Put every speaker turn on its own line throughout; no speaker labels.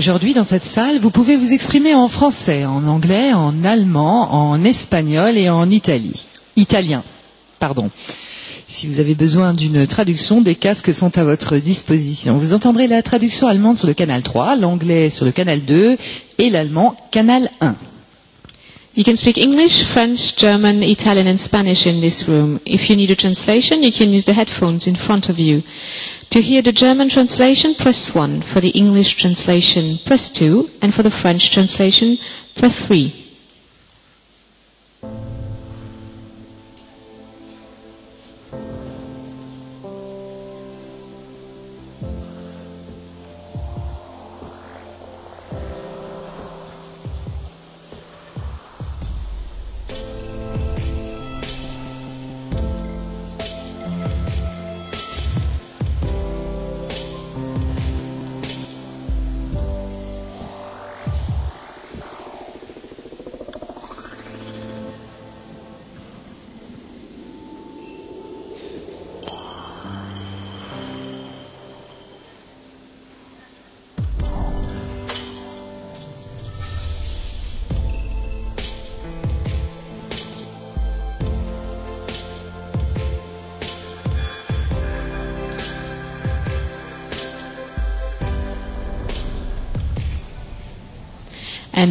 Aujourd'hui, dans cette salle, vous pouvez vous exprimer en français, en anglais, en allemand, en espagnol et en italie. italien. Pardon. Si vous avez besoin d'une traduction, des casques sont à votre disposition. Vous entendrez la traduction allemande sur le canal 3, l'anglais sur le canal 2 et l'allemand canal 1. You can speak English, French,
German, Italian and Spanish in this room. If you need a translation, you can use the headphones in front of you. To hear the German translation, press 1. For the English translation, press 2. And for the French translation, press 3.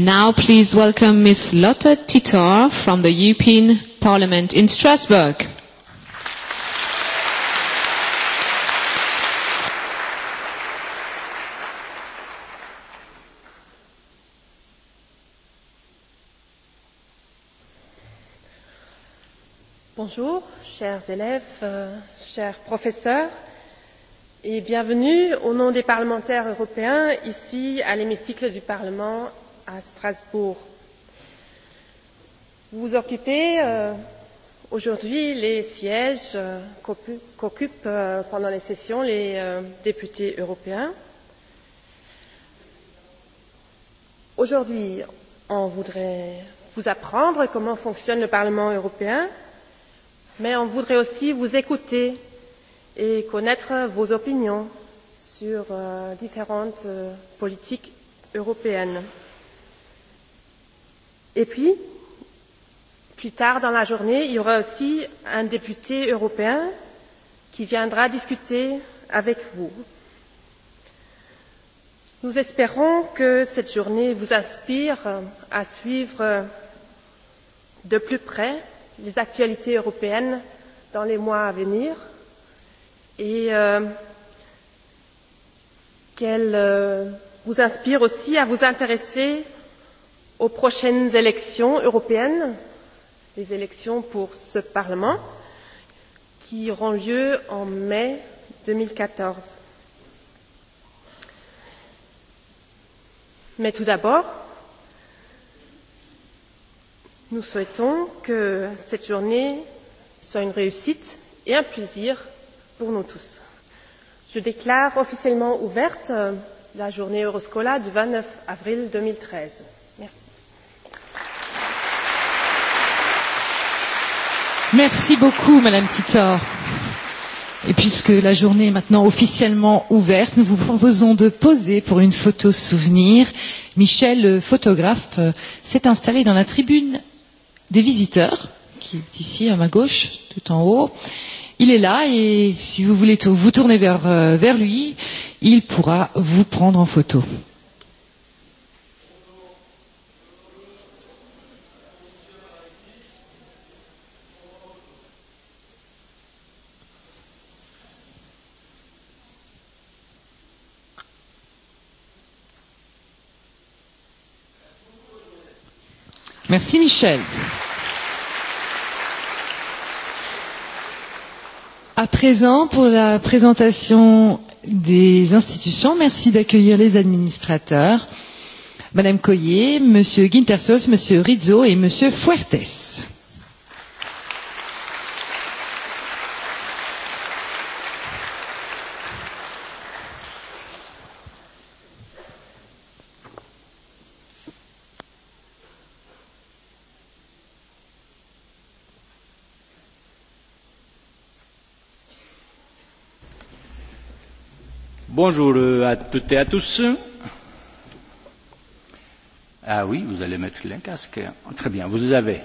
Now please welcome Ms. Lotte Titor from the European Parliament in Strasbourg.
Bonjour, chers élèves, chers professeurs, et bienvenue au nom des parlementaires européens ici à l'hémicycle du Parlement à Strasbourg. Vous occupez euh, aujourd'hui les sièges euh, qu'occupent euh, pendant les sessions les euh, députés européens. Aujourd'hui, on voudrait vous apprendre comment fonctionne le Parlement européen, mais on voudrait aussi vous écouter et connaître vos opinions sur différentes politiques européennes. Et puis, plus tard dans la journée, il y aura aussi un député européen qui viendra discuter avec vous. Nous espérons que cette journée vous inspire à suivre de plus près les actualités européennes dans les mois à venir et qu'elle vous inspire aussi à vous intéresser aux prochaines élections européennes, les élections pour ce Parlement, qui auront lieu en mai deux mille quatorze. Mais tout d'abord, nous souhaitons que cette journée soit une réussite et un plaisir pour nous tous. Je déclare officiellement ouverte la journée Euroscola du 29 avril 2013. Merci.
Merci beaucoup, Madame Titor. Et puisque la journée est maintenant officiellement ouverte, nous vous proposons de poser pour une photo souvenir. Michel, le photographe, s'est installé dans la tribune des visiteurs, qui est ici à ma gauche, tout en haut. Il est là et si vous voulez vous tourner vers, vers lui, il pourra vous prendre en photo. Merci Michel. À présent, pour la présentation des institutions, merci d'accueillir les administrateurs, Madame Coyer, Monsieur Guintersos, Monsieur Rizzo et Monsieur Fuertes.
Bonjour à toutes et à tous. Ah oui, vous allez mettre le casque. Très bien, vous avez.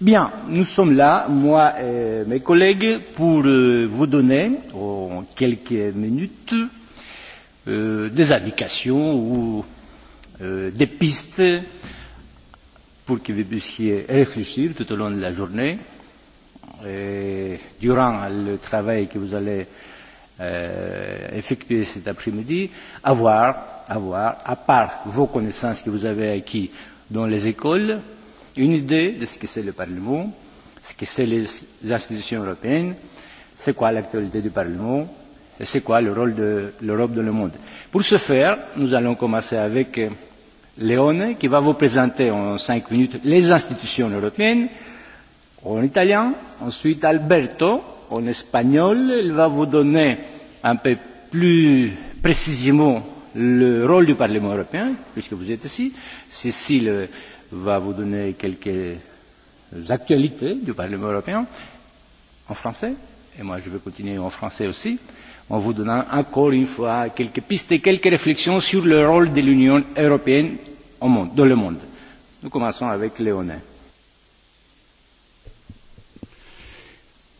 Bien, nous sommes là, moi et mes collègues, pour vous donner, en quelques minutes, euh, des indications ou euh, des pistes pour que vous puissiez réfléchir tout au long de la journée. Et durant le travail que vous allez euh, euh, effectuer cet après-midi, avoir, avoir, à part vos connaissances que vous avez acquises dans les écoles, une idée de ce que c'est le Parlement, ce que c'est les institutions européennes, c'est quoi l'actualité du Parlement, et c'est quoi le rôle de l'Europe dans le monde. Pour ce faire, nous allons commencer avec Léone, qui va vous présenter en cinq minutes les institutions européennes, en italien, ensuite Alberto en espagnol. Il va vous donner un peu plus précisément le rôle du Parlement européen, puisque vous êtes ici. Cécile va vous donner quelques actualités du Parlement européen en français, et moi je vais continuer en français aussi, en vous donnant encore une fois quelques pistes et quelques réflexions sur le rôle de l'Union européenne au monde, dans le monde. Nous commençons avec Léonet.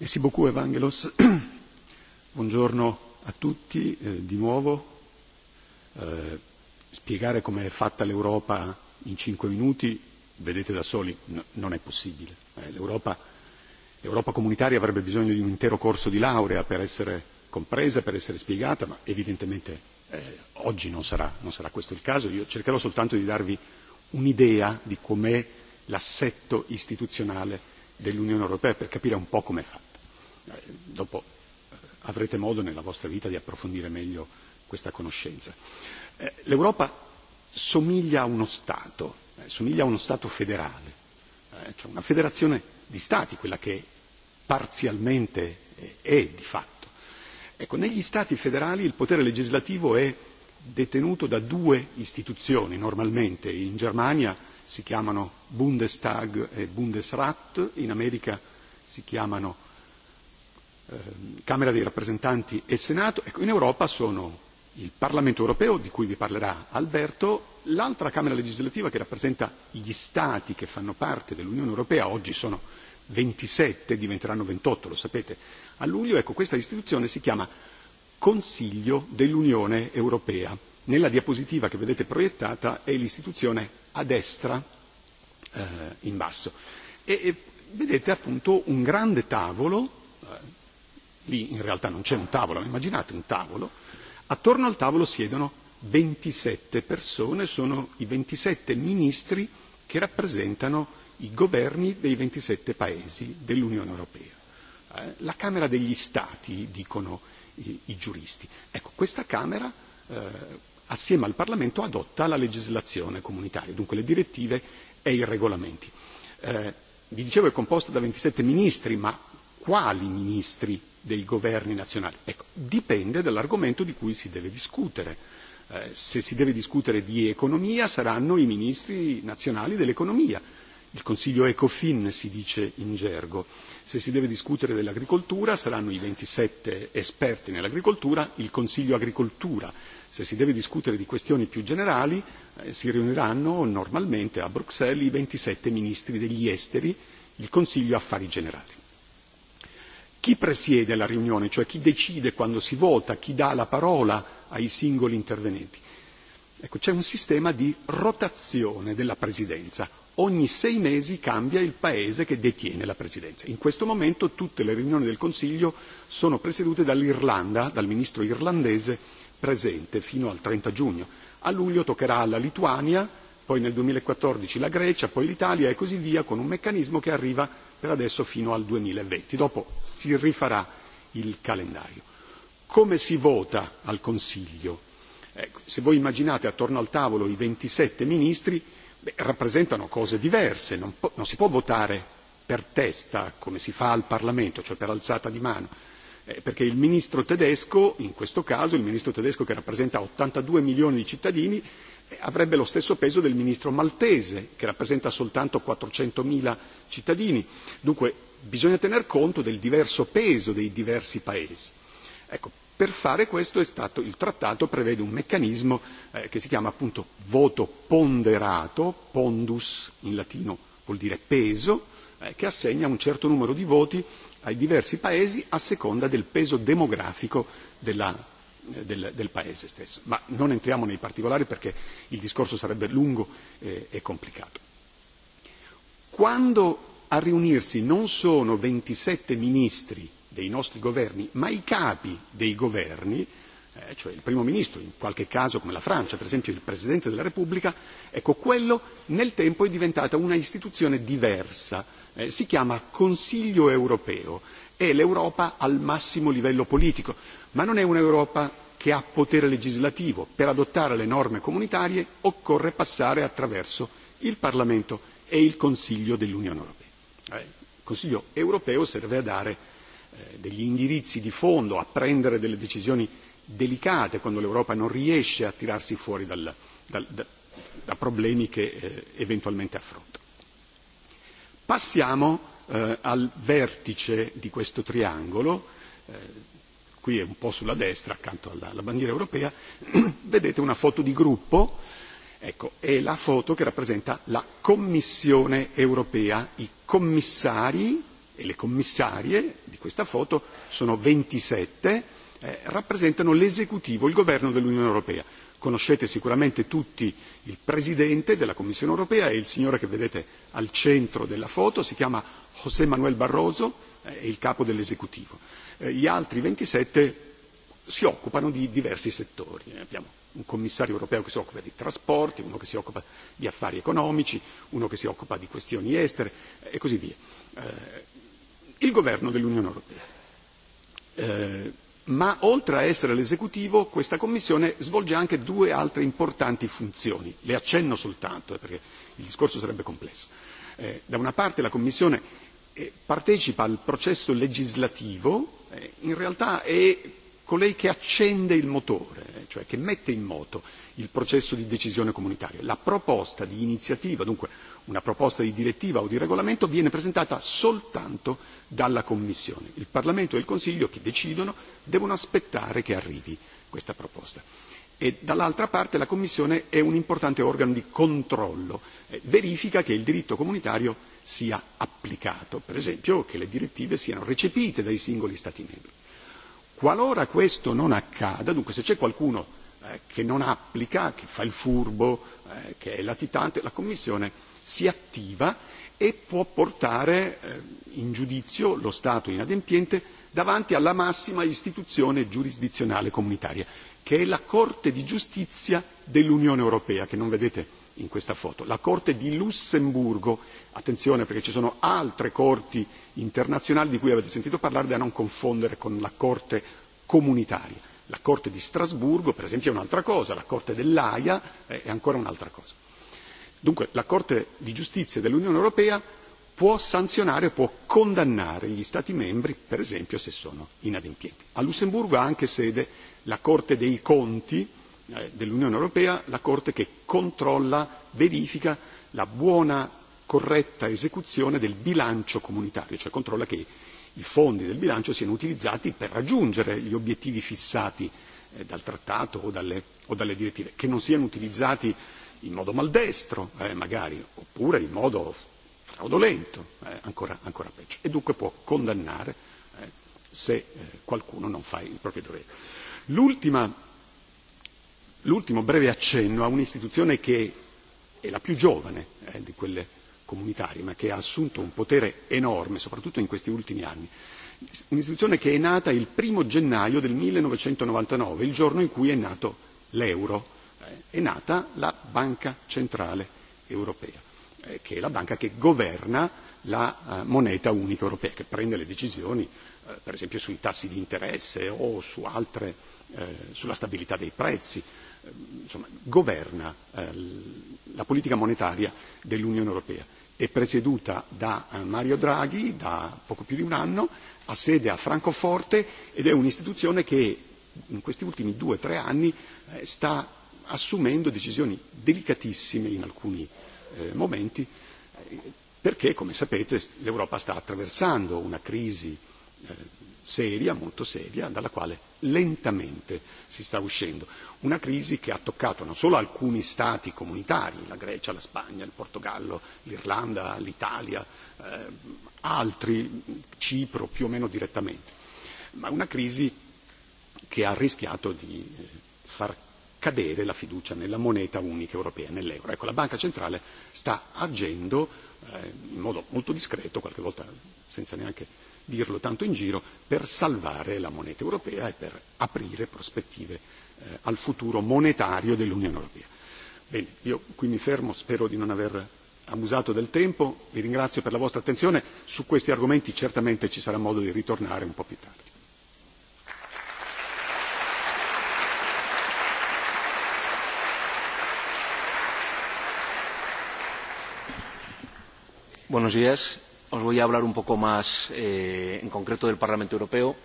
Merci beaucoup Evangelos. Buongiorno a tutti eh, di nuovo. Eh, spiegare com'è fatta l'Europa in cinque minuti, vedete da soli, no, non è possibile. Eh, L'Europa, L'Europa comunitaria avrebbe bisogno di un intero corso di laurea per essere compresa, per essere spiegata, ma evidentemente eh, oggi non sarà, non sarà questo il caso. Io cercherò soltanto di darvi un'idea di com'è l'assetto istituzionale dell'Unione Europea per capire un po' com'è fatta dopo avrete modo nella vostra vita di approfondire meglio questa conoscenza. L'Europa somiglia a uno Stato, somiglia a uno Stato federale, cioè una federazione di Stati, quella che parzialmente è di fatto. Ecco, negli Stati federali il potere legislativo è detenuto da due istituzioni normalmente, in Germania si chiamano Bundestag e Bundesrat, in America si chiamano Camera dei rappresentanti e Senato, ecco, in Europa sono il Parlamento europeo, di cui vi parlerà Alberto, l'altra Camera legislativa che rappresenta gli Stati che fanno parte dell'Unione europea, oggi sono ventisette, diventeranno ventotto, lo sapete, a luglio, ecco, questa istituzione si chiama Consiglio dell'Unione europea. Nella diapositiva che vedete proiettata è l'istituzione a destra in basso. E, vedete appunto un grande tavolo lì in realtà non c'è un tavolo, ma immaginate un tavolo, attorno al tavolo siedono ventisette persone, sono i ventisette ministri che rappresentano i governi dei ventisette paesi dell'Unione Europea. La Camera degli Stati, dicono i, giuristi. Ecco, questa Camera assieme al Parlamento adotta la legislazione comunitaria, dunque le direttive e i regolamenti. vi dicevo è composta da ventisette ministri, ma quali ministri dei governi nazionali. Ecco, dipende dall'argomento di cui si deve discutere. se si deve discutere di economia saranno i ministri nazionali dell'economia. Il Consiglio Ecofin si dice in gergo. Se si deve discutere dell'agricoltura saranno i ventisette esperti nell'agricoltura, il Consiglio Agricoltura. Se si deve discutere di questioni più generali si riuniranno normalmente a Bruxelles i ventisette ministri degli esteri, il Consiglio Affari Generali chi presiede la riunione, cioè chi decide quando si vota, chi dà la parola ai singoli intervenenti. Ecco, c'è un sistema di rotazione della presidenza. Ogni sei mesi cambia il paese che detiene la presidenza. In questo momento tutte le riunioni del Consiglio sono presiedute dall'Irlanda, dal ministro irlandese presente fino al 30 giugno. A luglio toccherà alla Lituania, poi nel duemilaquattordici la Grecia, poi l'Italia e così via, con un meccanismo che arriva per adesso fino al duemilaventi. Dopo si rifarà il calendario. Come si vota al Consiglio? se voi immaginate attorno al tavolo i ventisette ministri, rappresentano cose diverse, non, si può votare per testa come si fa al Parlamento, cioè per alzata di mano, perché il ministro tedesco, in questo caso il ministro tedesco che rappresenta ottantadue milioni di cittadini, avrebbe lo stesso peso del ministro maltese, che rappresenta soltanto quattrocento zero cittadini. Dunque bisogna tener conto del diverso peso dei diversi paesi. per fare questo il trattato prevede un meccanismo che si chiama appunto voto ponderato, pondus in latino vuol dire peso, che assegna un certo numero di voti ai diversi paesi a seconda del peso demografico della del, del Paese stesso. Ma non entriamo nei particolari perché il discorso sarebbe lungo e, e complicato. Quando a riunirsi non sono 27 ministri dei nostri governi, ma i capi dei governi, eh, cioè il primo ministro, in qualche caso come la Francia, per esempio il Presidente della Repubblica, ecco, quello nel tempo è diventata una istituzione diversa, eh, si chiama Consiglio europeo, è l'Europa al massimo livello politico ma non è un'Europa che ha potere legislativo. Per adottare le norme comunitarie occorre passare attraverso il Parlamento e il Consiglio dell'Unione Europea. Il Consiglio europeo serve a dare degli indirizzi di fondo, a prendere delle decisioni delicate quando l'Europa non riesce a tirarsi fuori da problemi che eventualmente affronta. Passiamo al vertice di questo triangolo qui è un po' sulla destra, accanto alla, bandiera europea, vedete una foto di gruppo, ecco, è la foto che rappresenta la Commissione europea, i commissari e le commissarie di questa foto sono ventisette, rappresentano l'esecutivo, il governo dell'Unione europea. Conoscete sicuramente tutti il Presidente della Commissione europea e il signore che vedete al centro della foto si chiama José Manuel Barroso, è il capo dell'esecutivo gli altri ventisette si occupano di diversi settori. Abbiamo un commissario europeo che si occupa di trasporti, uno che si occupa di affari economici, uno che si occupa di questioni estere e così via. il governo dell'Unione Europea. ma oltre a essere l'esecutivo, questa Commissione svolge anche due altre importanti funzioni. Le accenno soltanto, perché il discorso sarebbe complesso. da una parte la Commissione partecipa al processo legislativo in realtà è colei che accende il motore, cioè che mette in moto il processo di decisione comunitaria. La proposta di iniziativa, dunque una proposta di direttiva o di regolamento, viene presentata soltanto dalla Commissione. Il Parlamento e il Consiglio, che decidono, devono aspettare che arrivi questa proposta e dall'altra parte la Commissione è un importante organo di controllo, verifica che il diritto comunitario sia applicato, per esempio che le direttive siano recepite dai singoli Stati membri. Qualora questo non accada, dunque se c'è qualcuno che non applica, che fa il furbo, che è latitante, la Commissione si attiva e può portare in giudizio lo Stato inadempiente davanti alla massima istituzione giurisdizionale comunitaria che è la Corte di giustizia dell'Unione Europea, che non vedete in questa foto, la Corte di Lussemburgo, attenzione perché ci sono altre corti internazionali di cui avete sentito parlare da non confondere con la Corte comunitaria. La Corte di Strasburgo, per esempio, è un'altra cosa, la Corte dell'Aia è ancora un'altra cosa. Dunque, la Corte di giustizia dell'Unione Europea può sanzionare, può condannare gli Stati membri, per esempio, se sono inadempienti. A Lussemburgo ha anche sede la Corte dei conti dell'Unione Europea, la Corte che controlla, verifica la buona, corretta esecuzione del bilancio comunitario, cioè controlla che i fondi del bilancio siano utilizzati per raggiungere gli obiettivi fissati dal trattato o dalle, direttive, che non siano utilizzati in modo maldestro, magari, oppure in modo fraudolento, ancora, peggio, e dunque può condannare se qualcuno non fa il proprio dovere l'ultimo breve accenno a un'istituzione che è la più giovane di quelle comunitarie, ma che ha assunto un potere enorme, soprattutto in questi ultimi anni. Un'istituzione che è nata il primo gennaio del 1999, il giorno in cui è nato l'euro. È nata la Banca Centrale Europea, che è la banca che governa la moneta unica europea, che prende le decisioni per esempio sui tassi di interesse o su altre, sulla stabilità dei prezzi, insomma, governa la politica monetaria dell'Unione Europea. È presieduta da Mario Draghi da poco più di un anno, ha sede a Francoforte ed è un'istituzione che in questi ultimi due o tre anni sta assumendo decisioni delicatissime in alcuni momenti perché, come sapete, l'Europa sta attraversando una crisi seria, molto seria, dalla quale lentamente si sta uscendo. Una crisi che ha toccato non solo alcuni stati comunitari, la Grecia, la Spagna, il Portogallo, l'Irlanda, l'Italia, eh, altri, Cipro più o meno direttamente, ma una crisi che ha rischiato di far cadere la fiducia nella moneta unica europea, nell'euro. Ecco, la Banca Centrale sta agendo eh, in modo molto discreto, qualche volta senza neanche dirlo tanto in giro, per salvare la moneta europea e per aprire prospettive al futuro monetario dell'Unione Europea. Bene, io qui mi fermo, spero di non aver abusato del tempo, vi ringrazio per la vostra attenzione, su questi argomenti certamente ci sarà modo di ritornare un po' più tardi.
Buenos días. Os voy a hablar un poco más eh, en concreto del Parlamento Europeo,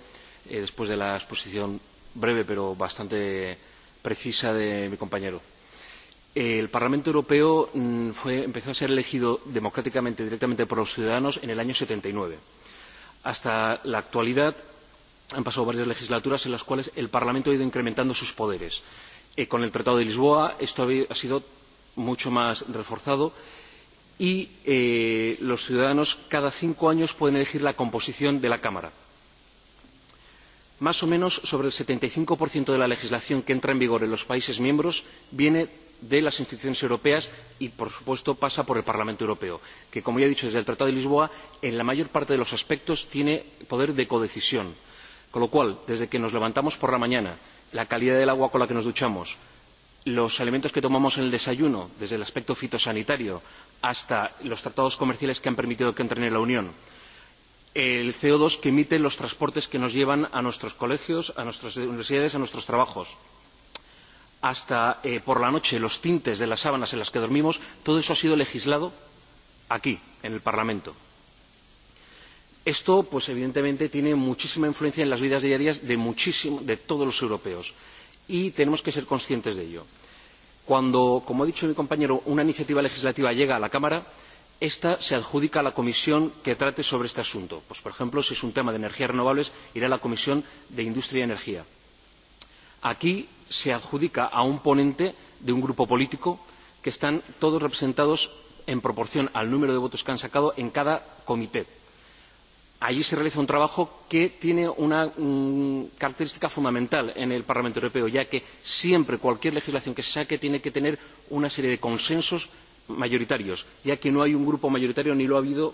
eh, después de la exposición breve pero bastante precisa de mi compañero. El Parlamento Europeo fue, empezó a ser elegido democráticamente, directamente por los ciudadanos en el año 79. Hasta la actualidad han pasado varias legislaturas en las cuales el Parlamento ha ido incrementando sus poderes. con el Tratado de Lisboa esto ha sido mucho más reforzado y los ciudadanos cada cinco años pueden elegir la composición de la Cámara. Más o menos sobre el setenta y cinco de la legislación que entra en vigor en los países miembros viene de las instituciones europeas y, por supuesto, pasa por el Parlamento Europeo, que, como ya he dicho, desde el Tratado de Lisboa, en la mayor parte de los aspectos tiene poder de codecisión. Con lo cual, desde que nos levantamos por la mañana, la calidad del agua con la que nos duchamos, los alimentos que tomamos en el desayuno, desde el aspecto fitosanitario hasta los tratados comerciales que han permitido que entren en la Unión. El co dos que emiten los transportes que nos llevan a nuestros colegios, a nuestras universidades, a nuestros trabajos. Hasta por la noche, los tintes de las sábanas en las que dormimos, todo eso ha sido legislado aquí, en el Parlamento. Esto, pues evidentemente, tiene muchísima influencia en las vidas diarias de, de todos los europeos y tenemos que ser conscientes de ello Cuando, como ha dicho mi compañero, una iniciativa legislativa llega a la Cámara, esta se adjudica a la comisión que trate sobre este asunto. Pues, por ejemplo, si es un tema de energías renovables, irá a la Comisión de Industria y Energía. Aquí se adjudica a un ponente de un grupo político que están todos representados en proporción al número de votos que han sacado en cada comité allí se realiza un trabajo que tiene una característica fundamental en el Parlamento Europeo, ya que siempre cualquier legislación que se saque tiene que tener una serie de consensos mayoritarios, ya que no hay un grupo mayoritario ni lo ha habido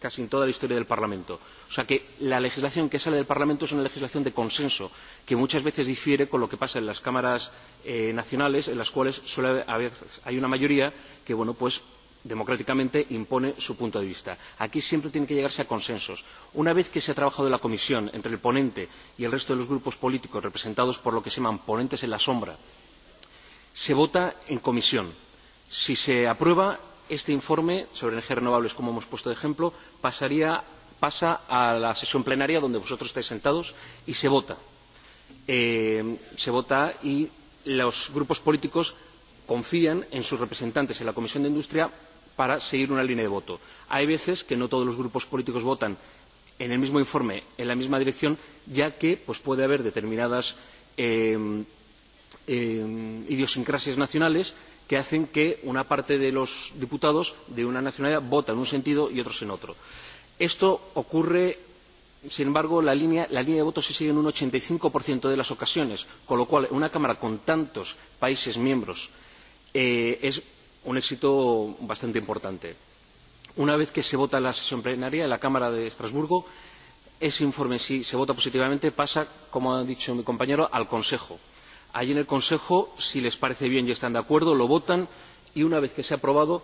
casi en toda la historia del Parlamento. O sea que la legislación que sale del Parlamento es una legislación de consenso, que muchas veces difiere con lo que pasa en las cámaras nacionales, en las cuales suele hay una mayoría que, bueno, pues democráticamente impone su punto de vista. Aquí siempre tiene que llegarse a consensos. Una vez que se ha trabajado en la comisión entre el ponente y el resto de los grupos políticos representados por lo que se llaman ponentes en la sombra, se vota en comisión. Si se aprueba este informe sobre energías renovables, como hemos puesto de ejemplo, pasaría, pasa a la sesión plenaria donde vosotros estáis sentados y se vota. se vota y los grupos políticos confían en sus representantes en la Comisión de Industria para seguir una línea de voto. Hay veces que no todos los grupos políticos votan en el mismo informe, en la misma dirección, ya que puede haber determinadas idiosincrasias nacionales que hacen que una parte de los diputados de una nacionalidad vote en un sentido y otros en otro. Esto ocurre, sin embargo, la línea, de voto se sigue en un ochenta y cinco de las ocasiones, con lo cual en una Cámara con tantos países miembros es un éxito bastante importante. Una vez que se vota en la sesión plenaria en la Cámara de Estrasburgo, ese informe, si se vota positivamente, pasa, como ha dicho mi compañero, al Consejo. Allí en el Consejo, si les parece bien y están de acuerdo, lo votan y una vez que se ha aprobado,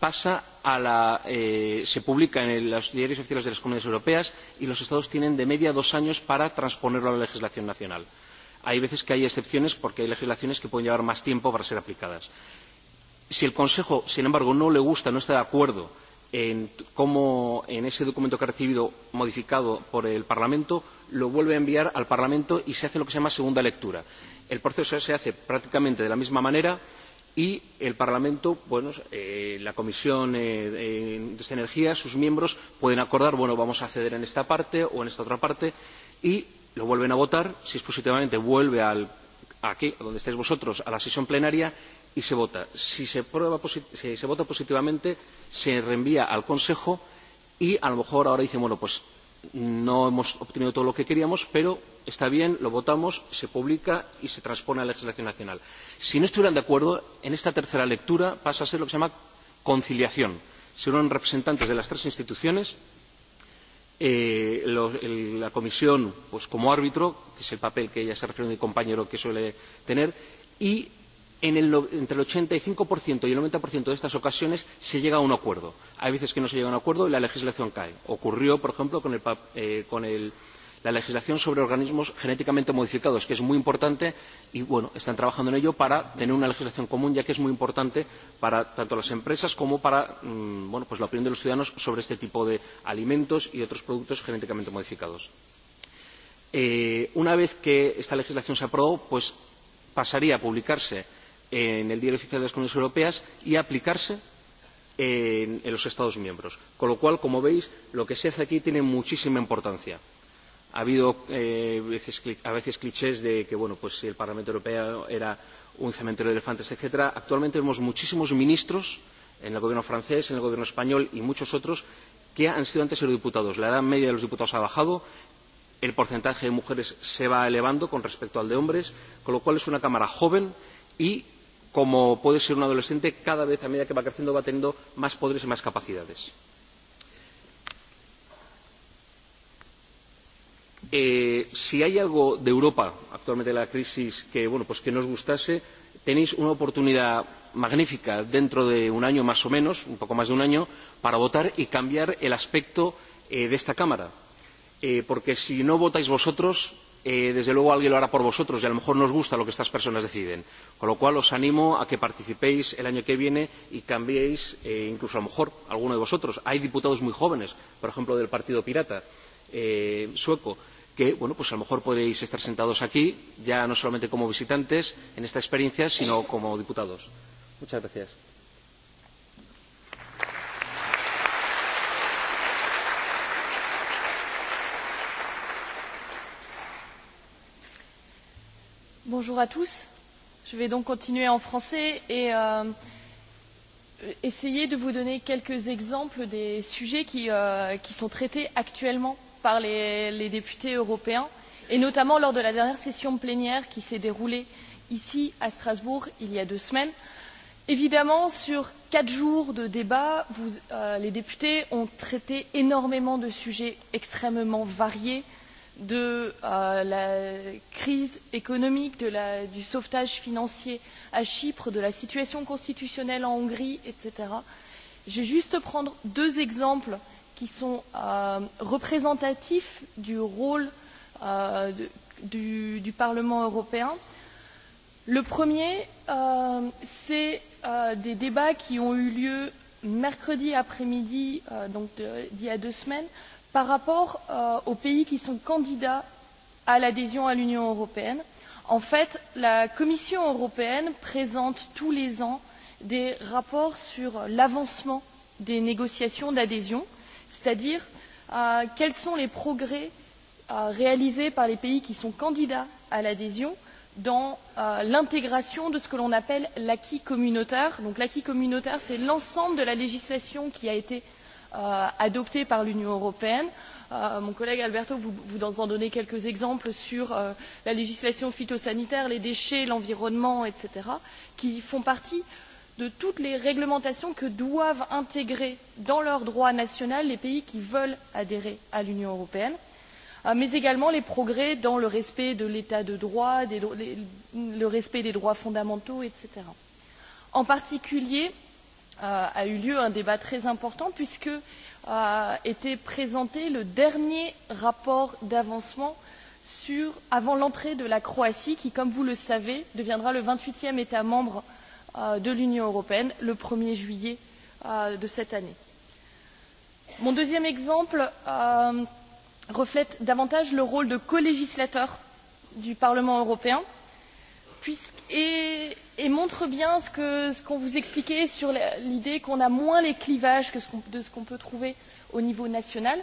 pasa a la, se publica en los diarios oficiales de las comunidades europeas y los Estados tienen de media dos años para transponerlo a la legislación nacional. Hay veces que hay excepciones porque hay legislaciones que pueden llevar más tiempo para ser aplicadas si el Consejo, sin embargo, no le gusta, no está de acuerdo en cómo en ese documento que ha recibido modificado por el Parlamento, lo vuelve a enviar al Parlamento y se hace lo que se llama segunda lectura. El proceso se hace prácticamente de la misma manera y el Parlamento, la Comisión de Energía, sus miembros pueden acordar, bueno, vamos a ceder en esta parte o en esta otra parte y lo vuelven a votar, si es positivamente vuelve al aquí, donde estáis vosotros, a la sesión plenaria y se vota. Si se, vota positivamente, se reenvía al Consejo y a lo mejor ahora dicen, bueno, pues no hemos obtenido todo lo que queríamos, pero está bien, lo votamos, se publica y se transpone a la legislación nacional. Si no estuvieran de acuerdo, en esta tercera lectura pasa a ser lo que se llama conciliación. Se unen representantes de las tres instituciones, la comisión pues como árbitro, que es el papel que ya se refiere mi compañero que suele tener, y entre el ochenta y cinco y el noventa de estas ocasiones se llega a un acuerdo. hay veces que no se llega a un acuerdo y la legislación cae. ocurrió por ejemplo con la legislación sobre organismos genéticamente modificados que es muy importante y están trabajando en ello para tener una legislación común ya que es muy importante para tanto las empresas como para la opinión de los ciudadanos sobre este tipo de alimentos y otros productos genéticamente modificados. una vez que esta legislación se aprobó pasaría a publicarse en el diario oficial de las comunidades europeas y aplicarse en, los Estados miembros. Con lo cual, como veis, lo que se hace aquí tiene muchísima importancia. Ha habido a veces clichés de que bueno, pues el Parlamento Europeo era un cementerio de elefantes, etc. Actualmente vemos muchísimos ministros en el gobierno francés, en el gobierno español y muchos otros que han sido antes eurodiputados. La edad media de los diputados ha bajado, el porcentaje de mujeres se va elevando con respecto al de hombres, con lo cual es una Cámara joven y como puede ser un adolescente, cada vez a medida que va creciendo va teniendo más poderes y más capacidades. si hay algo de Europa actualmente de la crisis que, bueno, pues que nos gustase, tenéis una oportunidad magnífica dentro de un año más o menos, un poco más de un año, para votar y cambiar el aspecto de esta Cámara. porque si no votáis vosotros, desde luego alguien lo hará por vosotros y a lo mejor no os gusta lo que estas personas deciden. Con lo cual os animo a que participéis el año que viene y cambiéis, incluso a lo mejor alguno de vosotros. Hay diputados muy jóvenes, por ejemplo del Partido Pirata sueco, que bueno, pues a lo mejor podéis estar sentados aquí, ya no solamente como visitantes en esta experiencia, sino como diputados. Muchas gracias.
Bonjour à tous. Je vais donc continuer en français et euh, essayer de vous donner quelques exemples des sujets qui, euh, qui sont traités actuellement par les, les députés européens et notamment lors de la dernière session plénière qui s'est déroulée ici à Strasbourg il y a deux semaines. Évidemment, sur quatre jours de débat, vous, euh, les députés ont traité énormément de sujets extrêmement variés de la crise économique, du sauvetage financier à Chypre, de la situation constitutionnelle en Hongrie, etc. Je vais juste prendre deux exemples qui sont représentatifs du rôle du, Parlement européen. Le premier, c'est des débats qui ont eu lieu mercredi après-midi, donc d'il y a deux semaines, Par rapport aux pays qui sont candidats à l'adhésion à l'Union européenne, en fait, la Commission européenne présente tous les ans des rapports sur l'avancement des négociations d'adhésion, c'est-à-dire quels sont les progrès réalisés par les pays qui sont candidats à l'adhésion dans l'intégration de ce que l'on appelle l'acquis communautaire. Donc l'acquis communautaire, c'est l'ensemble de la législation qui a été adoptées par l'Union européenne. mon collègue Alberto vous, en donner quelques exemples sur la législation phytosanitaire, les déchets, l'environnement, etc., qui font partie de toutes les réglementations que doivent intégrer dans leur droit national les pays qui veulent adhérer à l'Union européenne mais également les progrès dans le respect de l'état de droit le respect des droits fondamentaux etc. en particulier a eu lieu un débat très important puisque a été présenté le dernier rapport d'avancement avant l'entrée de la Croatie qui, comme vous le savez, deviendra le vingt huitième État membre de l'Union européenne le 1er juillet de cette année. Mon deuxième exemple reflète davantage le rôle de colégislateur du Parlement européen et, et montre bien ce ce qu'on vous expliquait sur l'idée qu'on a moins les clivages que ce de ce qu'on peut trouver au niveau national.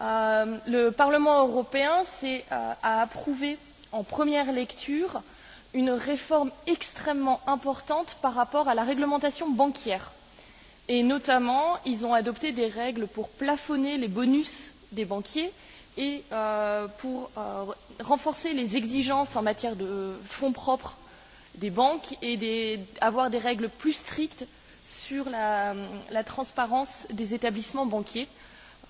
Euh, le Parlement européen euh, a approuvé en première lecture une réforme extrêmement importante par rapport à la réglementation bancaire. Et notamment, ils ont adopté des règles pour plafonner les bonus des banquiers et euh, pour euh, renforcer les exigences en matière de fonds propres des banques et des, avoir des règles plus strictes sur la, la transparence des établissements banquiers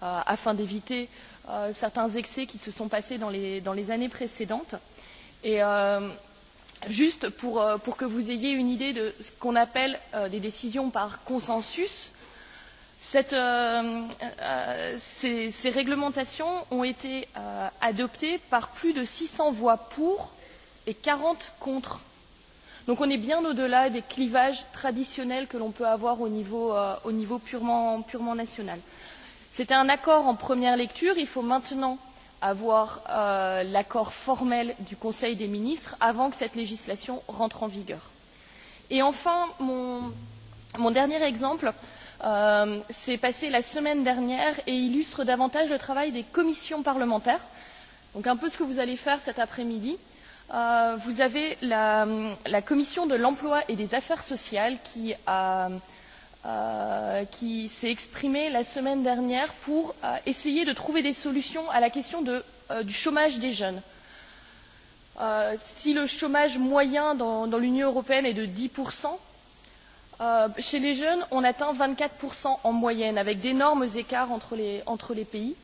euh, afin d'éviter euh, certains excès qui se sont passés dans les, dans les années précédentes. Et euh, juste pour, pour que vous ayez une idée de ce qu'on appelle euh, des décisions par consensus, ces, réglementations ont été adoptées par plus de six cents voix pour et quarante contre. Donc on est bien au-delà des clivages traditionnels que l'on peut avoir au niveau, purement, national. C'était un accord en première lecture. Il faut maintenant avoir l'accord formel du Conseil des ministres avant que cette législation rentre en vigueur. Et enfin, mon, dernier exemple, euh, s'est passée la semaine dernière et illustre davantage le travail des commissions parlementaires. Donc un peu ce que vous allez faire cet après-midi. Euh, vous avez la, la commission de l'emploi et des affaires sociales qui qui s'est exprimée la semaine dernière pour essayer de trouver des solutions à la question du chômage des jeunes. si le chômage moyen dans, l'Union européenne est de dix chez les jeunes, on atteint vingt quatre en moyenne, avec d'énormes écarts entre les, pays.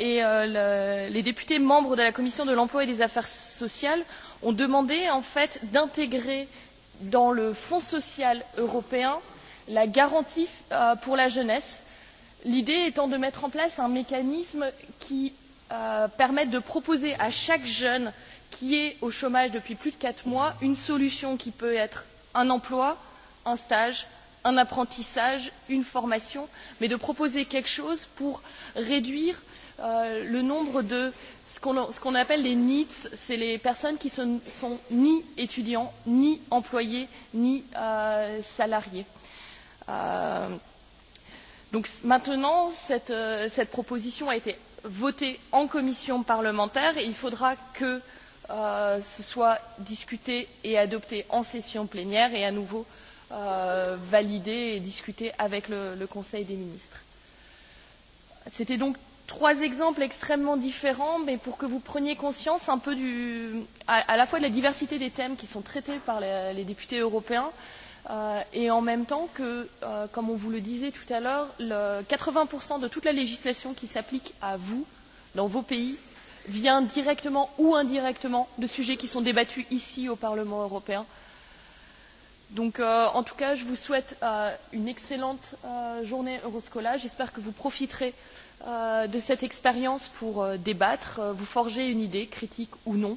et les députés membres de la commission de l'emploi et des affaires sociales ont demandé en fait d'intégrer dans le Fonds social européen la garantie pour la jeunesse, l'idée étant de mettre en place un mécanisme qui permette de proposer à chaque jeune qui est au chômage depuis plus de quatre mois une solution qui peut être un emploi, un stage un apprentissage une formation mais de proposer quelque chose pour réduire le nombre de ce qu'on appelle les NEETs, c'est les personnes qui ne sont ni étudiants, ni employés, ni salariés. donc maintenant, cette, proposition a été votée en commission parlementaire et il faudra que ce soit discuté et adopté en session plénière et à nouveau euh, validé et discuté avec le, Conseil des ministres. C'était donc trois exemples extrêmement différents, mais pour que vous preniez conscience un peu du, à, la fois de la diversité des thèmes qui sont traités par les, députés européens, et en même temps que, comme on vous le disait tout à l'heure, le 80% de toute la législation qui s'applique à vous, dans vos pays, vient directement ou indirectement de sujets qui sont débattus ici au Parlement européen Donc, euh, en tout cas, je vous souhaite euh, une excellente euh, journée Euroscola. J'espère que vous profiterez euh, de cette expérience pour euh, débattre, euh, vous forger une idée, critique ou non,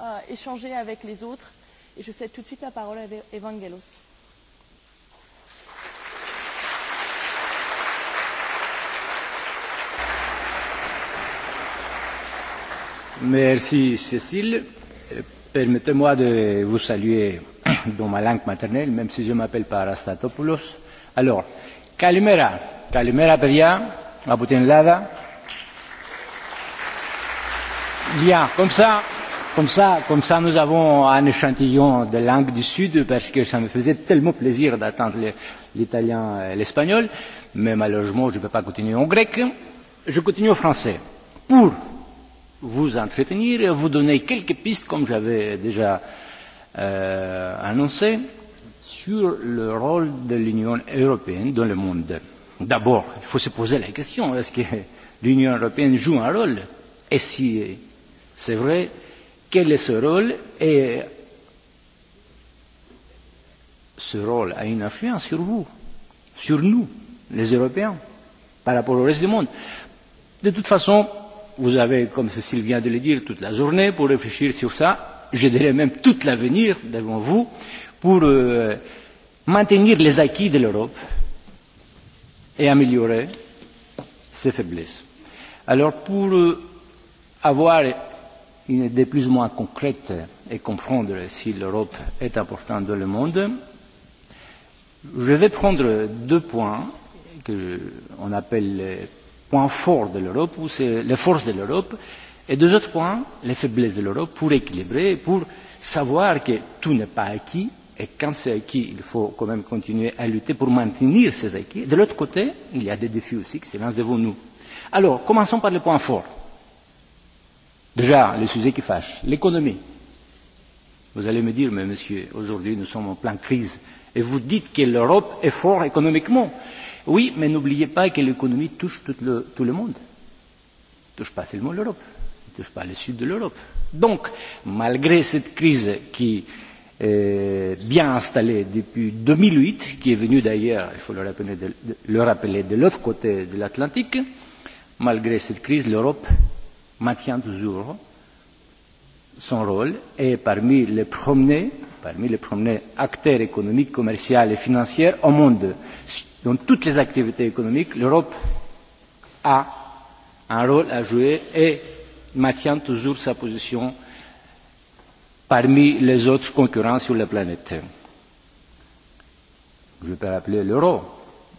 euh, échanger avec les autres. Et je cède tout de suite la parole à Evangelos.
Merci Cécile. Permettez-moi de vous saluer dans ma langue maternelle, même si je m'appelle pas Arastatopoulos. Alors, Kalimera, Kalimera παιδιά, από την Bien, comme ça, comme ça, comme ça, nous avons un échantillon de langue du Sud, parce que ça me faisait tellement plaisir d'attendre l'italien et l'espagnol, mais malheureusement, je ne peux pas continuer en grec. Je continue en français. Pour vous entretenir et vous donner quelques pistes, comme j'avais déjà euh, euh, annoncé sur le rôle de l'Union européenne dans le monde. D'abord, il faut se poser la question est-ce que l'Union européenne joue un rôle Et si c'est vrai, quel est ce rôle Et ce rôle a une influence sur vous, sur nous, les Européens, par rapport au reste du monde. De toute façon, vous avez, comme Cécile vient de le dire, toute la journée pour réfléchir sur ça je dirais même tout l'avenir devant vous pour maintenir les acquis de l'Europe et améliorer ses faiblesses. Alors pour avoir une idée plus ou moins concrète et comprendre si l'Europe est importante dans le monde, je vais prendre deux points que appelle les points forts de l'Europe ou c'est les forces de l'Europe Et deux autres points, les faiblesses de l'euro pour équilibrer, pour savoir que tout n'est pas acquis, et quand c'est acquis, il faut quand même continuer à lutter pour maintenir ces acquis. De l'autre côté, il y a des défis aussi qui se lancent devant nous. Alors, commençons par les points forts. Déjà, le sujet qui fâche, l'économie. Vous allez me dire, mais monsieur, aujourd'hui nous sommes en pleine crise, et vous dites que l'Europe est forte économiquement. Oui, mais n'oubliez pas que l'économie touche tout le, tout le monde. Touche pas seulement l'Europe sauf pas le sud de l'Europe. Donc, malgré cette crise qui est bien installée depuis deux mille huit, qui est venue d'ailleurs, il faut le rappeler, de l'autre côté de l'Atlantique, malgré cette crise, l'Europe maintient toujours son rôle et parmi les promenés parmi les premiers acteurs économiques, commerciaux et financiers au monde. Dans toutes les activités économiques, l'Europe a un rôle à jouer et maintient toujours sa position parmi les autres concurrents sur la planète. Je peux rappeler l'euro,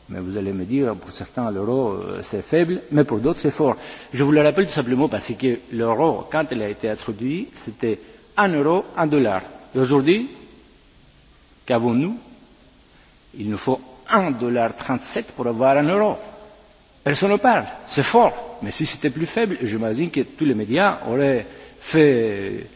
mais vous allez me dire, pour certains, l'euro, c'est faible, mais pour d'autres, c'est fort. Je vous le rappelle tout simplement parce que l'euro, quand il a été introduit, c'était un euro, un dollar. Et aujourd'hui, qu'avons-nous Il nous faut un dollar trente-sept pour avoir un euro. Personne ne parle, c'est fort. Mais si c'était plus faible, j'imagine que tous les médias auraient fait,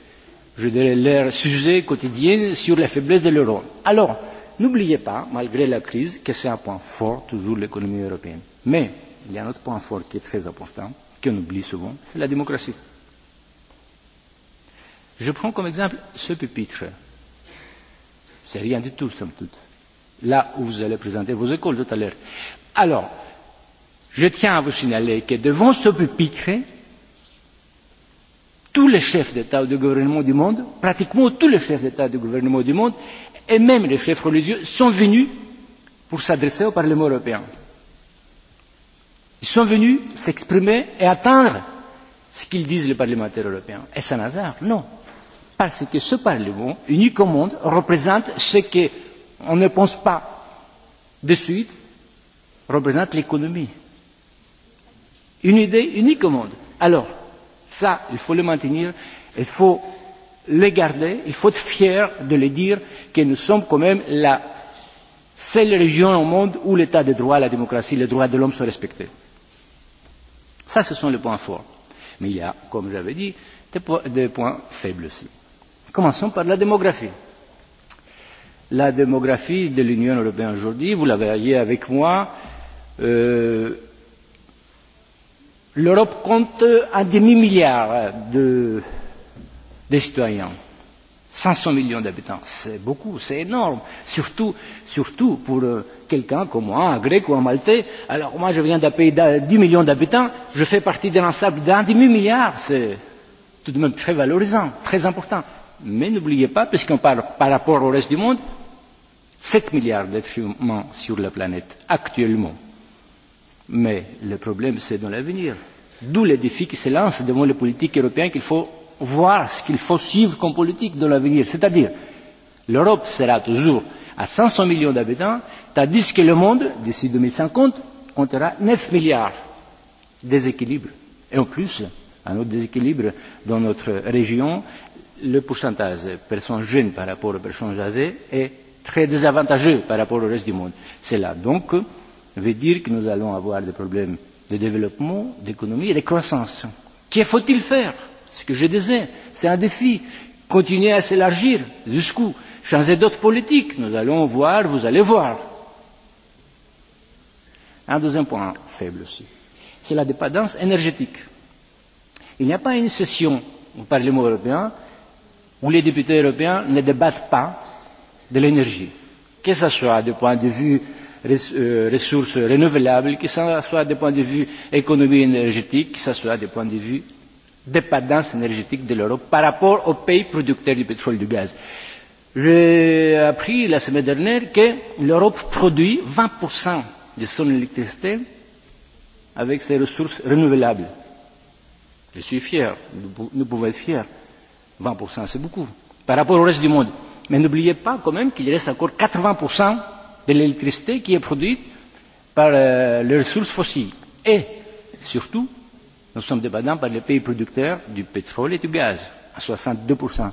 je dirais, leur sujet quotidien sur la faiblesse de l'euro. Alors, n'oubliez pas, malgré la crise, que c'est un point fort, toujours, l'économie européenne. Mais il y a un autre point fort qui est très important, qu'on oublie souvent, c'est la démocratie. Je prends comme exemple ce pupitre. C'est rien du tout, somme toute. Là où vous allez présenter vos écoles tout à l'heure. Alors, Je tiens à vous signaler que devant ce pupitre, tous les chefs d'État ou de gouvernement du monde, pratiquement tous les chefs d'État et de gouvernement du monde, et même les chefs religieux, sont venus pour s'adresser au Parlement européen. Ils sont venus s'exprimer et atteindre ce qu'ils disent les parlementaires européens. Est-ce un hasard Non. Parce que ce Parlement, unique au monde, représente ce qu'on ne pense pas de suite, représente l'économie une idée unique au monde. Alors, ça, il faut le maintenir, il faut le garder, il faut être fier de le dire que nous sommes quand même la seule région au monde où l'état de droit, la démocratie, les droits de l'homme sont respectés. Ça, ce sont les points forts. Mais il y a, comme j'avais dit, des, po des points faibles aussi. Commençons par la démographie. La démographie de l'Union européenne aujourd'hui, vous l'avez avec moi, euh, L'Europe compte un demi-milliard de, de citoyens. cents millions d'habitants, c'est beaucoup, c'est énorme. Surtout, surtout pour quelqu'un comme moi, un grec ou un maltais. Alors moi, je viens d'un pays de dix millions d'habitants, je fais partie de l'ensemble d'un demi-milliard. C'est tout de même très valorisant, très important. Mais n'oubliez pas, puisqu'on parle par rapport au reste du monde, sept milliards d'êtres humains sur la planète, actuellement Mais le problème, c'est dans l'avenir. D'où les défis qui se lancent devant les politiques européennes qu'il faut voir ce qu'il faut suivre comme politique dans l'avenir. C'est-à-dire, l'Europe sera toujours à 500 millions d'habitants, tandis que le monde, d'ici 2050, comptera 9 milliards. Déséquilibre. Et en plus, un autre déséquilibre dans notre région, le pourcentage de personnes jeunes par rapport aux personnes âgées est très désavantageux par rapport au reste du monde. C'est là donc veut dire que nous allons avoir des problèmes de développement, d'économie et de croissance. Que faut-il faire Ce que je disais, c'est un défi. Continuer à s'élargir. Jusqu'où Changer d'autres politiques. Nous allons voir, vous allez voir. Un deuxième point faible aussi, c'est la dépendance énergétique. Il n'y a pas une session au Parlement européen où les députés européens ne débattent pas de l'énergie, que ce soit du point de vue ressources renouvelables, que ce soit du point de vue économie énergétique, que ce soit du point de vue dépendance énergétique de l'Europe par rapport aux pays producteurs du pétrole et du gaz. J'ai appris la semaine dernière que l'Europe produit 20% de son électricité avec ses ressources renouvelables. Je suis fier, nous pouvons être fiers. 20% c'est beaucoup par rapport au reste du monde. Mais n'oubliez pas quand même qu'il reste encore de l'électricité qui est produite par les ressources fossiles. Et surtout, nous sommes dépendants par les pays producteurs du pétrole et du gaz, à 62%.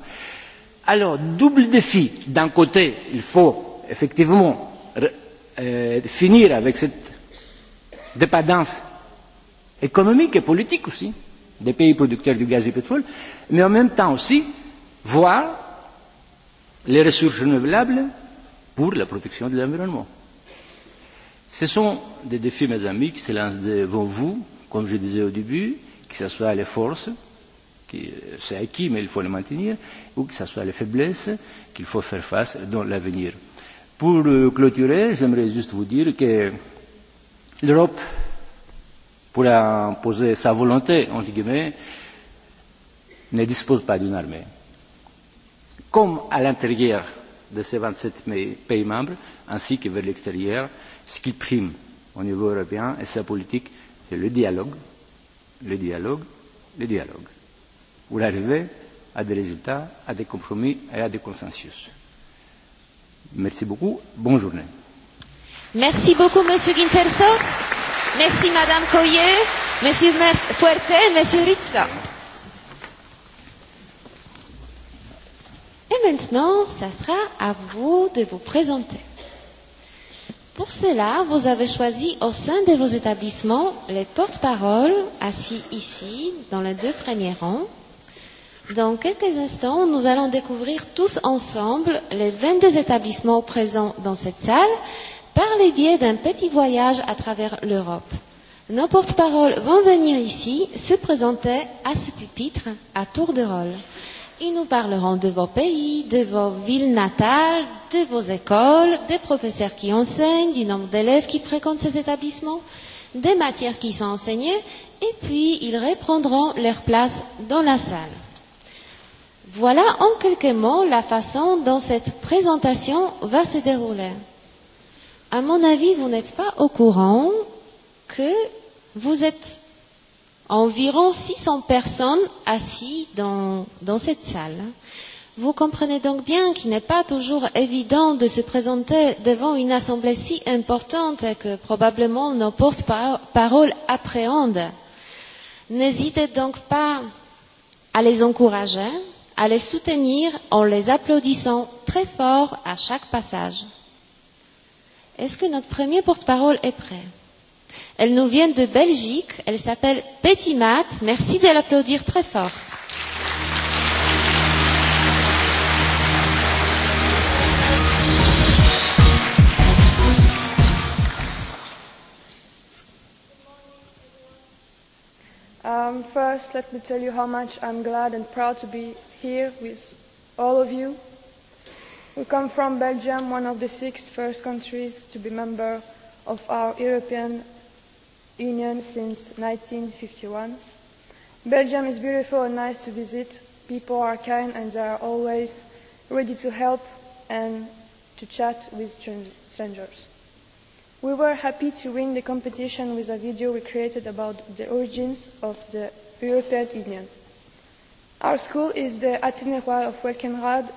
Alors, double défi. D'un côté, il faut effectivement euh, finir avec cette dépendance économique et politique aussi des pays producteurs du gaz et du pétrole, mais en même temps aussi voir les ressources renouvelables pour la protection de l'environnement. Ce sont des défis, mes amis, qui se lancent devant vous, comme je disais au début, que ce soit les forces, c'est acquis, mais il faut les maintenir, ou que ce soit les faiblesses qu'il faut faire face dans l'avenir. Pour clôturer, j'aimerais juste vous dire que l'Europe pourra imposer sa volonté, entre guillemets, ne dispose pas d'une armée. Comme à l'intérieur de ces vingt sept pays membres ainsi que vers l'extérieur. Ce qui prime au niveau européen et sa politique, c'est le dialogue, le dialogue, le dialogue, pour arriver à des résultats, à des compromis et à des consensus. Merci beaucoup. Bonne journée.
Merci beaucoup, Monsieur Guintersos. Merci, Madame Coyer, Monsieur Fuerte, Monsieur Rizza. Et maintenant, ça sera à vous de vous présenter. Pour cela, vous avez choisi au sein de vos établissements les porte-paroles assis ici, dans les deux premiers rangs. Dans quelques instants, nous allons découvrir tous ensemble les 22 établissements présents dans cette salle par le biais d'un petit voyage à travers l'Europe. Nos porte-paroles vont venir ici se présenter à ce pupitre à tour de rôle. Ils nous parleront de vos pays, de vos villes natales, de vos écoles, des professeurs qui enseignent, du nombre d'élèves qui fréquentent ces établissements, des matières qui sont enseignées, et puis ils reprendront leur place dans la salle. Voilà en quelques mots la façon dont cette présentation va se dérouler. À mon avis, vous n'êtes pas au courant que vous êtes environ 600 personnes assises dans, dans cette salle. Vous comprenez donc bien qu'il n'est pas toujours évident de se présenter devant une assemblée si importante que probablement nos porte-paroles appréhendent. N'hésitez donc pas à les encourager, à les soutenir en les applaudissant très fort à chaque passage. Est-ce que notre premier porte-parole est prêt? Elle nous vient de Belgique. Elle s'appelle Petit Mat. Merci de l'applaudir très fort.
Um, first, let me tell you how much I'm glad and proud to be here with all of you. We come from Belgium, one of the six first countries to be member of our European Union since 1951. Belgium is beautiful and nice to visit. People are kind and they are always ready to help and to chat with strangers. We were happy to win the competition with a video we created about the origins of the European Union. Our school is the Athénée of Welkenrad.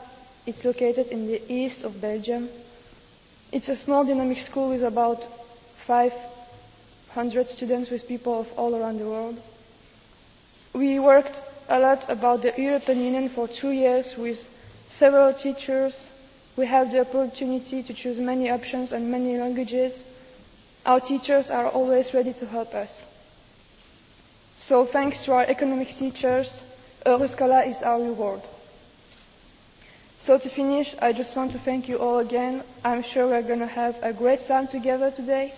It's located in the east of Belgium. It's a small dynamic school with about five hundred students with people of all around the world. We worked a lot about the European Union for two years with several teachers. We have the opportunity to choose many options and many languages. Our teachers are always ready to help us. So thanks to our economics teachers, Euroscola is our reward. So to finish, I just want to thank you all again. I'm sure we're going to have a great time together today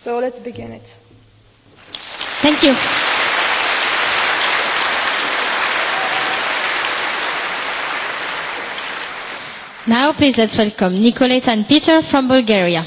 So let's begin it.
Thank you. Now please let's welcome Nicoleta and Peter from Bulgaria.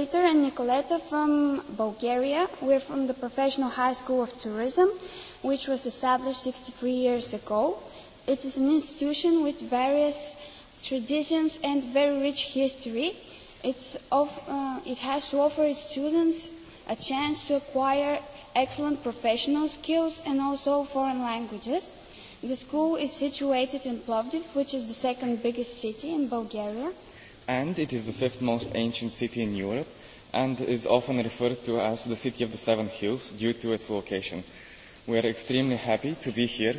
Peter and Nicoletta from Bulgaria. We're from the Professional High School of Tourism, which was established 63 years ago. It is an institution with various traditions and very rich history. It's of, uh, it has to offer its students a chance to acquire excellent professional skills and also foreign languages. The school is situated in Plovdiv, which is the second biggest city in Bulgaria
and it is the fifth most ancient city in Europe and is often referred to as the City of the Seven Hills due to its location. We are extremely happy to be here,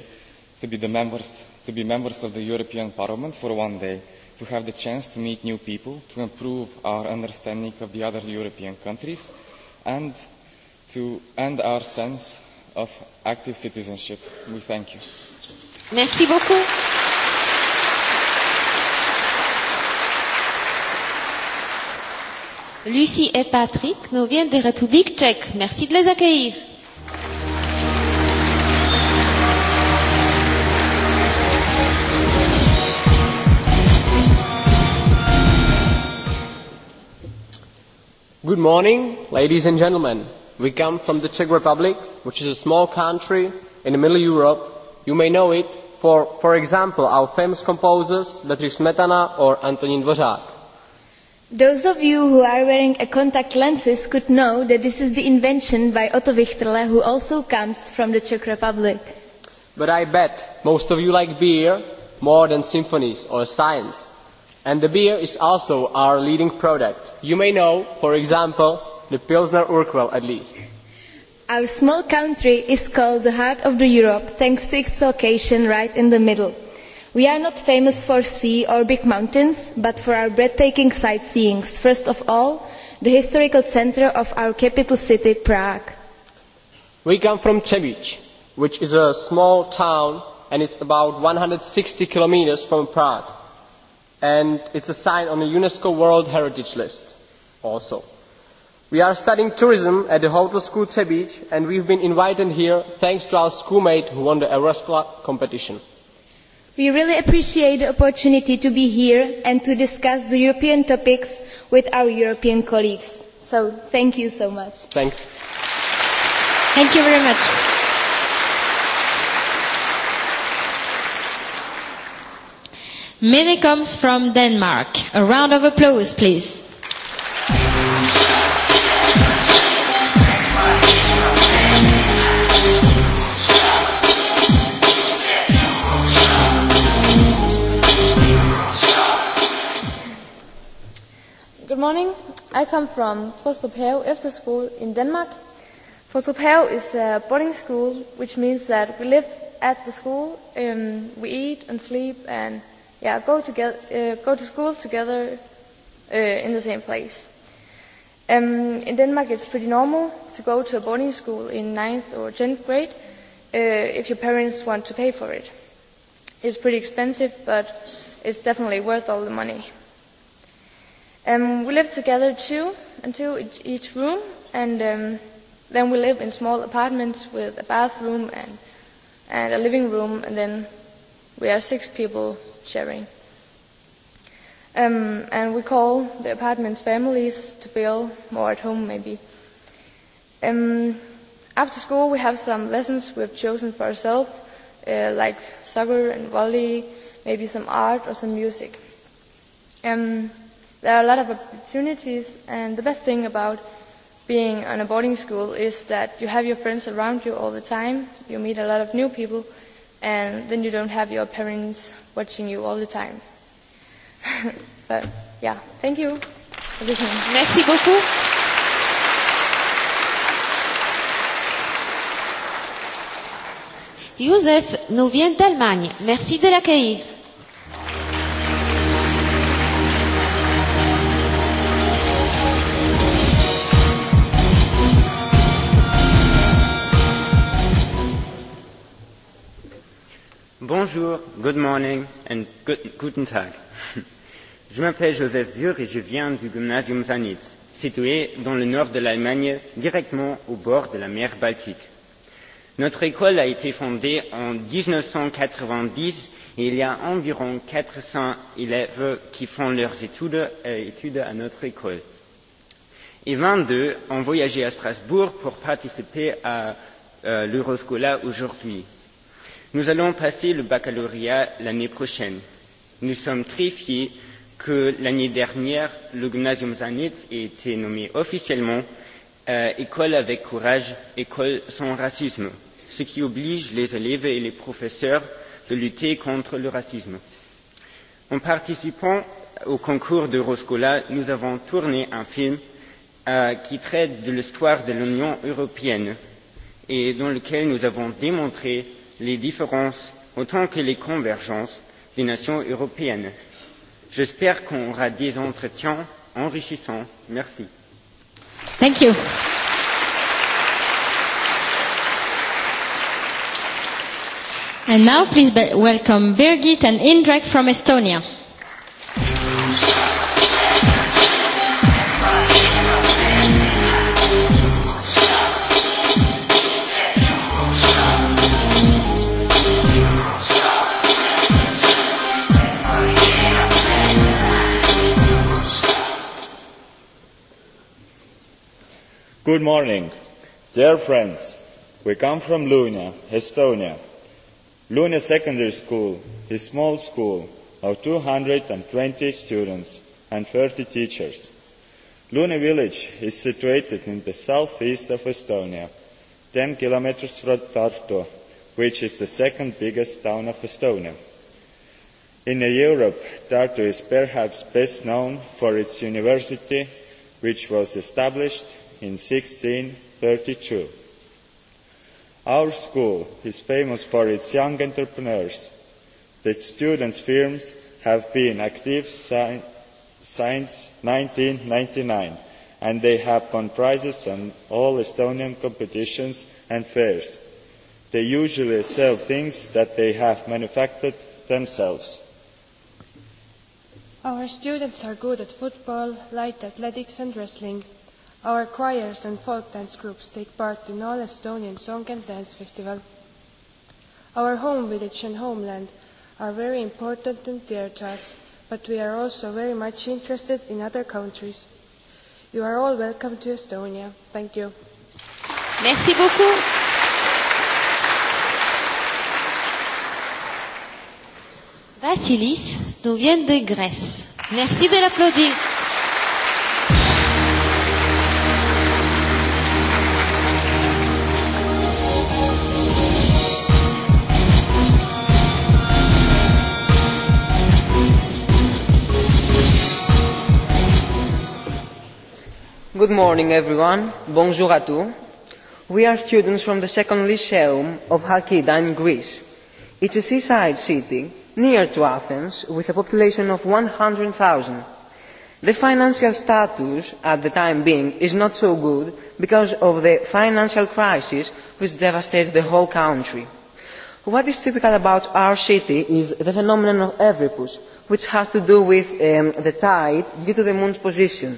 to be, the members, to be members of the European Parliament for one day, to have the chance to meet new people, to improve our understanding of the other European countries, and to end our sense of active citizenship. We thank you.
Merci beaucoup. Lucie et Patrick nous viennent des République tchèque. Merci de les accueillir.
Good morning, ladies and gentlemen. We come from the Czech Republic, which is a small country in the middle of Europe. You may know it for, for example, our famous composers Bedřich Smetana or Antonín Dvořák.
Those of you who are wearing a contact lenses could know that this is the invention by Otto Wichterle, who also comes from the Czech Republic.
But I bet most of you like beer more than symphonies or science. And the beer is also our leading product. You may know, for example, the Pilsner Urquell at least.
Our small country is called the heart of the Europe thanks to its location right in the middle. We are not famous for sea or big mountains, but for our breathtaking sightseeings. First of all, the historical center of our capital city, Prague.
We come from Cebic, which is a small town, and it's about 160 kilometers from Prague. And it's a site on the UNESCO World Heritage List, also. We are studying tourism at the Hotel School Cebic, and we've been invited here thanks to our schoolmate who won the Erasmus competition.
We really appreciate the opportunity to be here and to discuss the European topics with our European colleagues. So thank you so much.
Thanks.
Thank you very much. comes from Denmark. A round of applause, please.
morning. I come from Frostruphave Efter School in Denmark. Frostruphave is a boarding school, which means that we live at the school, um, we eat and sleep, and yeah, go together, uh, go to school together uh, in the same place. Um, in Denmark, it's pretty normal to go to a boarding school in 9th or 10th grade uh, if your parents want to pay for it. It's pretty expensive, but it's definitely worth all the money. Um, we lived together two and two each, each room, and um, then we lived in small apartments with a bathroom and and a living room, and then we are six people sharing. Um, and we call the apartments families to feel more at home, maybe. Um, after school, we have some lessons we've chosen for ourselves, uh, like soccer and volley, maybe some art or some music. Um, There are a lot of opportunities, and the best thing about being on a boarding school is that you have your friends around you all the time, you meet a lot of new people, and then you don't have your parents watching you all the time. but yeah,
thank you for listening. Merci beaucoup. Youssef nous vient d'Allemagne. Merci de l'accueillir.
Bonjour, good morning and good, guten Tag. Je m'appelle Joseph Zur et je viens du Gymnasium Sanitz, situé dans le nord de l'Allemagne, directement au bord de la mer Baltique. Notre école a été fondée en 1990 et il y a environ 400 élèves qui font leurs études, euh, études à notre école. Et 22 ont voyagé à Strasbourg pour participer à euh, l'Euroscola aujourd'hui. Nous allons passer le baccalauréat l'année prochaine. Nous sommes très fiers que l'année dernière, le Gymnasium Zanitz ait été nommé officiellement euh, École avec courage, école sans racisme, ce qui oblige les élèves et les professeurs de lutter contre le racisme. En participant au concours d'Euroscola, nous avons tourné un film euh, qui traite de l'histoire de l'Union européenne et dans lequel nous avons démontré les différences autant que les convergences des nations européennes. J'espère qu'on aura des entretiens enrichissants. Merci.
Thank you. And now please welcome Birgit and Indrek from Estonia.
Good morning, dear friends. We come from Luna, Estonia. Luna Secondary School is a small school of 220 students and 30 teachers. Luna village is situated in the southeast of Estonia, 10 kilometers from Tartu, which is the second biggest town of Estonia. In Europe, Tartu is perhaps best known for its university, which was established in 1632. Our school is famous for its young entrepreneurs. The students' firms have been active since 1999, and they have won prizes on all Estonian competitions and fairs. They usually sell things that they have manufactured themselves.
Our students are good at football, light athletics, and wrestling. Our choirs and folk dance groups take part in all Estonian song and dance festival. Our home village and homeland are very important and dear to us, but we are also very much interested in other countries. You are all welcome to Estonia. Thank you. Merci beaucoup.
Vasilis, nous viennent de Grèce. Merci de l'applaudir.
Good morning, everyone. Bonjour à tous. We are students from the second Lyceum of Halkida in Greece. It's a seaside city near to Athens with a population of 100,000. The financial status at the time being is not so good because of the financial crisis which devastates the whole country. What is typical about our city is the phenomenon of Evripus, which has to do with um, the tide due to the moon's position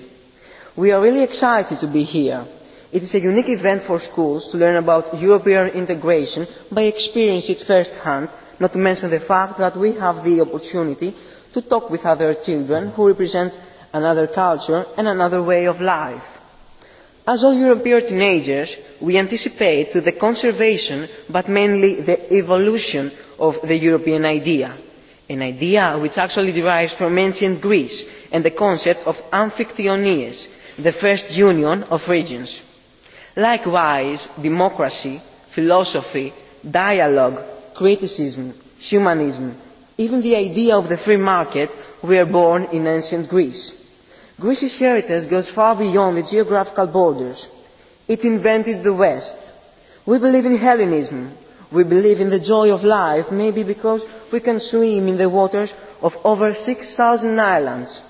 we are really excited to be here. it is a unique event for schools to learn about european integration by experiencing it first hand not to mention the fact that we have the opportunity to talk with other children who represent another culture and another way of life. As all European teenagers, we anticipate to the conservation, but mainly the evolution of the European idea, an idea which actually derives from ancient Greece and the concept of amphictyonies, the first union of regions. Likewise, democracy, philosophy, dialogue, criticism, humanism, even the idea of the free market were born in ancient Greece. Greece's heritage goes far beyond the geographical borders. It invented the West. We believe in Hellenism. We believe in the joy of life, maybe because we can swim in the waters of over 6,000 islands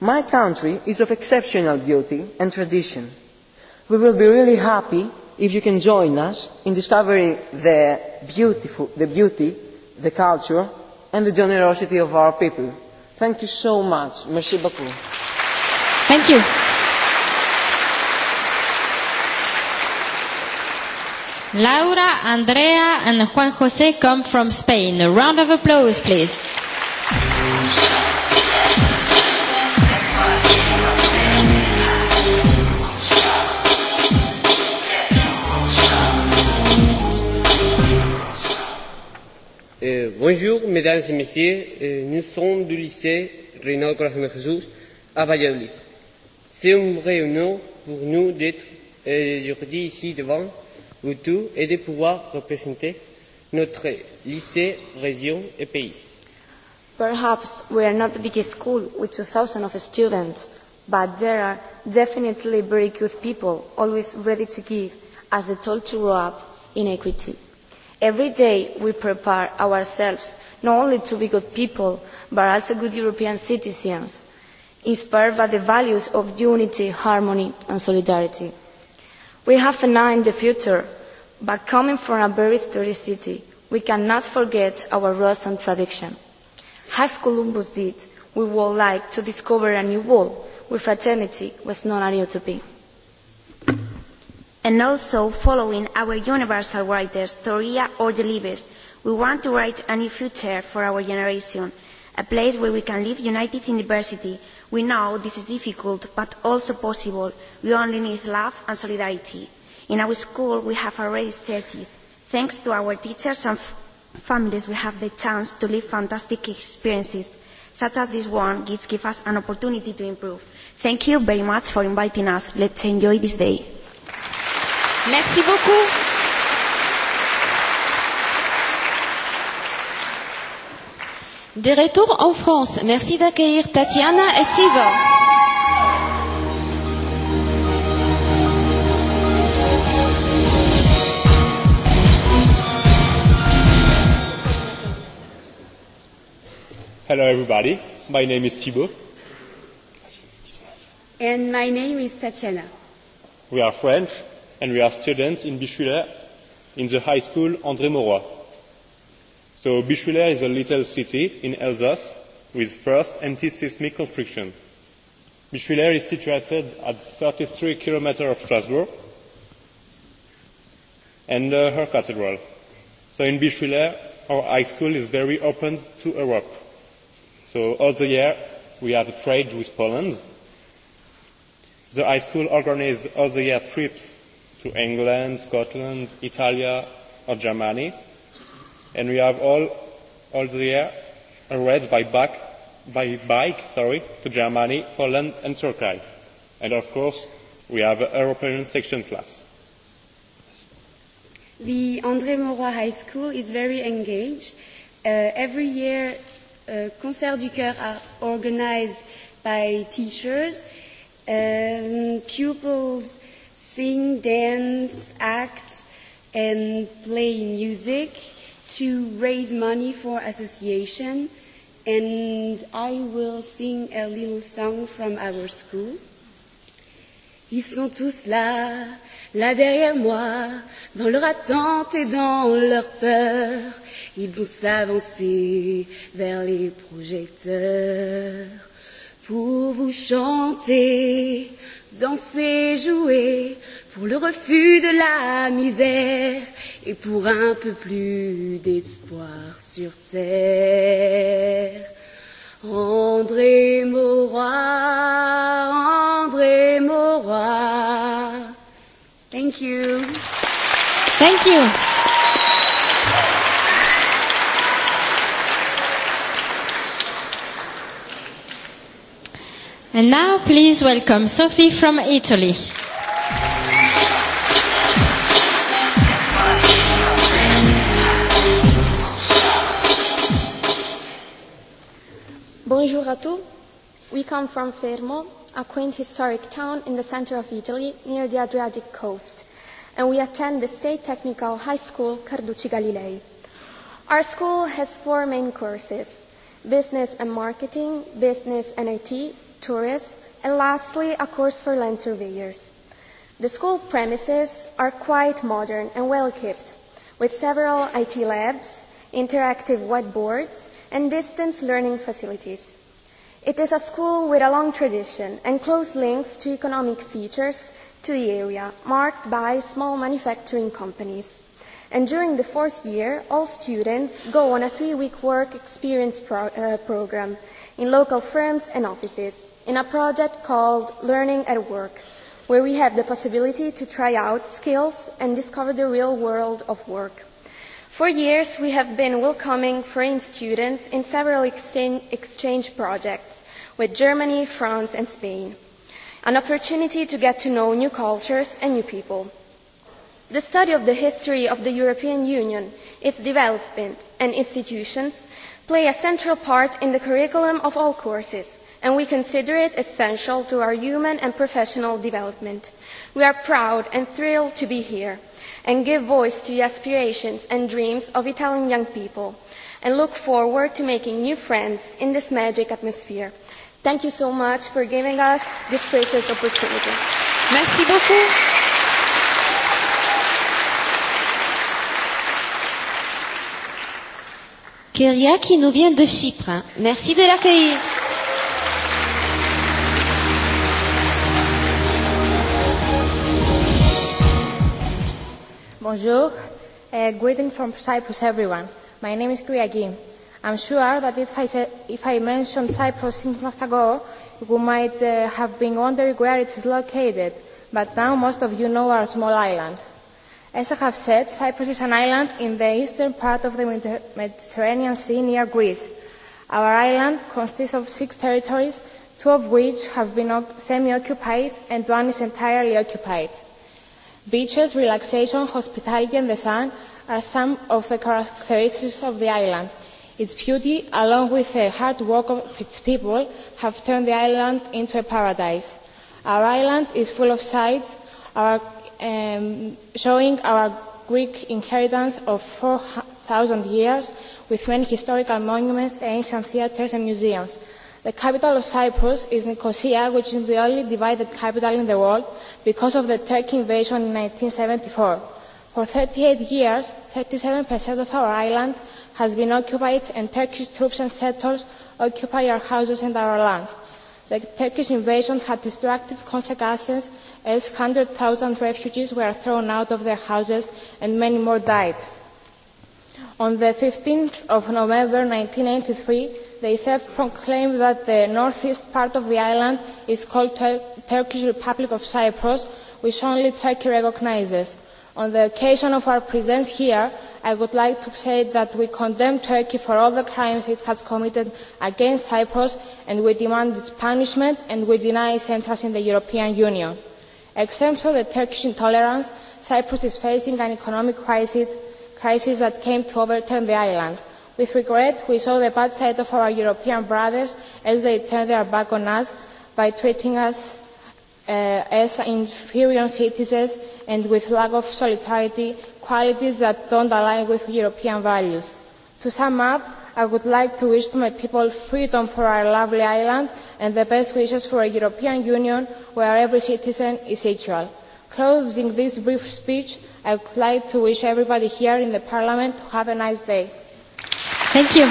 my country is of exceptional beauty and tradition. we will be really happy if you can join us in discovering the, beautiful, the beauty, the culture and the generosity of our people. Thank you so much. Merci beaucoup. Thank you.
Laura, Andrea and Juan Jose come from Spain. A round of applause, please.
Bonjour, mesdames et messieurs. Nous sommes du lycée Reynaud Corazon de Jesús à Valladolid. C'est un vrai honneur pour nous d'être aujourd'hui ici devant vous tous et de pouvoir représenter notre lycée, région et pays.
Perhaps we are not the biggest school with 2,000 of students, but there are definitely very good people always ready to give as the told to grow up in equity. Every day we prepare ourselves not only to be good people, but also good European citizens, inspired by the values of unity, harmony and solidarity. We have an eye in the future, but coming from a very sturdy city, we cannot forget our roots and tradition. As Columbus did, we would like to discover a new world where fraternity was not an utopia and also following our universal writers, Thoria or Delibes. We want to write a new future for our generation, a place where we can live united in diversity. We know this is difficult, but also possible. We only need love and solidarity. In our school, we have already started. Thanks to our teachers and families, we have the chance to live fantastic experiences, such as this one, which gives us an opportunity to improve. Thank you very much for inviting us. Let's enjoy this day.
Merci beaucoup. Des retours en France, merci d'accueillir Tatiana et Tiva.
Hello everybody, my name is Thibaut.
And my name is Tatiana.
We are French and we are students in Bichuler in the high school André Mauroy. So Bichuler is a little city in Alsace with first anti-seismic construction. Bichuler is situated at 33 kilometers of Strasbourg and uh, her cathedral. So in Bichuler, our high school is very open to Europe. So all the year, we have a trade with Poland. The high school organizes all the year trips to England, Scotland, Italy, or Germany. And we have all, all the year a by, back, by bike sorry, to Germany, Poland, and Turkey. And of course, we have a European section class.
The André Mauroy High School is very engaged. Uh, every year, uh, Concerts du Cœur are organized by
teachers. Um, pupils sing, dance,
act, and play music to raise money for association. And I will sing a little song
from our school. Ils sont tous là, là derrière moi, dans leur attente et dans leur peur. Ils vont s'avancer vers les projecteurs pour vous chanter dans ses jouets pour le refus de la misère et pour un peu plus d'espoir sur terre. André Mauroy,
André Mauroy. Thank you. Thank you.
And now please welcome Sophie from Italy.
Bonjour à tous. We come from Fermo, a quaint historic town in the center of Italy, near the Adriatic coast, and we attend the State Technical High School Carducci Galilei. Our school has four main courses business and marketing, business and IT, tourists, and lastly, a course for land surveyors. The school premises are quite modern and well equipped, with several IT labs, interactive whiteboards, and distance learning facilities. It is a school with a long tradition and close links to economic features to the area, marked by small manufacturing companies. And during the fourth year, all students go on a three-week work experience pro- uh, program in local firms and offices in a project called Learning at Work, where we have the possibility to try out skills and discover the real world of work. For years, we have been welcoming foreign students in several exchange projects with Germany, France, and Spain, an opportunity to get to know new cultures and new people. The study of the history of the European Union, its development, and institutions play a central part in the curriculum of all courses, and we consider it essential to our human and professional development. We are proud and thrilled to be here and give voice to the aspirations and dreams of Italian young people and look forward to making new friends in this magic atmosphere. Thank you so much for giving us this precious opportunity. Merci beaucoup.
Kyria qui nous vient de Chypre. Merci de l'accueillir.
Bonjour. Uh, greeting from Cyprus, everyone. My name is Kriagi. I'm sure that if I, said, if I mentioned Cyprus six months ago, you might uh, have been wondering where it is located, but now most of you know our small island. As I have said, Cyprus is an island in the eastern part of the Mediterranean Sea near Greece. Our island consists of six territories, two of which have been semi-occupied and one is entirely occupied. Beaches, relaxation, hospitality and the sun are some of the characteristics of the island. Its beauty, along with the hard work of its people, have turned the island into a paradise. Our island is full of sites our, um, showing our Greek inheritance of 4,000 years with many historical monuments, ancient theatres and museums. The capital of Cyprus is Nicosia, which is the only divided capital in the world because of the Turkish invasion in 1974. For 38 years, 37% of our island has been occupied and Turkish troops and settlers occupy our houses and our land. The Turkish invasion had destructive consequences as 100,000 refugees were thrown out of their houses and many more died. On the 15th of November 1993, they ISEF proclaimed that the northeast part of the island is called Tur Turkish Republic of Cyprus, which only Turkey recognizes. On the occasion of our presence here, I would like to say that we condemn Turkey for all the crimes it has committed against Cyprus and we demand its punishment and we deny its entrance in the European Union. Except for the Turkish intolerance, Cyprus is facing an economic crisis crisis that came to overturn the island. With regret, we saw the bad side of our European brothers as they turned their back on us by treating us uh, as inferior citizens and with lack of solidarity, qualities that don't align with European values. To sum up, I would like to wish to my people freedom for our lovely island and the best wishes for a European Union where every citizen is equal. Closing this brief speech, I would like to wish everybody here in the Parliament to have a nice day.
Thank you.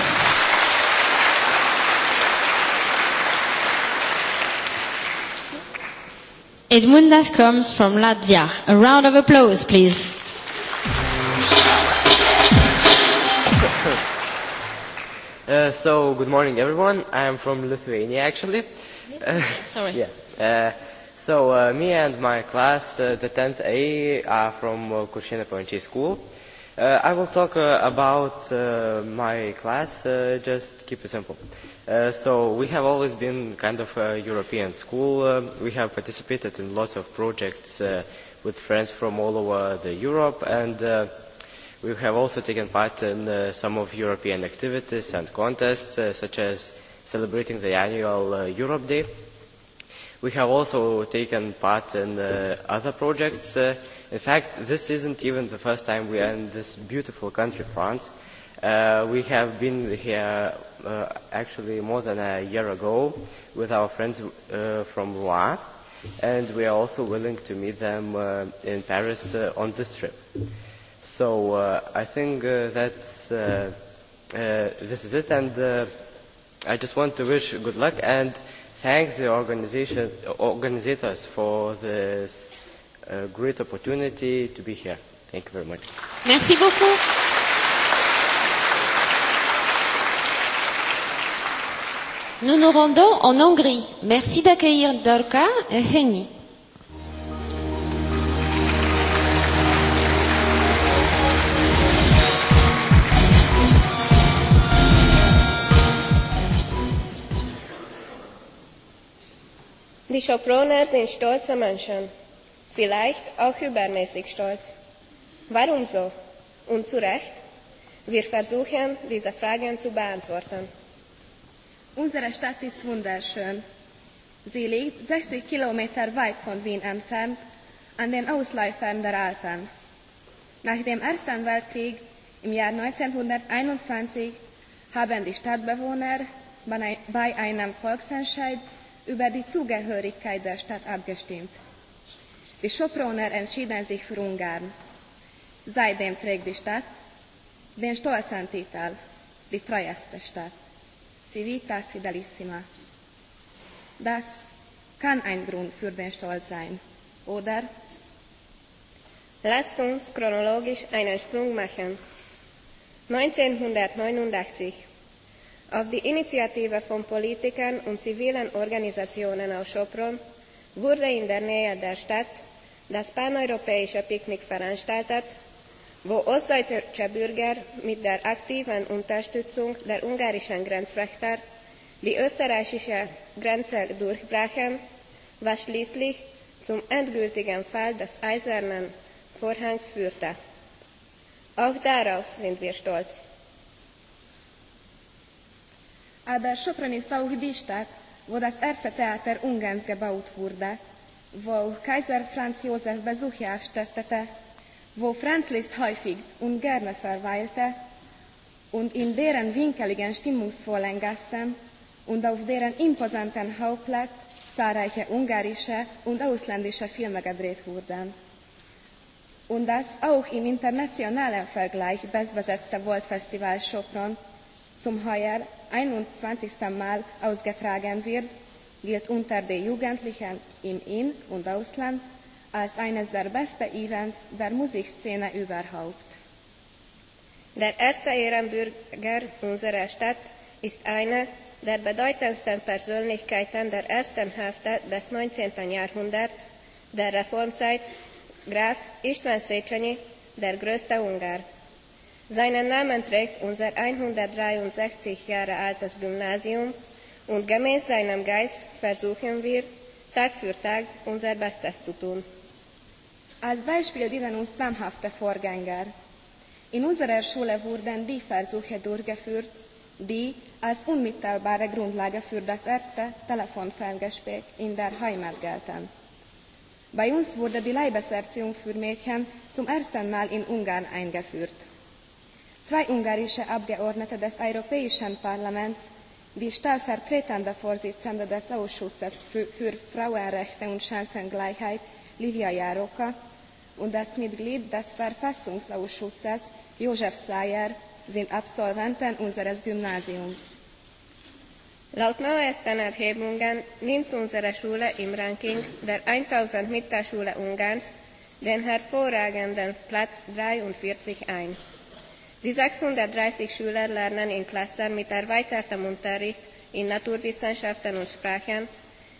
Edmundas comes from Latvia. A round of applause,
please. Uh, so, good morning, everyone. I am from Lithuania, actually. Uh, Sorry. Yeah. Uh, So uh, me and my class, uh, the 10th A, are from uh, Kurshina Panchi School. Uh, I will talk uh, about uh, my class, uh, just keep it simple. Uh, so we have always been kind of a European school. Uh, we have participated in lots of projects uh, with friends from all over the Europe, and uh, we have also taken part in uh, some of European activities and contests, uh, such as celebrating the annual uh, Europe Day We have also taken part in uh, other projects. Uh, in fact, this isn't even the first time we are in this beautiful country, France. Uh, we have been here uh, actually more than a year ago with our friends uh, from Rouen, and we are also willing to meet them uh, in Paris uh, on this trip. So uh, I think uh, that's uh, uh, this is it, and uh, I just want to wish good luck and thank the organizers for this uh, great opportunity to be here. Thank you very much.
Merci beaucoup. Nous nous rendons en Hongrie. Merci d'accueillir Dorka et Henny.
Die Schoproner sind stolze Menschen, vielleicht auch übermäßig stolz. Warum so? Und zu Recht? Wir versuchen, diese Fragen zu
beantworten. Unsere Stadt ist wunderschön. Sie liegt 60 Kilometer weit von Wien entfernt, an den Ausläufern der Alpen. Nach dem Ersten Weltkrieg im Jahr 1921 haben die Stadtbewohner bei einem Volksentscheid über die Zugehörigkeit der Stadt abgestimmt. Die Schoproner entschieden sich für Ungarn. Seitdem trägt die Stadt den stolzen Titel, die treueste Stadt, Civitas Fidelissima. Das kann ein Grund für den Stolz sein, oder? Lasst
uns chronologisch einen Sprung machen. 1989 auf die Initiative von Politikern und zivilen Organisationen aus Sopron wurde in der Nähe der Stadt das paneuropäische Picknick veranstaltet, wo ostdeutsche Bürger mit der aktiven Unterstützung der ungarischen Grenzwächter die österreichische Grenze durchbrachen, was schließlich zum endgültigen Fall des Eisernen Vorhangs
führte. Auch darauf sind wir stolz aber sopranis auch die Stadt, wo das erste Theater Ungarns gebaut wurde, wo Kaiser Franz Josef Besuche erstattete, wo Franz Liszt häufig und gerne verweilte und in deren winkeligen, stimmungsvollen Gassen und auf deren imposanten Hauptplatz zahlreiche ungarische und ausländische Filme gedreht wurden. Und das auch im internationalen Vergleich bestbesetzte Voltfestival Sopron zum heuer 21. Mal ausgetragen wird, gilt unter den Jugendlichen im In- und Ausland als eines der besten Events der Musikszene überhaupt. Der erste Ehrenbürger unserer
Stadt ist eine der bedeutendsten Persönlichkeiten der ersten Hälfte des 19. Jahrhunderts, der Reformzeit, Graf István Széchenyi, der größte Ungar. Seinen Namen trägt unser 163 Jahre altes Gymnasium und gemäß seinem Geist versuchen wir,
Tag für Tag unser Bestes zu tun. Als Beispiel dienen uns namhafte Vorgänger. In unserer Schule wurden die Versuche durchgeführt, die als unmittelbare Grundlage für das erste Telefonferngespräch in der Heimat gelten. Bei uns wurde die Leibeserziehung für Mädchen zum ersten Mal in Ungarn eingeführt. Zwei ungarische Abgeordnete des Europäischen Parlaments, die stellvertretende Vorsitzende des Ausschusses für Frauenrechte und Chancengleichheit, Livia Jaroka und das Mitglied des Verfassungsausschusses, Josef Sayer, sind Absolventen unseres Gymnasiums. Laut neuesten Erhebungen nimmt unsere Schule
im Ranking der 1000 Mittelschule Ungarns den hervorragenden Platz 43 ein. Die 630 Schüler lernen in Klassen mit erweitertem Unterricht in Naturwissenschaften und Sprachen.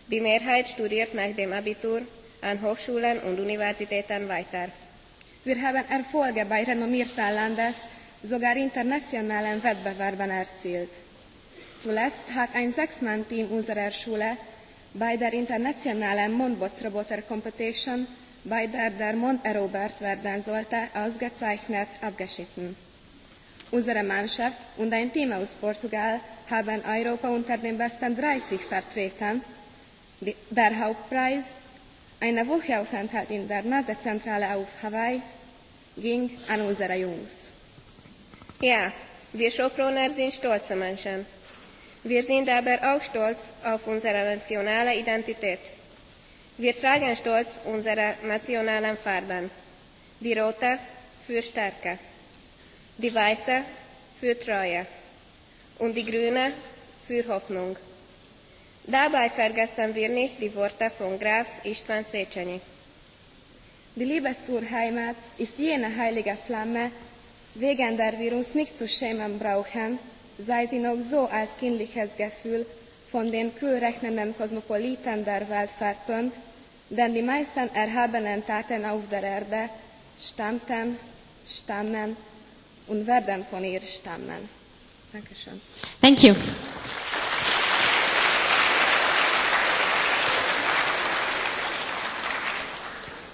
Die Mehrheit
studiert nach dem Abitur an Hochschulen und Universitäten weiter. Wir haben Erfolge bei renommierten Landes, sogar internationalen Wettbewerben erzielt. Zuletzt hat ein Sechsmann-Team unserer Schule bei der internationalen Mondbots Roboter Competition, bei der der Mond erobert werden sollte, ausgezeichnet abgeschnitten. Unsere Mannschaft und ein Team aus Portugal haben Europa unter den besten 30 vertreten. Der Hauptpreis, eine Woche Aufenthalt in der NASA-Zentrale auf Hawaii, ging an unsere Jungs. Ja, wir Sopronner sind stolze
Menschen. Wir sind aber auch stolz auf unsere nationale Identität. Wir tragen stolz unsere nationalen Farben. Die rote für Stärke Die Weiße für Treue und die Grüne für Hoffnung. Dabei vergessen wir nicht die Worte von Graf István Széchenyi.
Die Liebe zur Heimat ist jene heilige Flamme, wegen der wir uns nicht zu schämen brauchen, sei sie noch so als kindliches Gefühl von den kühlrechnenden Kosmopoliten der Welt verpönt, denn die meisten erhabenen Taten auf der Erde stammten, stammen und werden von ihr stammen. Dankeschön.
Thank you.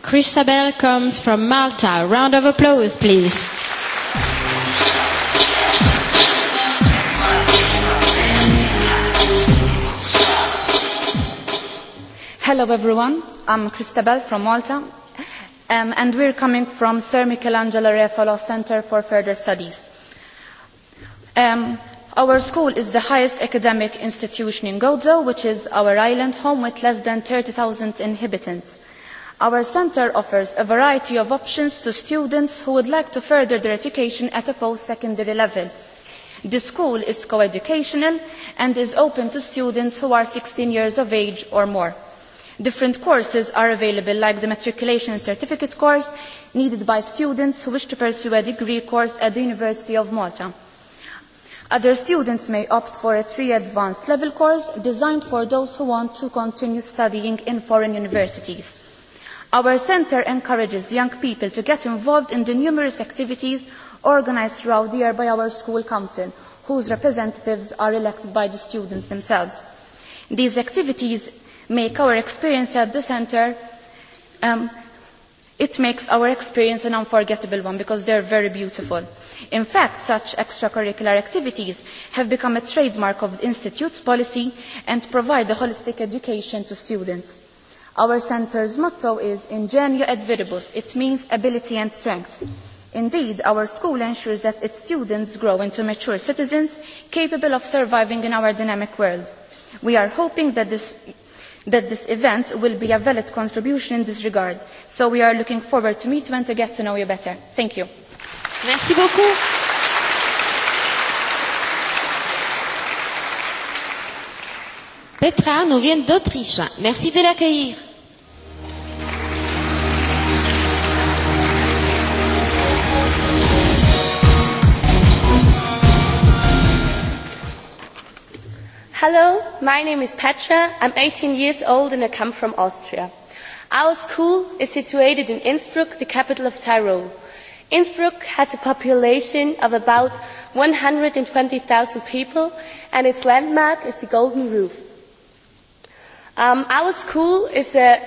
Christabel comes from Malta. Round of applause, please.
Hello, everyone. I'm Christabel from Malta and we're coming from Sir Michelangelo Refalo Center for Further Studies. our school is the highest academic institution in Gozo, which is our island home with less than 30,000 inhabitants. Our centre offers a variety of options to students who would like to further their education at a post-secondary level. The school is co-educational and is open to students who are sixteen years of age or more Different courses are available like the matriculation certificate course needed by students who wish to pursue a degree course at the University of Malta. Other students may opt for a three advanced level course designed for those who want to continue studying in foreign universities. Our centre encourages young people to get involved in the numerous activities organised throughout the year by our school council, whose representatives are elected by the students themselves. These activities make our experience at the centre um, it makes our experience an unforgettable one because they are very beautiful. In fact, such extracurricular activities have become a trademark of the Institute's policy and provide a holistic education to students. Our centre's motto is Ingenio et Viribus. It means ability and strength. Indeed, our school ensures that its students grow into mature citizens capable of surviving in our dynamic world. We are hoping that this that this event will be a valid contribution in this regard. So we are looking forward to meet you and to get to know you better.
Thank you. Merci beaucoup. Petra nous vient d'Autriche. Merci de l'accueillir.
Hello, my name is Petra. I'm 18 years old and I come from Austria. Our school is situated in Innsbruck, the capital of Tyrol. Innsbruck has a population of about 120,000 people and its landmark is the Golden Roof. Um, our school is a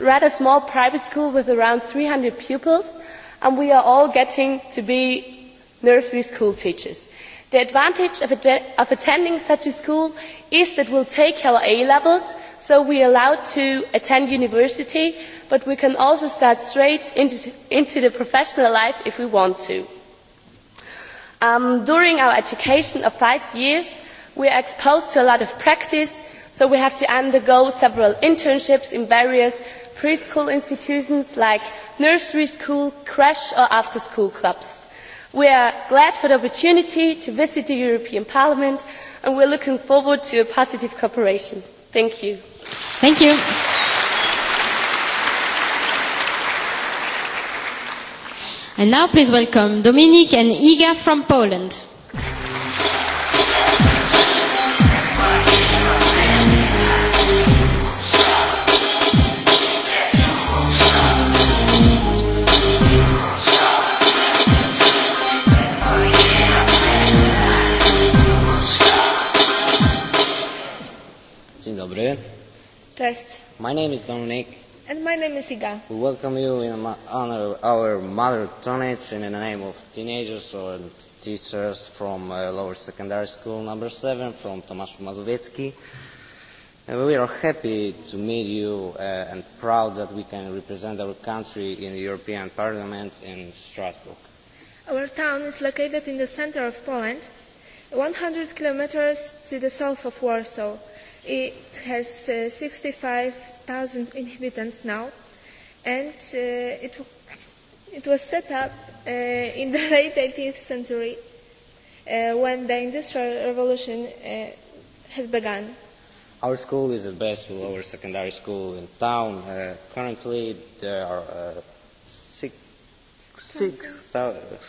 rather small private school with around 300 pupils and we are all getting to be nursery school teachers the advantage of attending such a school is that we will take our a levels so we are allowed to attend university but we can also start straight into the professional life if we want to. during our education of five years we are exposed to a lot of practice so we have to undergo several internships in various pre school institutions like nursery school creche or after school clubs we are glad for the opportunity to visit the european parliament and we are looking forward to a positive cooperation. thank you.
and now please welcome dominik and iga from poland.
Andrea. Cześć. My name is Dominic.
And my name is Iga.
We welcome you in honor of our mother tonnage in the name of teenagers or teachers from uh, lower secondary school number seven from Tomasz Mazowiecki. And we are happy to meet you uh, and proud that we can represent our country in the European Parliament in Strasbourg.
Our town is located in the center of Poland, 100 kilometers to the south of Warsaw It has uh, 65,000 inhabitants now, and uh, it, it was set up uh, in the late 18th century uh, when the Industrial Revolution uh, has begun.
Our school is the best lower secondary school in town. Uh, currently, there are uh, six, six,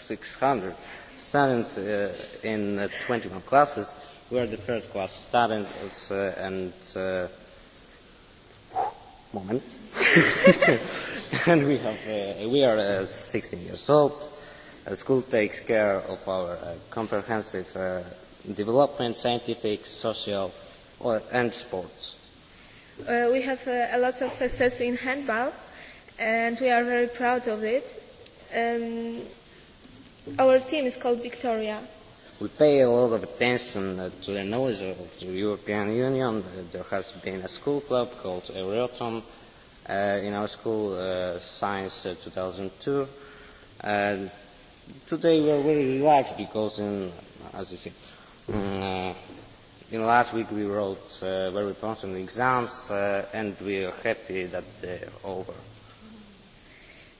600 students uh, in uh, 21 classes were the third class students uh, and uh, moment and we have uh, we are uh, 16 years old uh, school takes care of our uh, comprehensive uh, development scientific social or, and sports
uh, we have uh, a lot of success in handball and we are very proud of it um, our team is called victoria
We pay a lot of attention to the noise of the European Union. There has been a school club called Euroton uh, in our school, uh, Science 2002. Uh, today we are very relaxed because, in, as you see, uh, in last week we wrote uh, very important exams uh, and we are happy that they're over.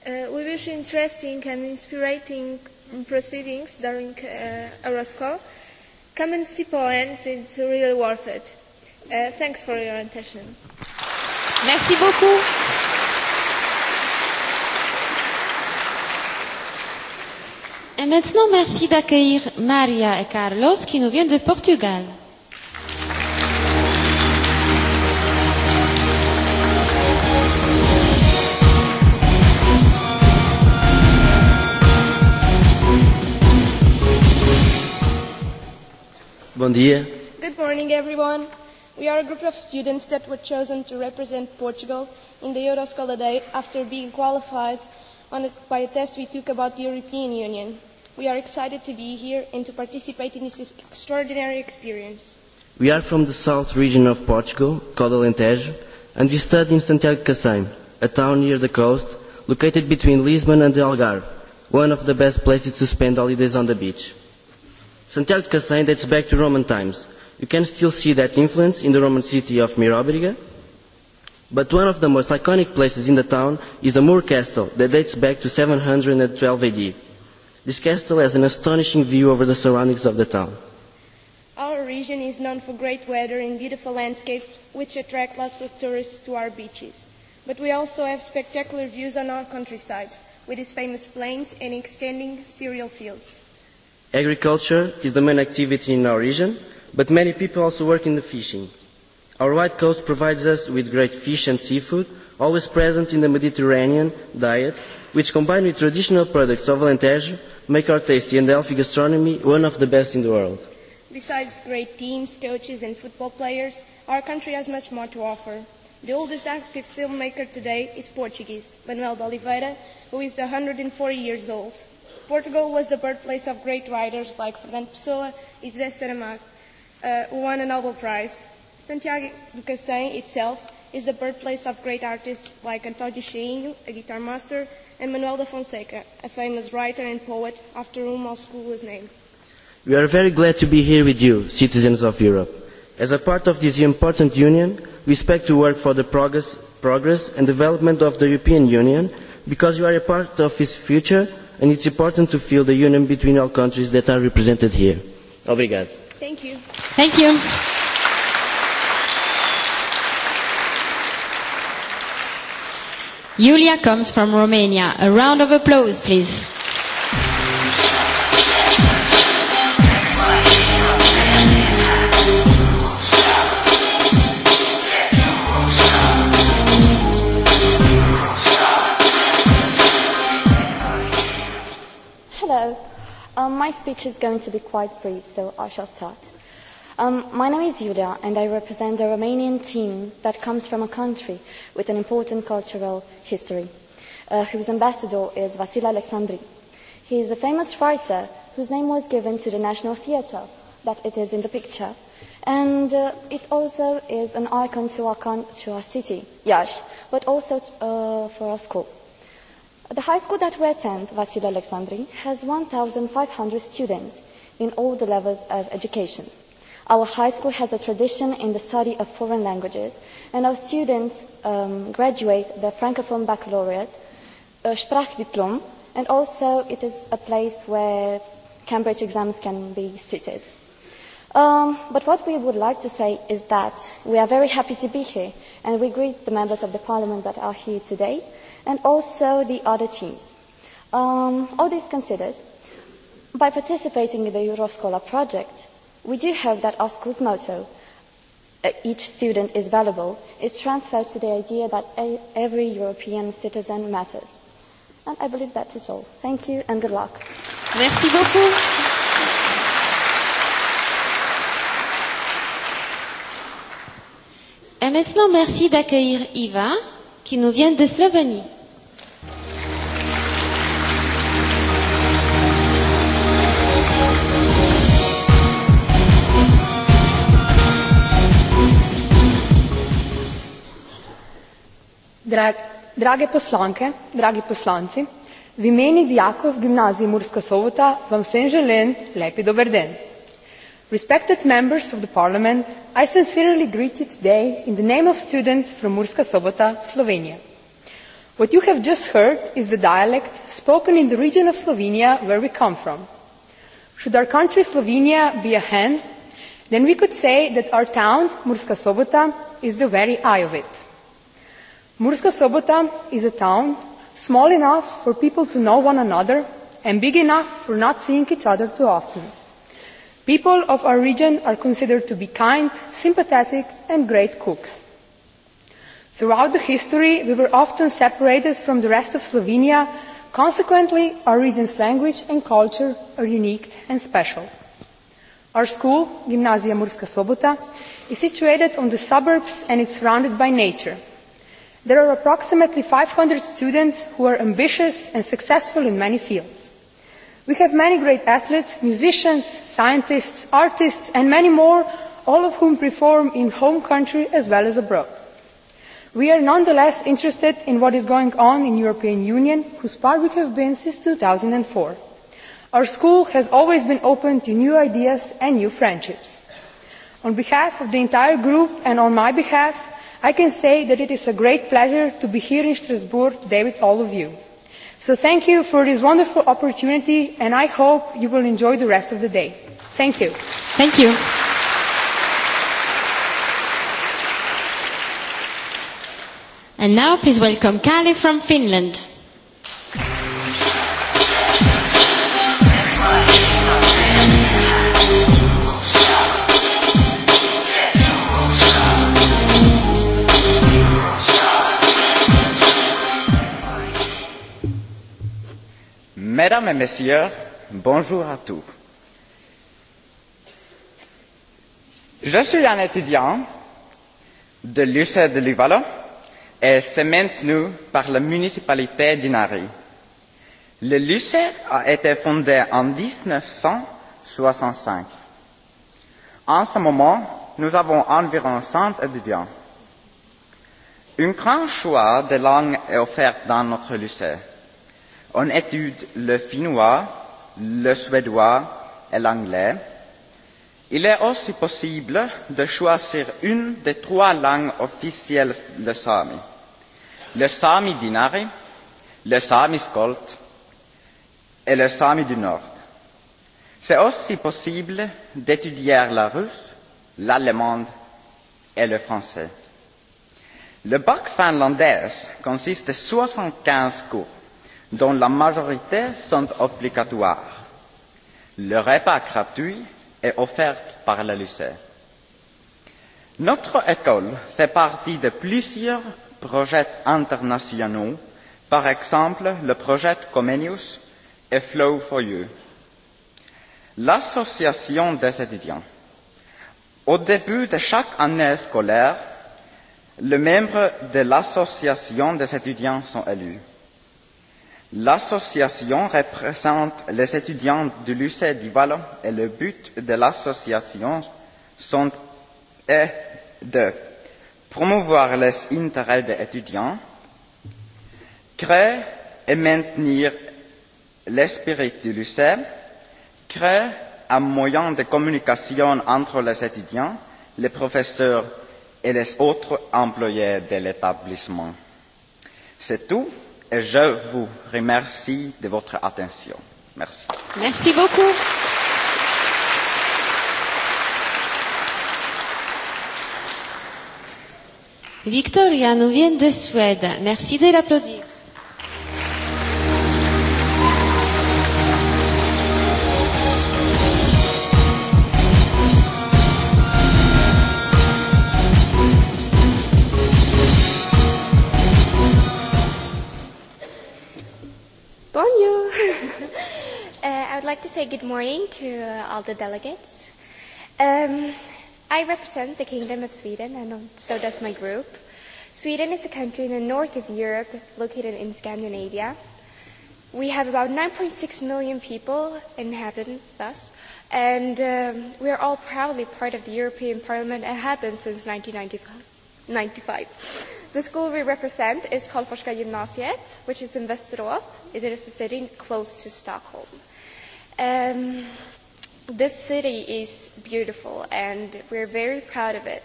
Uh, we wish interesting and inspiring proceedings during uh, Orozco. Come and see Poland, it's really worth it. Uh, thanks for your attention.
Merci beaucoup. Et maintenant, merci d'accueillir Maria et Carlos qui nous viennent de Portugal.
Bom dia.
Good morning, everyone. We are a group of students that were chosen to represent Portugal in the Euroscola Day after being qualified on a, by a test we took about the European Union. We are excited to be here and to participate in this extraordinary experience.
We are from the south region of Portugal, called Alentejo, and we study in Santiago de Cacém, a town near the coast, located between Lisbon and the Algarve, one of the best places to spend holidays on the beach. Santiago de Cacém dates back to Roman times. You can still see that influence in the Roman city of Mirabriga. but one of the most iconic places in the town is the Moor Castle that dates back to 712 AD. This castle has an astonishing view over the surroundings of the town.
Our region is known for great weather and beautiful landscapes which attract lots of tourists to our beaches. But we also have spectacular views on our countryside, with its famous plains and extending cereal fields.
Agriculture is the main activity in our region, but many people also work in the fishing. Our white coast provides us with great fish and seafood, always present in the Mediterranean diet, which combined with traditional products of Alentejo make our tasty and healthy gastronomy one of the best in the world.
Besides great teams, coaches and football players, our country has much more to offer. The oldest active filmmaker today is Portuguese, Manuel de Oliveira, who is 140 years old. Portugal was the birthplace of great writers like Fernando Pessoa and José Saramago, uh, who won a Nobel Prize. Santiago de Cacém itself is the birthplace of great artists like António Cheinho, a guitar master, and Manuel da Fonseca, a famous writer and poet after whom our school was named.
We are very glad to be here with you, citizens of Europe. As a part of this important union, we expect to work for the progress, progress and development of the European Union because you are a part of its future and it is important to feel the union between all countries that are represented here. Obrigado.
Thank you. Thank you. Yulia comes from Romania. A round of applause, please.
my speech is going to be quite brief, so I shall start. Um, my name is Yuda, and I represent a Romanian team that comes from a country with an important cultural history, uh, whose ambassador is Vasile Alexandri. He is a famous writer whose name was given to the National Theatre that it is in the picture, and uh, it also is an icon to our, con- to our city, Yash, but also uh, for our school. The high school that we attend, Vasile Alexandri, has 1,500 students in all the levels of education. Our high school has a tradition in the study of foreign languages, and our students um, graduate the Francophone Baccalaureate, uh, Sprachdiplom, and also it is a place where Cambridge exams can be seated. Um, but what we would like to say is that we are very happy to be here, and we greet the members of the Parliament that are here today and also the other teams. Um, all this considered, by participating in the Euroscola project, we do hope that our school's motto, each student is valuable, is transferred to the idea that every European citizen matters. And I believe that is all. Thank
you and good luck. Merci beaucoup. Et maintenant, merci d'accueillir Iva, qui nous vient de Slovénie.
drage poslanke dragi poslanci v imeni dijakov gimnaziji murska sobota vam vsem želim lepi dober dan. respected members of the parliament i sincerely greet you today in the name of students from murska sobota slovenia. what you have just heard is the dialect spoken in the region of slovenia where we come from. should our country slovenia be a hen then we could say that our town murska sobota is the very eye of it. Murska Sobota is a town small enough for people to know one another and big enough for not seeing each other too often. People of our region are considered to be kind, sympathetic and great cooks. Throughout the history, we were often separated from the rest of Slovenia. Consequently, our region's language and culture are unique and special. Our school, Gymnasia Murska Sobota, is situated on the suburbs and is surrounded by nature – there are approximately 500 students who are ambitious and successful in many fields. We have many great athletes, musicians, scientists, artists, and many more, all of whom perform in home country as well as abroad. We are nonetheless interested in what is going on in the European Union, whose part we have been since 2004. Our school has always been open to new ideas and new friendships. On behalf of the entire group and on my behalf, I can say that it is a great pleasure to be here in Strasbourg today with all of you. So thank you for this wonderful opportunity and I hope you will enjoy the rest of the day. Thank you. Thank you.
And now please welcome Kali from Finland.
Mesdames et Messieurs, bonjour à tous. Je suis un étudiant de lycée de Livalo et c'est maintenu par la municipalité d'Inari. Le lycée a été fondé en 1965. En ce moment, nous avons environ 100 étudiants. Un grand choix de langues est offert dans notre lycée On étude le finnois, le suédois et l'anglais. Il est aussi possible de choisir une des trois langues officielles de Sami. Le Sami d'Inari, le Sami Skolt et le Sami du Nord. C'est aussi possible d'étudier la russe, l'allemande et le français. Le bac finlandais consiste de 75 cours dont la majorité sont obligatoires. Le repas gratuit est offert par le lycée. Notre école fait partie de plusieurs projets internationaux, par exemple le projet Comenius et Flow for You. L'association des étudiants. Au début de chaque année scolaire, les membres de l'association des étudiants sont élus. L'association représente les étudiants du lycée du Vallon et le but de l'association est de promouvoir les intérêts des étudiants, créer et maintenir l'esprit du lycée, créer un moyen de communication entre les étudiants, les professeurs et les autres employés de l'établissement. C'est tout et je vous remercie de votre attention. Merci.
Merci beaucoup. Victor Janou vient de Suède. Merci de l'applaudir.
like to say good morning to uh, all the delegates. Um, I represent the Kingdom of Sweden, and so does my group. Sweden is a country in the north of Europe located in Scandinavia. We have about 9.6 million people, inhabitants thus, and um, we are all proudly part of the European Parliament and have been since 1995. The school we represent is Karlforska Gymnasiet, which is in Västerås. It is a city close to Stockholm. Um, this city is beautiful and we're very proud of it.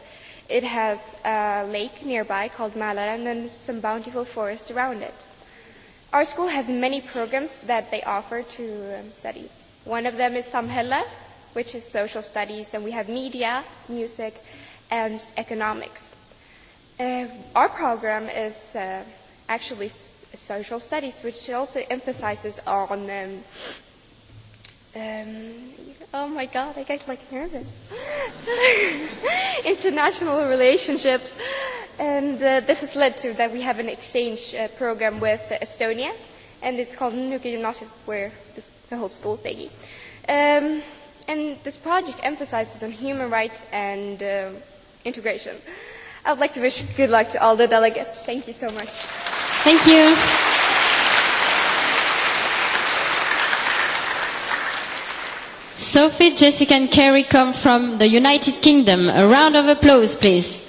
It has a lake nearby called Malaran and some bountiful forests around it. Our school has many programs that they offer to um, study. One of them is Samhela, which is social studies, and we have media, music, and economics. Uh, our program is uh, actually social studies, which also emphasizes on um, Um, oh my God, I get like nervous. International relationships, and uh, this has led to that we have an exchange uh, program with Estonia, and it's called Nuke Gymnasium, where this, the whole school thingy. Um, and this project emphasizes on human rights and uh, integration. I would like to wish good luck to all the delegates. Thank you so much.
Thank you. Sophie, Jessica, and Kerry come from the United Kingdom. A round of applause, please.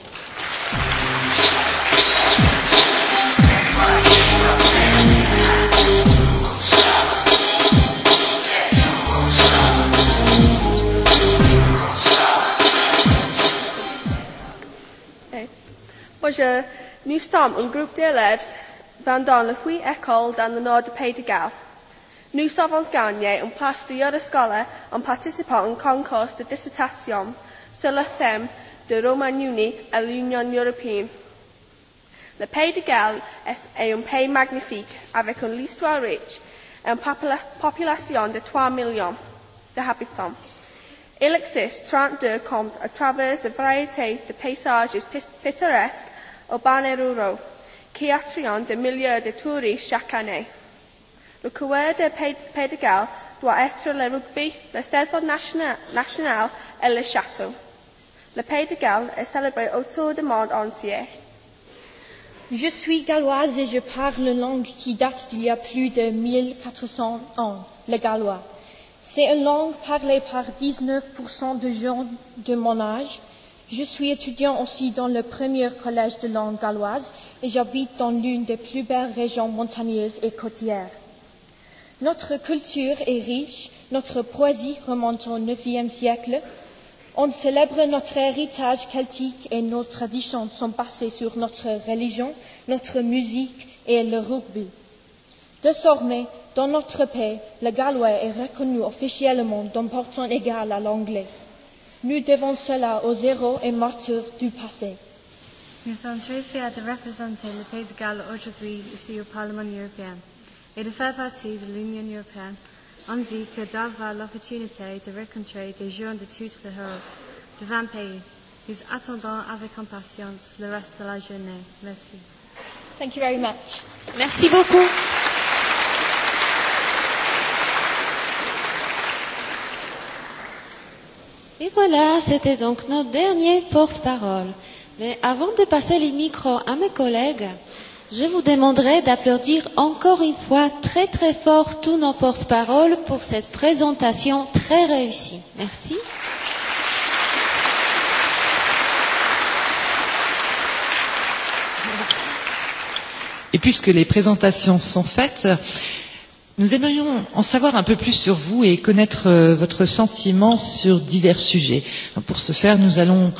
Bonjour, nous sommes un groupe d'élèves vendant le fruit école dans le nord de Pays de Galles. Nous safodd ganiau yn place de leur escola en participant en concours de dissertation sylwethem le Roman de a l'Union européenne. Le pei de Galles est un pays magnifique avec une histoire riche et population de 3 millions habitants. Il existe 32 contes à travers de variétés de paysages pittoresques urbains et qui attirent des milliers de touristes chaque année y Pedregal doit être le rugby, le steddfod nasional et le château. Le Pays de Galles est célébré autour du monde entier. Je
suis galloise et je parle une langue qui date d'il y a plus de 1400 ans, le gallois. C'est une langue parlée par 19% de gens de mon âge. Je suis étudiant aussi dans le premier collège de langue galloise et j'habite dans l'une des plus belles régions montagneuses et côtières. Notre culture est riche, notre poésie remonte au IXe siècle. On célèbre notre héritage celtique et nos traditions sont passées sur notre religion, notre musique et le rugby. Désormais, dans notre pays, le gallois est reconnu officiellement d'un portant égal à l'anglais. Nous devons cela aux héros et martyrs du passé.
Nous sommes très fiers de représenter le pays de Galles aujourd'hui ici au Parlement européen. It de our party, the l'Union European, on the que d'avoir l'opportunité de rencontrer des gens de toute l'Europe, de 20 pays. Nous attendons avec impatience le reste de la journée. Merci. Thank you very much. Merci beaucoup. Et voilà, c'était
donc nos derniers porte-parole. Mais avant de passer les micros à mes collègues, Je vous demanderai d'applaudir encore une fois très très fort tous nos porte-paroles pour cette présentation très réussie. Merci.
Et puisque les présentations sont faites, nous aimerions en savoir un peu plus sur vous et connaître votre sentiment sur divers sujets. Pour ce faire, nous allons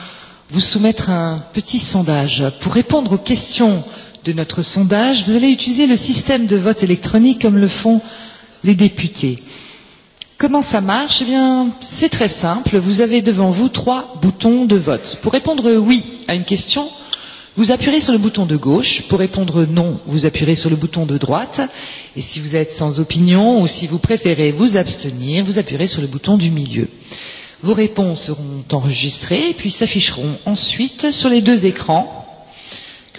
vous soumettre un petit sondage. Pour répondre aux questions de notre sondage, vous allez utiliser le système de vote électronique comme le font les députés. Comment ça marche Eh bien, c'est très simple. Vous avez devant vous trois boutons de vote. Pour répondre oui à une question, vous appuyez sur le bouton de gauche. Pour répondre non, vous appuyez sur le bouton de droite. Et si vous êtes sans opinion ou si vous préférez vous abstenir, vous appuyez sur le bouton du milieu. Vos réponses seront enregistrées et puis s'afficheront ensuite sur les deux écrans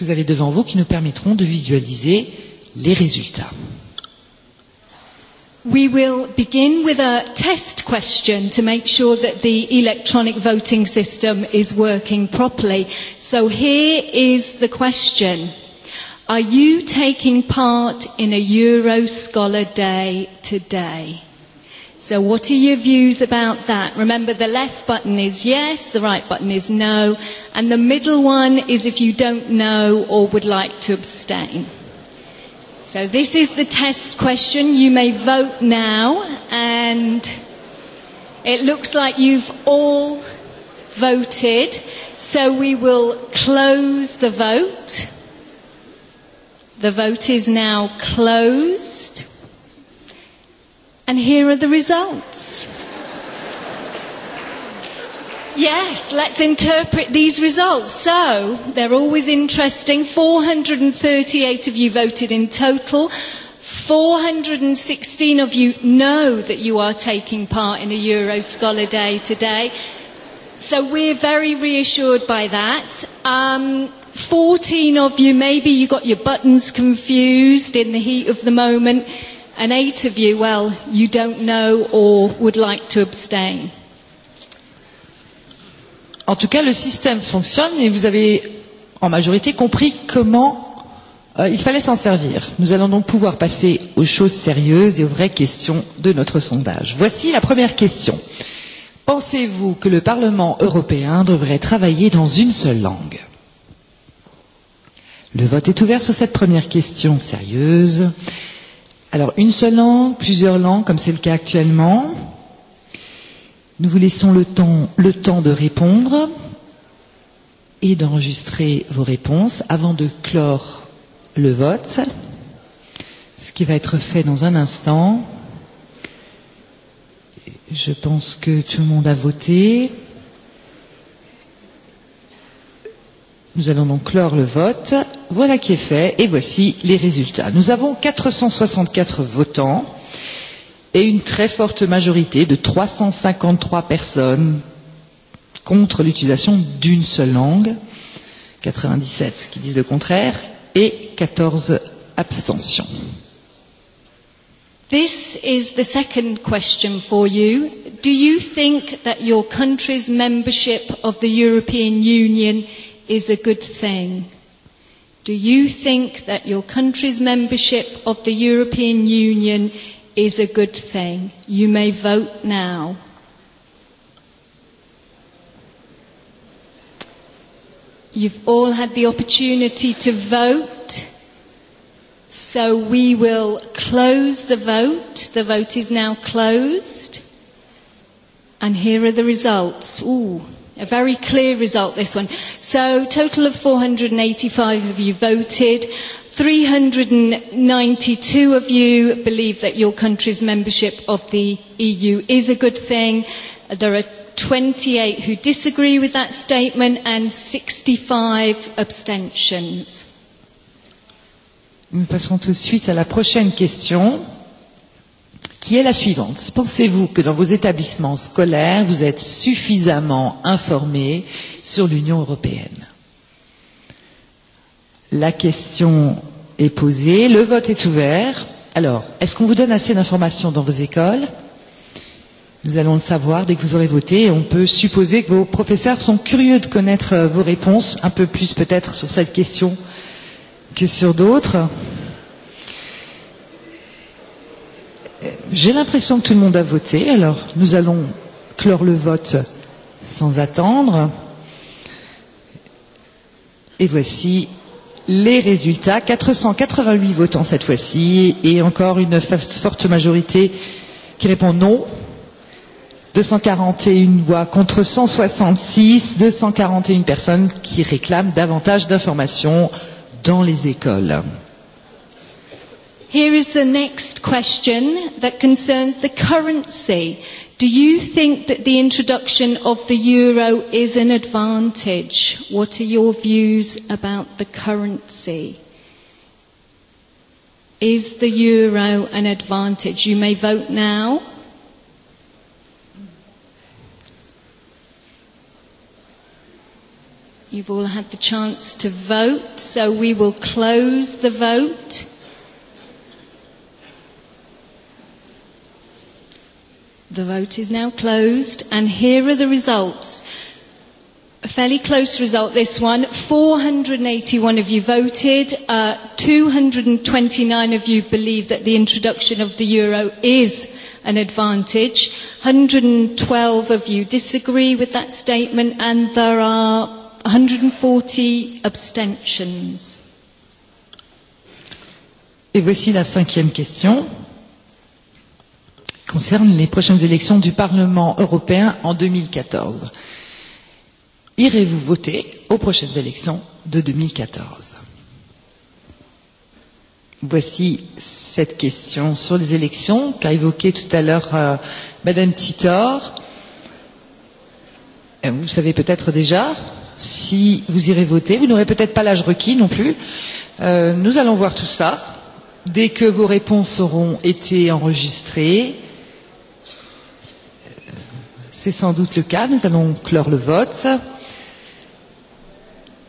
que vous avez devant vous qui nous permettront de visualiser les résultats.
We will begin with a test question to make sure that the electronic voting system is working properly. So here is the question. Are you taking part in a Euro Scholar Day today? So what are your views about that? Remember the left button is yes, the right button is no, and the middle one is if you don't know or would like to abstain. So this is the test question. You may vote now and it looks like you've all voted. So we will close the vote. The vote is now closed. And here are the results. Yes, let's interpret these results. So, they're always interesting. 438 of you voted in total. 416 of you know that you are taking part in a Euro Scholar Day today. So we're very reassured by that. Um, 14 of you, maybe you got your buttons confused in the heat of the moment and eight of you, well, you don't know or would like to abstain.
En tout cas, le système fonctionne et vous avez en majorité compris comment euh, il fallait s'en servir. Nous allons donc pouvoir passer aux choses sérieuses et aux vraies questions de notre sondage. Voici la première question. Pensez-vous que le Parlement européen devrait travailler dans une seule langue Le vote est ouvert sur cette première question sérieuse. Alors, une seule langue, plusieurs langues, comme c'est le cas actuellement. Nous vous laissons le temps, le temps de répondre et d'enregistrer vos réponses avant de clore le vote, ce qui va être fait dans un instant. Je pense que tout le monde a voté. Nous allons donc clore le vote. Voilà qui est fait et voici les résultats. Nous avons 464 votants et une très forte majorité de 353 personnes contre l'utilisation d'une seule langue, 97 qui disent le contraire et 14 abstentions.
This is the second question for you. Do you think that your country's membership of the European Union is a good thing? Do you think that your country's membership of the European Union is a good thing? You may vote now. You've all had the opportunity to vote. So we will close the vote. The vote is now closed. And here are the results. Ooh. A very clear result, this one. So, total of 485 of you voted. 392 of you believe that your country's membership of the EU is a good thing. There are 28 who disagree with that statement and 65 abstentions.
Nous passons tout de suite à la prochaine question qui est la suivante. Pensez-vous que dans vos établissements scolaires, vous êtes suffisamment informés sur l'Union européenne La question est posée, le vote est ouvert. Alors, est-ce qu'on vous donne assez d'informations dans vos écoles Nous allons le savoir dès que vous aurez voté et on peut supposer que vos professeurs sont curieux de connaître vos réponses, un peu plus peut-être sur cette question que sur d'autres. J'ai l'impression que tout le monde a voté, alors nous allons clore le vote sans attendre. Et voici les résultats. 488 votants cette fois-ci et encore une forte majorité qui répond non. 241 voix contre 166, 241 personnes qui réclament davantage d'informations dans les écoles.
Here is the next question that concerns the currency. Do you think that the introduction of the euro is an advantage? What are your views about the currency? Is the euro an advantage? You may vote now. You've all had the chance to vote, so we will close the vote. The vote is now closed, and here are the results. A fairly close result, this one. 481 of you voted. Uh, 229 of you believe that the introduction of the euro is an advantage. 112 of you disagree with that statement, and there are 140 abstentions.
Et voici la cinquième question concerne les prochaines élections du Parlement européen en 2014. Irez-vous voter aux prochaines élections de 2014 Voici cette question sur les élections qu'a évoquée tout à l'heure euh, Madame Titor. Vous savez peut-être déjà si vous irez voter. Vous n'aurez peut-être pas l'âge requis non plus. Euh, nous allons voir tout ça. Dès que vos réponses auront été enregistrées, C'est sans doute le cas. Nous allons clore le vote.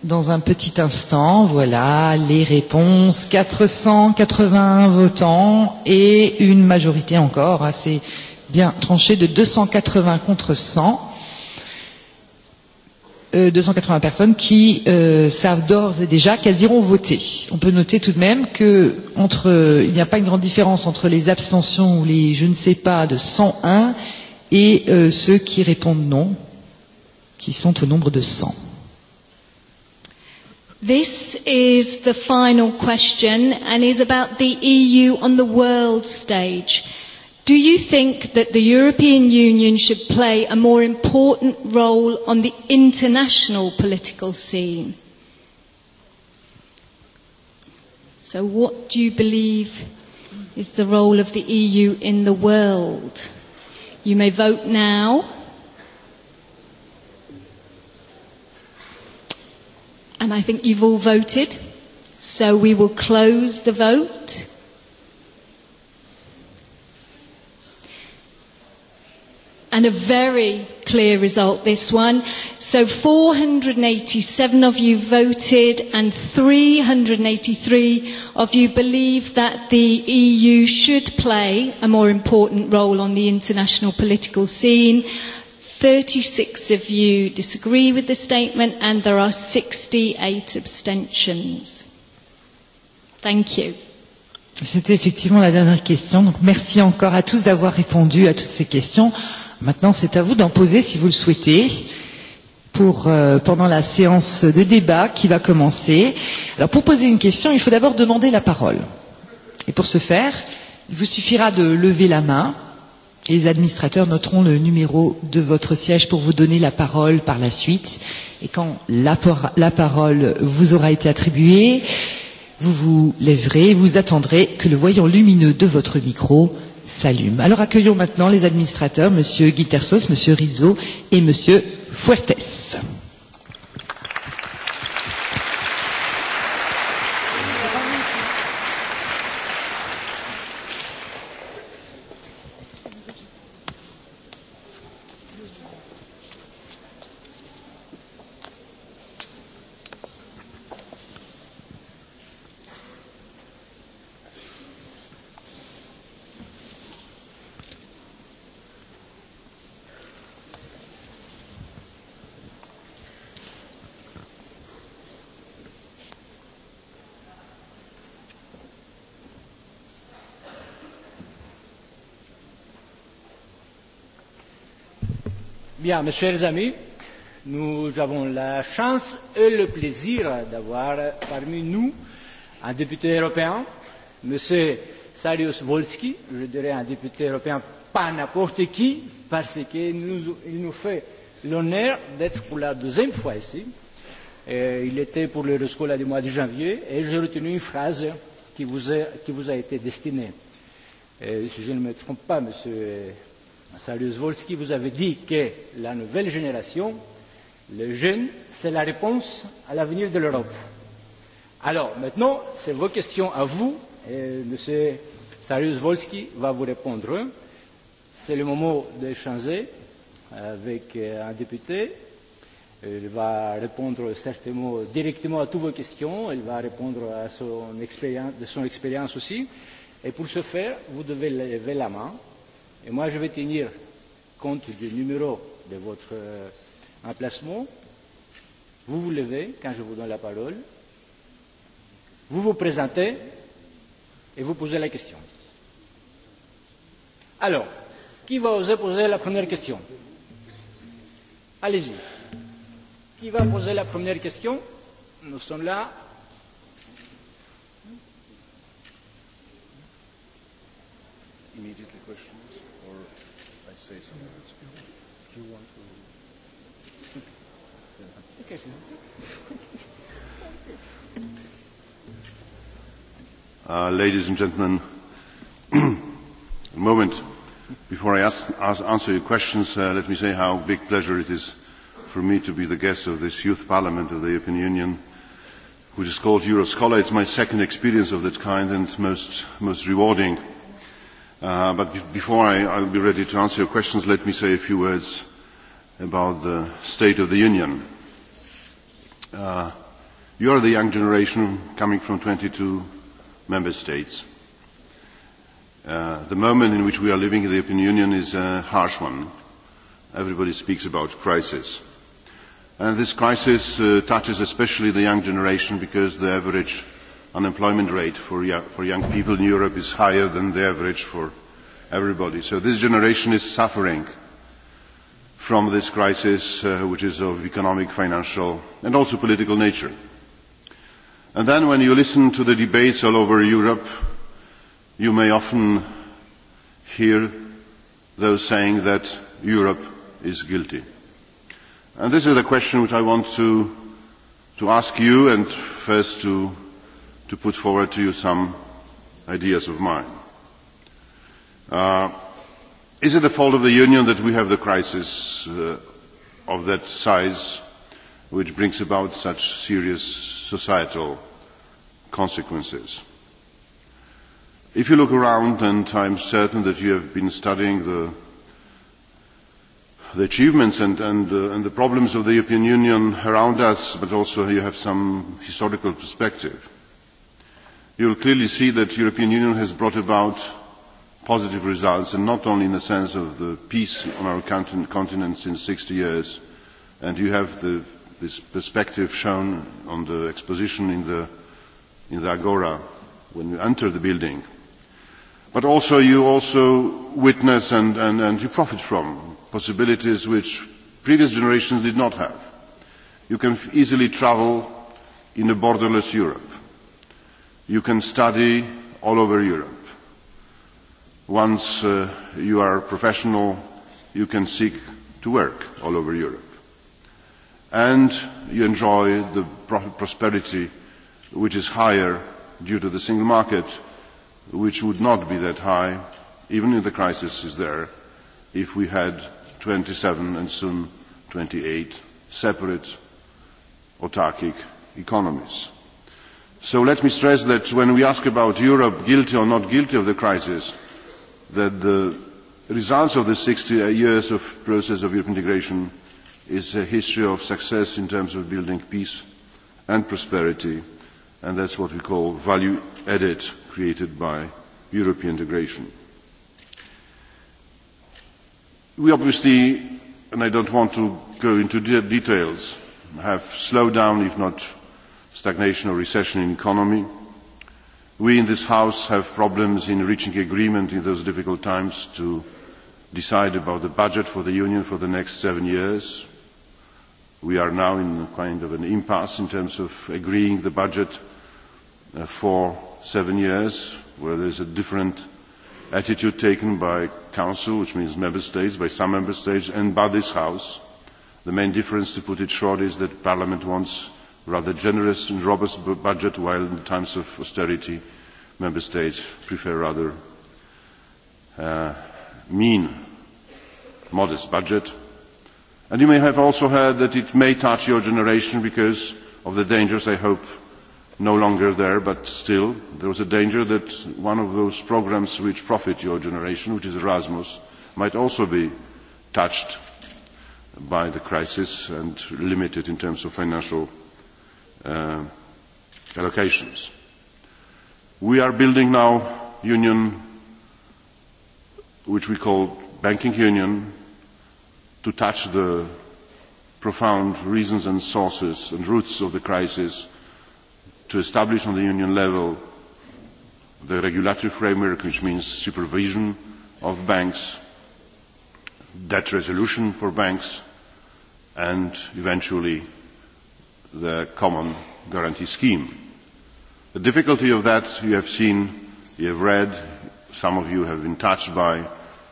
Dans un petit instant, voilà les réponses. 480 votants et une majorité encore assez bien tranchée de 280 contre 100. Euh, 280 personnes qui euh, savent d'ores et déjà qu'elles iront voter. On peut noter tout de même qu'il n'y a pas une grande différence entre les abstentions ou les je ne sais pas de 101 et euh, ceux qui répondent non, qui sont au nombre de 100.
This is the final question and is about the EU on the world stage. Do you think that the European Union should play a more important role on the international political scene? So what do you believe is the role of the EU in the world? You may vote now. And I think you've all voted. So we will close the vote. and a very clear result this one. So 487 of you voted and 383 of you believe that the EU should play a more important role on the international political scene. 36 of you disagree with the statement and there are 68 abstentions. Thank you.
C'était effectivement la dernière question. Donc merci encore à tous d'avoir répondu à toutes ces questions. Maintenant, c'est à vous d'en poser si vous le souhaitez pour, euh, pendant la séance de débat qui va commencer. Alors, pour poser une question, il faut d'abord demander la parole. Et pour ce faire, il vous suffira de lever la main. et Les administrateurs noteront le numéro de votre siège pour vous donner la parole par la suite. Et quand la, la parole vous aura été attribuée, vous vous lèverez et vous attendrez que le voyant lumineux de votre micro s'allume. Alors accueillons maintenant les administrateurs, Monsieur Guitersos, Monsieur Rizzo et Monsieur Fuertes.
Bien, mes chers amis, nous avons la chance et le plaisir d'avoir parmi nous un député européen, M. Sarius Wolski, je dirais un député européen pas n'importe qui, parce qu'il nous, nous fait l'honneur d'être pour la deuxième fois ici. Et il était pour l'Euroscola du mois de janvier et j'ai retenu une phrase qui vous, est, qui vous a été destinée. Et si je ne me trompe pas, Monsieur Saryusz-Wolski, vous avez dit que la nouvelle génération, les jeunes, c'est la réponse à l'avenir de l'Europe. Alors, maintenant, c'est vos questions à vous. Et M. Saryusz-Wolski va vous répondre. C'est le moment d'échanger avec un député. Il va répondre certainement directement à toutes vos questions. Il va répondre à son expérience, de son expérience aussi. Et pour ce faire, vous devez lever la main Et moi, je vais tenir compte du numéro de votre emplacement. Vous vous levez quand je vous donne la parole. Vous vous présentez et vous posez la question. Alors, qui va oser poser la première question Allez-y. Qui va poser la première question Nous sommes là.
Immediately question say some Do you want to? Okay. Uh, ladies and gentlemen, a moment before I ask, ask, answer your questions, uh, let me say how big pleasure it is for me to be the guest of this youth parliament of the European Union, which is called Euroscholar. It's my second experience of that kind and most, most rewarding Uh, but before I, I'll be ready to answer your questions, let me say a few words about the State of the Union. Uh, you are the young generation coming from 22 member states. Uh, the moment in which we are living in the European Union is a harsh one. Everybody speaks about crisis. And this crisis uh, touches especially the young generation because the average unemployment rate for young, for young people in Europe is higher than the average for everybody. So this generation is suffering from this crisis, uh, which is of economic, financial, and also political nature. And then when you listen to the debates all over Europe, you may often hear those saying that Europe is guilty. And this is the question which I want to, to ask you and first to to put forward to you some ideas of mine. Uh, is it the fault of the Union that we have the crisis uh, of that size which brings about such serious societal consequences? If you look around, and I'm certain that you have been studying the, the achievements and, and, uh, and the problems of the European Union around us, but also you have some historical perspective you will clearly see that the European Union has brought about positive results, and not only in the sense of the peace on our continent since sixty years, and you have the, this perspective shown on the exposition in the, in the Agora when you enter the building, but also you also witness and, and, and you profit from possibilities which previous generations did not have. You can easily travel in a borderless Europe You can study all over Europe. Once uh, you are a professional, you can seek to work all over Europe. And you enjoy the prosperity which is higher due to the single market, which would not be that high, even if the crisis is there, if we had twenty seven and soon twenty eight separate autarkic economies. So let me stress that when we ask about Europe guilty or not guilty of the crisis, that the results of the 60 years of process of European integration is a history of success in terms of building peace and prosperity, and that's what we call value added created by European integration. We obviously, and I don't want to go into details, have slowed down, if not stagnation or recession in the economy. We in this House have problems in reaching agreement in those difficult times to decide about the budget for the Union for the next seven years. We are now in kind of an impasse in terms of agreeing the budget for seven years, where there is a different attitude taken by Council, which means Member States, by some Member States, and by this House. The main difference, to put it short, is that Parliament wants rather generous and robust budget, while in times of austerity, member states prefer rather uh, mean, modest budget. And you may have also heard that it may touch your generation because of the dangers, I hope, no longer there, but still there was a danger that one of those programmes which profit your generation, which is Erasmus, might also be touched by the crisis and limited in terms of financial allocations. We are building now union, which we call banking union, to touch the profound reasons and sources and roots of the crisis, to establish on the union level the regulatory framework, which means supervision of banks, debt resolution for banks, and eventually the common guarantee scheme. The difficulty of that you have seen, you have read, some of you have been touched by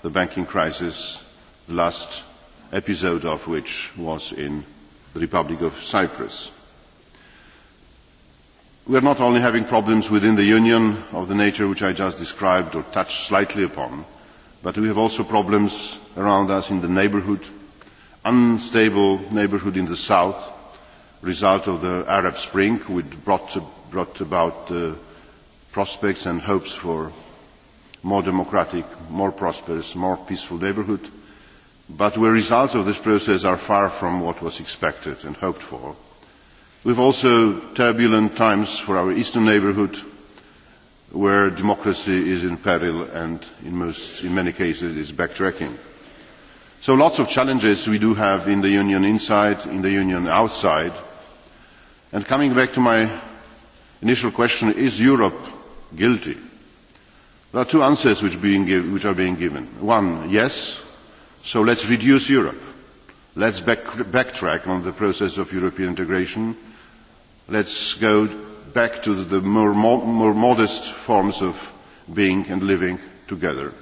the banking crisis, the last episode of which was in the Republic of Cyprus. We are not only having problems within the Union of the nature which I just described or touched slightly upon, but we have also problems around us in the neighbourhood, unstable neighbourhood in the south, result of the Arab Spring, which brought, brought about uh, prospects and hopes for more democratic, more prosperous, more peaceful neighborhood. But the results of this process are far from what was expected and hoped for. We have also turbulent times for our eastern neighbourhood, where democracy is in peril and in, most, in many cases is backtracking. So lots of challenges we do have in the Union inside, in the Union outside, and coming back to my initial question is europe guilty? there are two answers which, being give, which are being given. one, yes, so let's reduce europe. let's back, backtrack on the process of european integration. let's go back to the more, more, more modest forms of being and living together.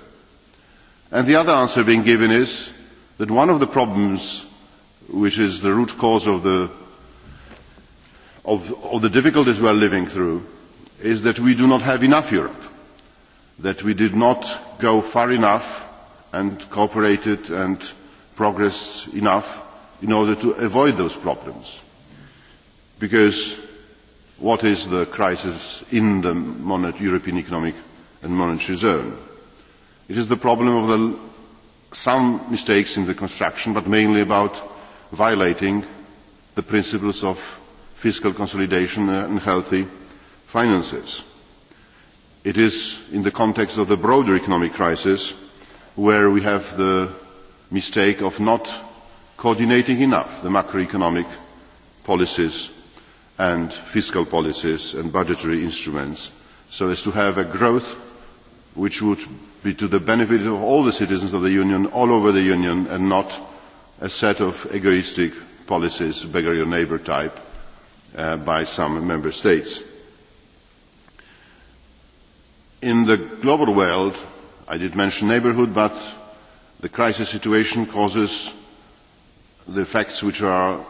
and the other answer being given is that one of the problems which is the root cause of the of, of the difficulties we are living through is that we do not have enough Europe, that we did not go far enough and cooperated and progressed enough in order to avoid those problems. Because what is the crisis in the European Economic and Monetary Zone? It is the problem of the, some mistakes in the construction, but mainly about violating the principles of fiscal consolidation and healthy finances. It is in the context of the broader economic crisis where we have the mistake of not coordinating enough the macroeconomic policies and fiscal policies and budgetary instruments so as to have a growth which would be to the benefit of all the citizens of the Union all over the Union and not a set of egoistic policies, beggar your neighbour type, by some member states. In the global world, I did mention neighbourhood, but the crisis situation causes the effects which are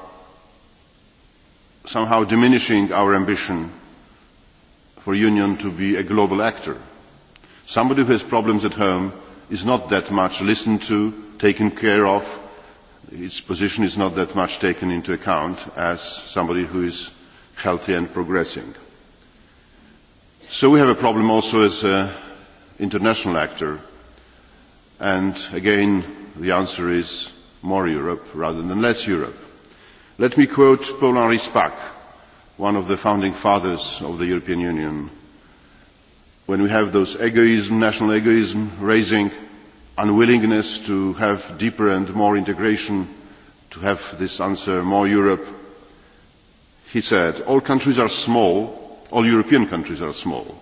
somehow diminishing our ambition for union to be a global actor. Somebody who has problems at home is not that much listened to, taken care of, its position is not that much taken into account as somebody who is healthy and progressing. So we have a problem also as an international actor. And again, the answer is more Europe rather than less Europe. Let me quote Paul Henri Spack, one of the founding fathers of the European Union. When we have those egoism, national egoism raising unwillingness to have deeper and more integration, to have this answer, more Europe. He said, all countries are small, all European countries are small.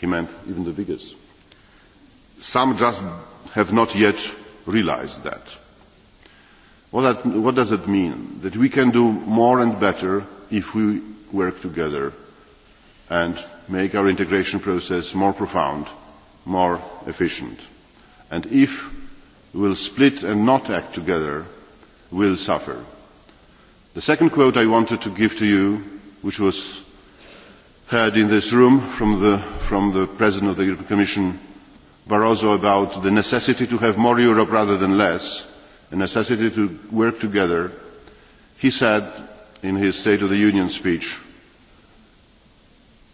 He meant even the biggest. Some just have not yet realised that. What, does it mean? That we can do more and better if we work together and make our integration process more profound, more efficient and if will split and not act together will suffer. The second quote I wanted to give to you, which was heard in this room from the, from the President of the European Commission, Barroso, about the necessity to have more Europe rather than less, the necessity to work together, he said in his State of the Union speech,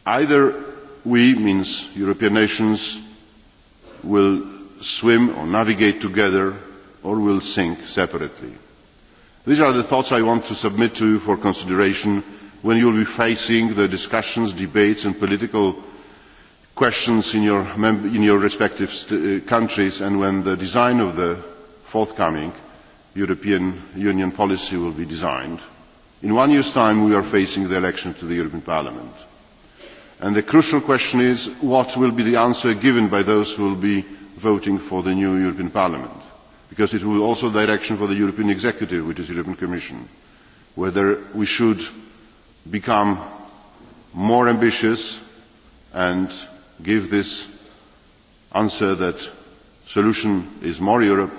either we, means European nations, will swim or navigate together or will sink separately. These are the thoughts I want to submit to you for consideration when you will be facing the discussions, debates and political questions in your, mem- in your respective st- countries and when the design of the forthcoming European Union policy will be designed. In one year's time we are facing the election to the European Parliament. And the crucial question is what will be the answer given by those who will be voting for the new European Parliament, because it will also direction for the European Executive, which is the European Commission, whether we should become more ambitious and give this answer that solution is more Europe,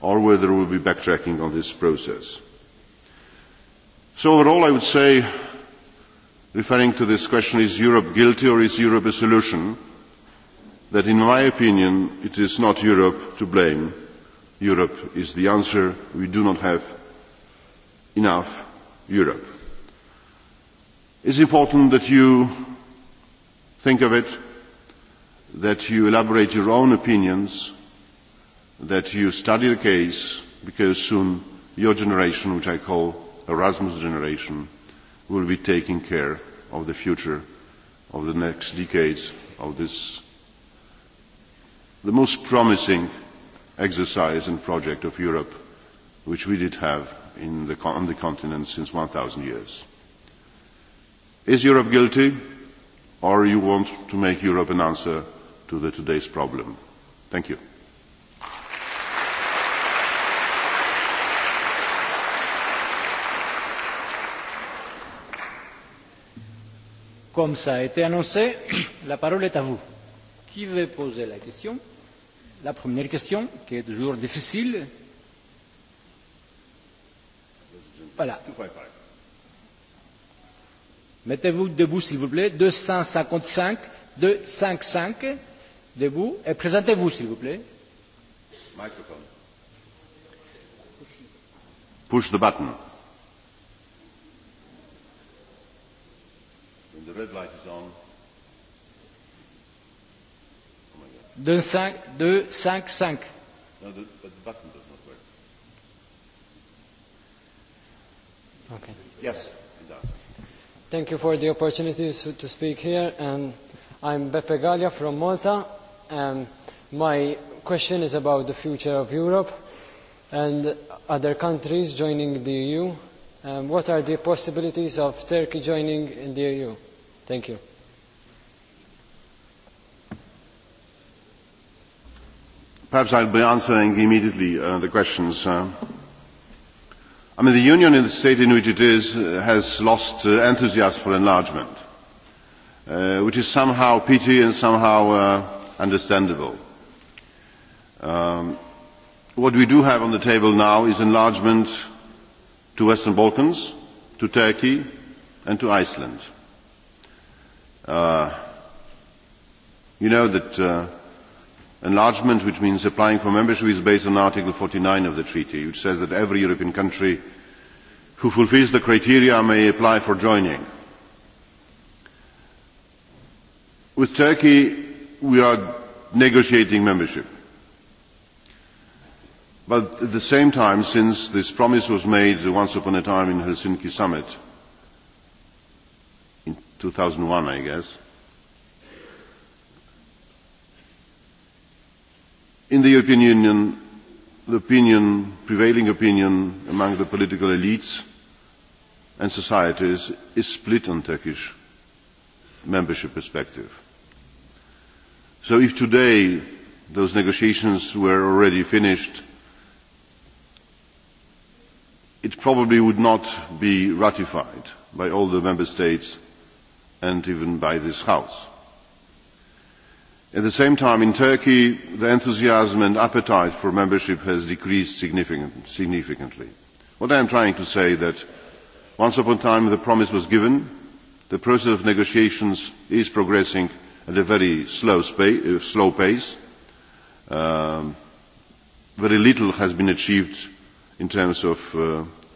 or whether we will be backtracking on this process. So overall, I would say, referring to this question, is Europe guilty or is Europe a solution? that in my opinion it is not Europe to blame. Europe is the answer. We do not have enough Europe. It is important that you think of it, that you elaborate your own opinions, that you study the case, because soon your generation, which I call Erasmus generation, will be taking care of the future of the next decades of this the most promising exercise and project of Europe which we did have in the, on the continent since 1,000 years. Is Europe guilty or you want to make Europe an answer to the today's problem? Thank you.
Comme ça a été annoncé, la parole est à vous. Qui veut poser la question La première question, qui est toujours difficile. Voilà. Mettez-vous debout, s'il vous plaît. 255, 255, debout. Et présentez-vous, s'il vous plaît.
Microphone. Push the button. When the red light is on,
No, the, but the
button does not work. Okay. Yes, it does.
Thank you for the opportunity to speak here. Um, I'm Beppe Gallia from Malta. Um, my question is about the future of Europe and other countries joining the EU. Um, what are the possibilities of Turkey joining in the EU? Thank you.
Perhaps I'll be answering immediately uh, the questions. Uh, I mean, the Union, in the state in which it is, uh, has lost uh, enthusiasm for enlargement, uh, which is somehow pity and somehow uh, understandable. Um, what we do have on the table now is enlargement to Western Balkans, to Turkey, and to Iceland. Uh, you know that. Uh, enlargement which means applying for membership is based on article forty nine of the treaty which says that every european country who fulfils the criteria may apply for joining. with turkey we are negotiating membership but at the same time since this promise was made once upon a time in the helsinki summit in two thousand and one i guess in the european union the opinion, prevailing opinion among the political elites and societies is split on turkish membership perspective. so if today those negotiations were already finished it probably would not be ratified by all the member states and even by this house At the same time, in Turkey, the enthusiasm and appetite for membership has decreased significantly. What I am trying to say is that once upon a time the promise was given, the process of negotiations is progressing at a very slow, pace. very little has been achieved in terms of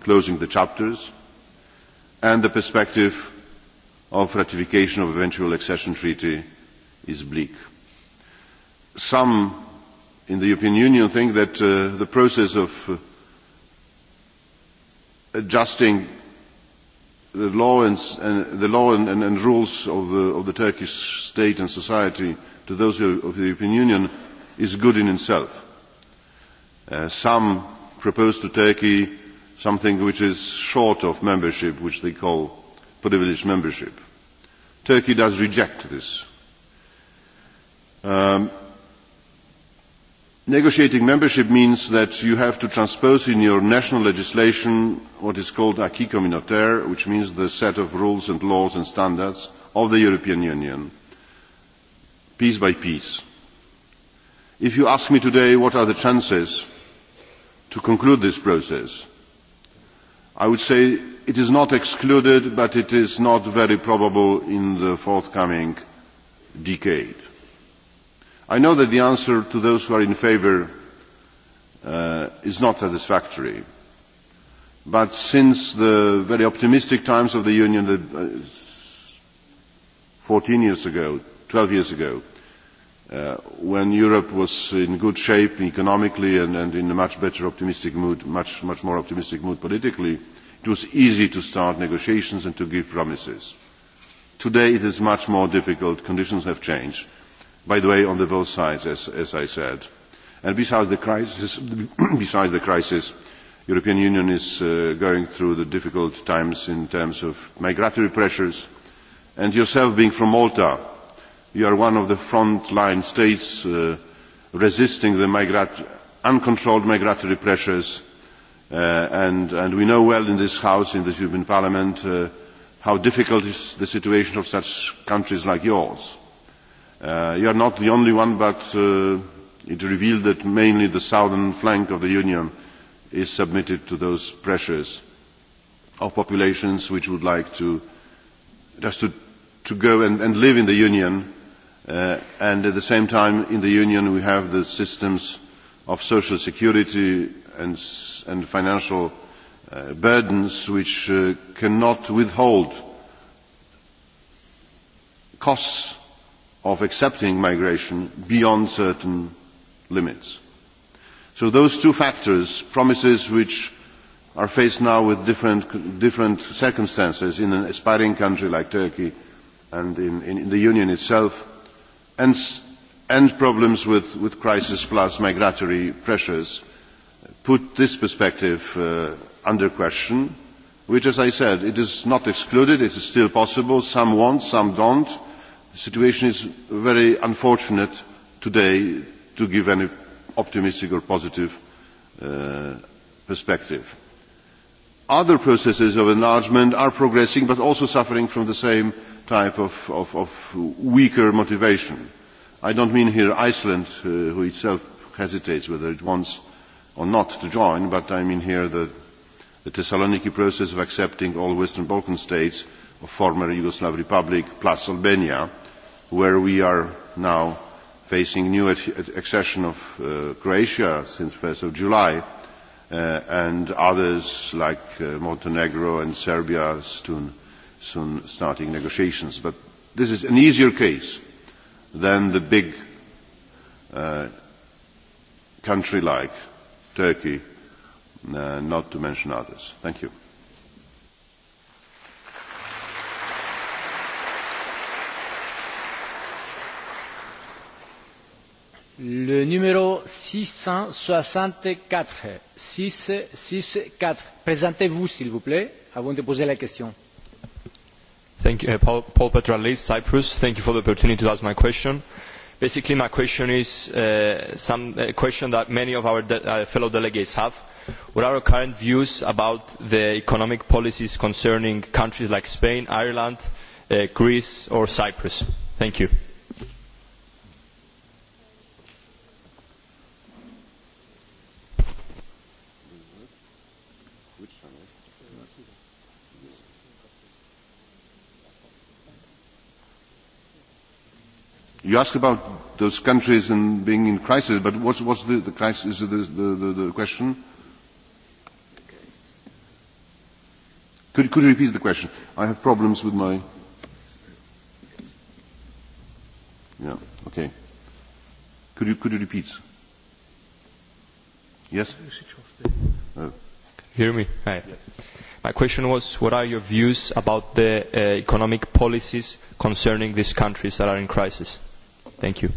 closing the chapters, and the perspective of ratification of eventual accession treaty is bleak some in the European Union think that the process of adjusting the law and, the law and, and, and rules of the, of the Turkish state and society to those of the European Union is good in itself. some propose to Turkey something which is short of membership, which they call privileged membership. Turkey does reject this. Um, Negotiating membership means that you have to transpose in your national legislation what is called acquis communautaire, which means the set of rules and laws and standards of the European Union, piece by piece. If you ask me today what are the chances to conclude this process, I would say it is not excluded, but it is not very probable in the forthcoming decade I know that the answer to those who are in favour is not satisfactory. But since the very optimistic times of the Union fourteen years ago, twelve years ago, when Europe was in good shape economically and, and in a much better optimistic mood, much, much more optimistic mood politically, it was easy to start negotiations and to give promises. Today it is much more difficult. Conditions have changed by the way, on the both sides, as, as I said. And besides the crisis, besides the crisis, European Union is uh, going through the difficult times in terms of migratory pressures. And yourself, being from Malta, you are one of the frontline states uh, resisting the migrat- uncontrolled migratory pressures. Uh, and, and we know well in this House, in this European Parliament, uh, how difficult is the situation of such countries like yours Uh, you are not the only one, but uh, it revealed that mainly the southern flank of the Union is submitted to those pressures of populations which would like to just to, to go and, and live in the Union. Uh, and at the same time, in the Union, we have the systems of social security and, and financial uh, burdens which uh, cannot withhold costs of accepting migration beyond certain limits. So those two factors, promises which are faced now with different, circumstances in an aspiring country like Turkey and in, the Union itself, and, problems with, crisis plus migratory pressures, put this perspective under question, which, as I said, it is not excluded, it is still possible, some want, some do not The situation is very unfortunate today to give any optimistic or positive perspective. Other processes of enlargement are progressing but also suffering from the same type of, weaker motivation. I don't mean here Iceland, who itself hesitates whether it wants or not to join, but I mean here the, the Thessaloniki process of accepting all Western Balkan states of former Yugoslav Republic plus Albania where we are now facing new accession of Croatia since 1st of July, and others like Montenegro and Serbia soon, soon starting negotiations. But this is an easier case than the big country like Turkey, not to mention others. Thank you.
le numéro 664. 664. Présentez-vous, s'il vous plaît, avant de poser la
question. Thank you, Paul, Paul Petralis, Cyprus. Thank you for the opportunity to ask my question. Basically, my question is uh, some uh, question that many of our de uh, fellow delegates have. What are our current views about the economic policies concerning
countries like Spain, Ireland, uh, Greece, or Cyprus? Thank you.
You asked about those countries and being in crisis, but what's, what's the, the crisis? Is the, the, the, the question? Could, could you repeat the question? I have problems with my. Yeah. Okay. Could you could you repeat? Yes. Oh. Hear me? Hi. Yes. My question was, what are your
views about the uh, economic policies concerning these countries that are in crisis? Thank you.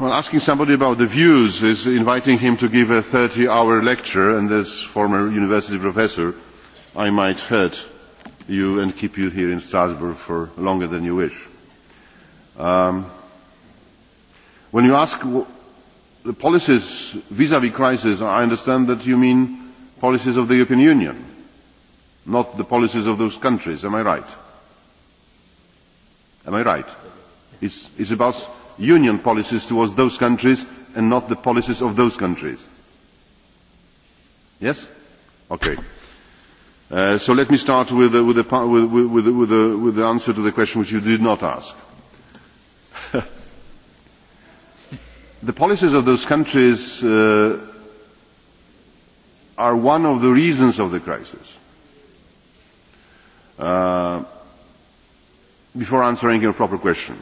Well, asking somebody about the views is inviting him to give a 30-hour lecture, and as former university professor, I might hurt you and keep you here in Strasbourg for longer than you wish. Um, when you ask the policies vis-à-vis crisis, I understand that you mean policies of the European Union, not the policies of those countries. Am I right? Am I right? It's, it's about union policies towards those countries and not the policies of those countries. Yes? Okay. Uh, so let me start with the, with, the, with, with, with, the, with the answer to the question which you did not ask. the policies of those countries uh, are one of the reasons of the crisis. Uh, before answering your proper question.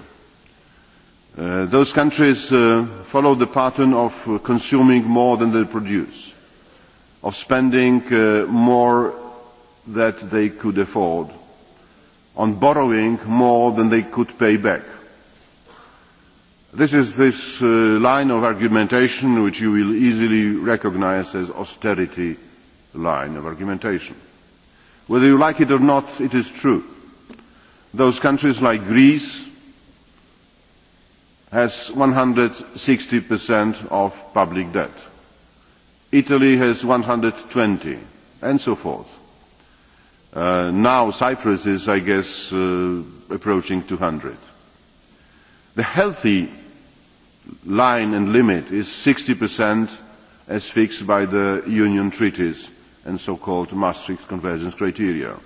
Uh, those countries uh, follow the pattern of consuming more than they produce, of spending uh, more that they could afford, on borrowing more than they could pay back. This is this uh, line of argumentation which you will easily recognize as austerity line of argumentation. Whether you like it or not, it is true Those countries like Greece has 160% of public debt. Italy has 120, and so forth. Uh, now Cyprus is, I guess, uh, approaching 200. The healthy line and limit is 60% as fixed by the Union treaties and so-called Maastricht convergence criteria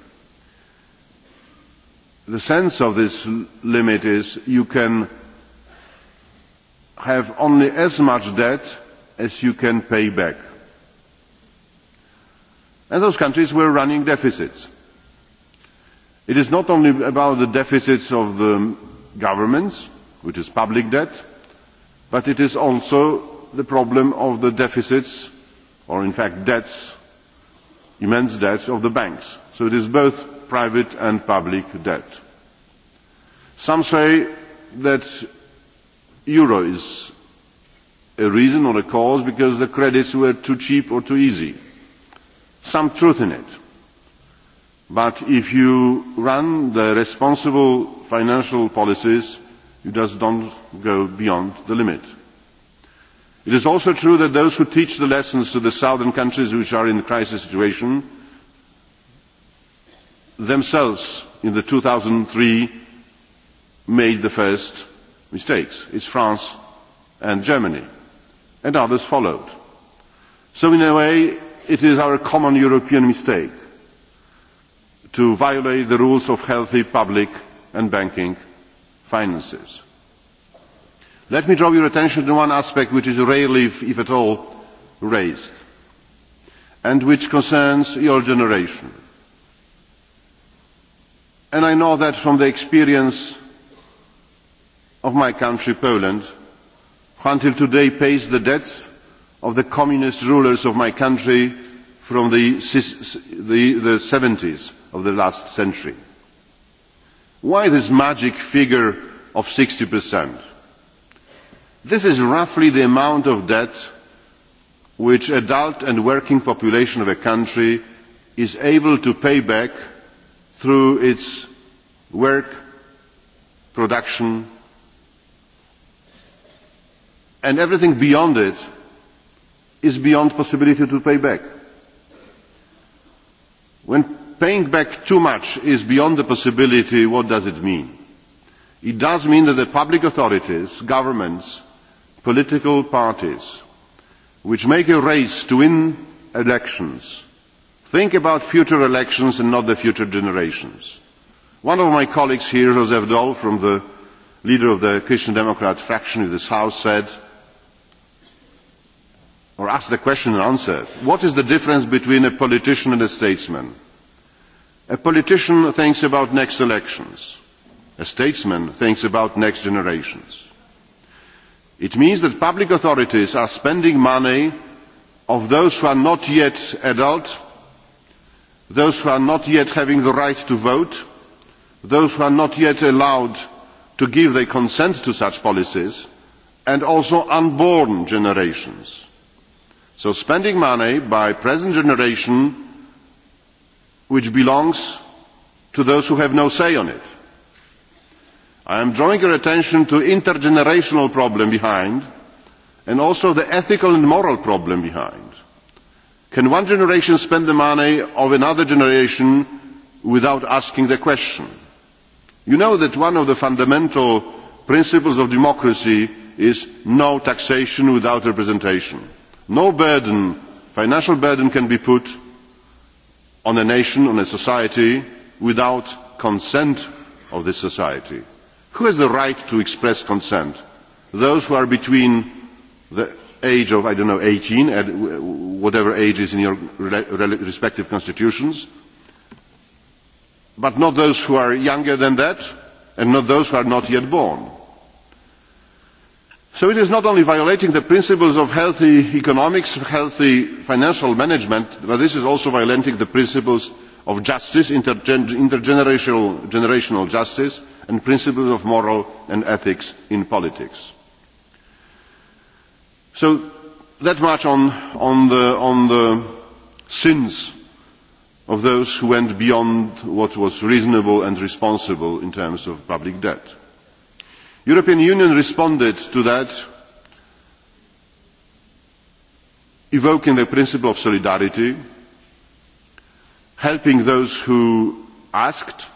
The sense of this limit is you can have only as much debt as you can pay back. And those countries were running deficits. It is not only about the deficits of the governments, which is public debt, but it is also the problem of the deficits, or in fact debts, immense debts of the banks. So it is both private and public debt. Some say that euro is a reason or a cause because the credits were too cheap or too easy. Some truth in it. But if you run the responsible financial policies, you just don't go beyond the limit. It is also true that those who teach the lessons to the southern countries which are in a crisis situation themselves in the 2003 made the first mistakes. It's France and Germany, and others followed. So in a way, it is our common European mistake to violate the rules of healthy public and banking finances. Let me draw your attention to one aspect which is rarely, if at all, raised, and which concerns your generation and i know that from the experience of my country poland who until today pays the debts of the communist rulers of my country from the seventies of the last century. why this magic figure of sixty percent? this is roughly the amount of debt which the adult and working population of a country is able to pay back through its work, production, and everything beyond it is beyond possibility to pay back. When paying back too much is beyond the possibility, what does it mean? It does mean that the public authorities, governments, political parties, which make a race to win elections think about future elections and not the future generations. one of my colleagues here joseph daul from the leader of the christian democrat faction in this house said or asked the question and answered what is the difference between a politician and a statesman? a politician thinks about next elections a statesman thinks about next generations. it means that public authorities are spending money of those who are not yet adults those who are not yet having the right to vote, those who are not yet allowed to give their consent to such policies, and also unborn generations. So spending money by the present generation which belongs to those who have no say on it. I am drawing your attention to the intergenerational problem behind and also the ethical and moral problem behind can one generation spend the money of another generation without asking the question? you know that one of the fundamental principles of democracy is no taxation without representation. no burden financial burden can be put on a nation on a society without consent of this society. who has the right to express consent? those who are between the age of, I don't know, 18, at whatever age is in your respective constitutions, but not those who are younger than that, and not those who are not yet born. So it is not only violating the principles of healthy economics, healthy financial management, but this is also violating the principles of justice, intergenerational justice, and principles of moral and ethics in politics So that much on, on, the, on the sins of those who went beyond what was reasonable and responsible in terms of public debt. The European Union responded to that evoking the principle of solidarity, helping those who asked.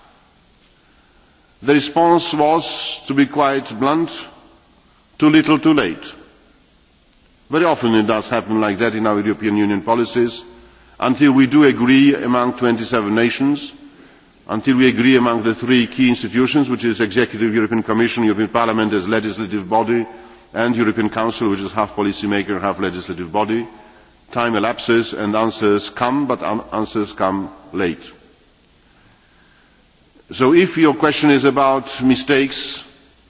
The response was, to be quite blunt, too little too late very often it does happen like that in our european union policies until we do agree among twenty seven nations until we agree among the three key institutions which are the executive european commission european parliament as legislative body and european council which is half policy maker half legislative body time elapses and answers come but answers come late. so if your question is about mistakes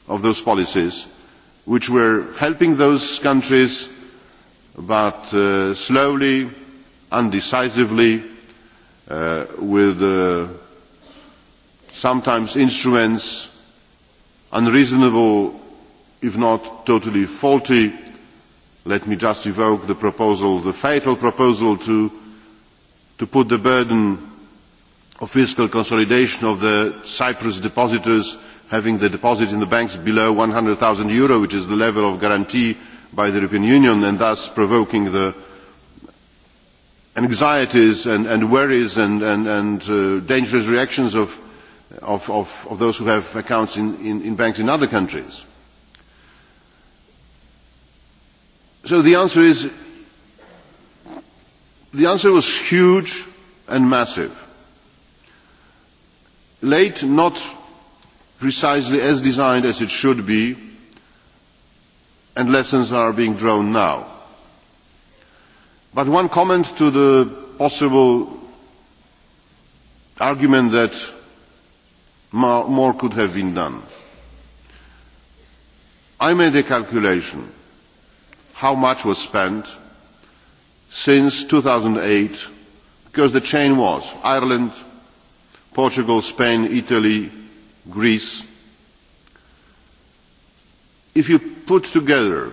of those policies which were helping those countries but slowly and decisively with sometimes instruments unreasonable if not totally faulty let me just evoke the proposal the fatal proposal to put the burden of fiscal consolidation of the cyprus depositors having the deposit in the banks below eur one hundred zero which is the level of guarantee by the European Union and thus provoking the anxieties and, and worries and, and, and uh, dangerous reactions of, of, of, of those who have accounts in, in, in banks in other countries. So the answer is the answer was huge and massive. Late, not precisely as designed as it should be, and lessons are being drawn now. But one comment to the possible argument that more could have been done. I made a calculation how much was spent since two thousand eight, because the chain was Ireland, Portugal, Spain, Italy, Greece. If you put together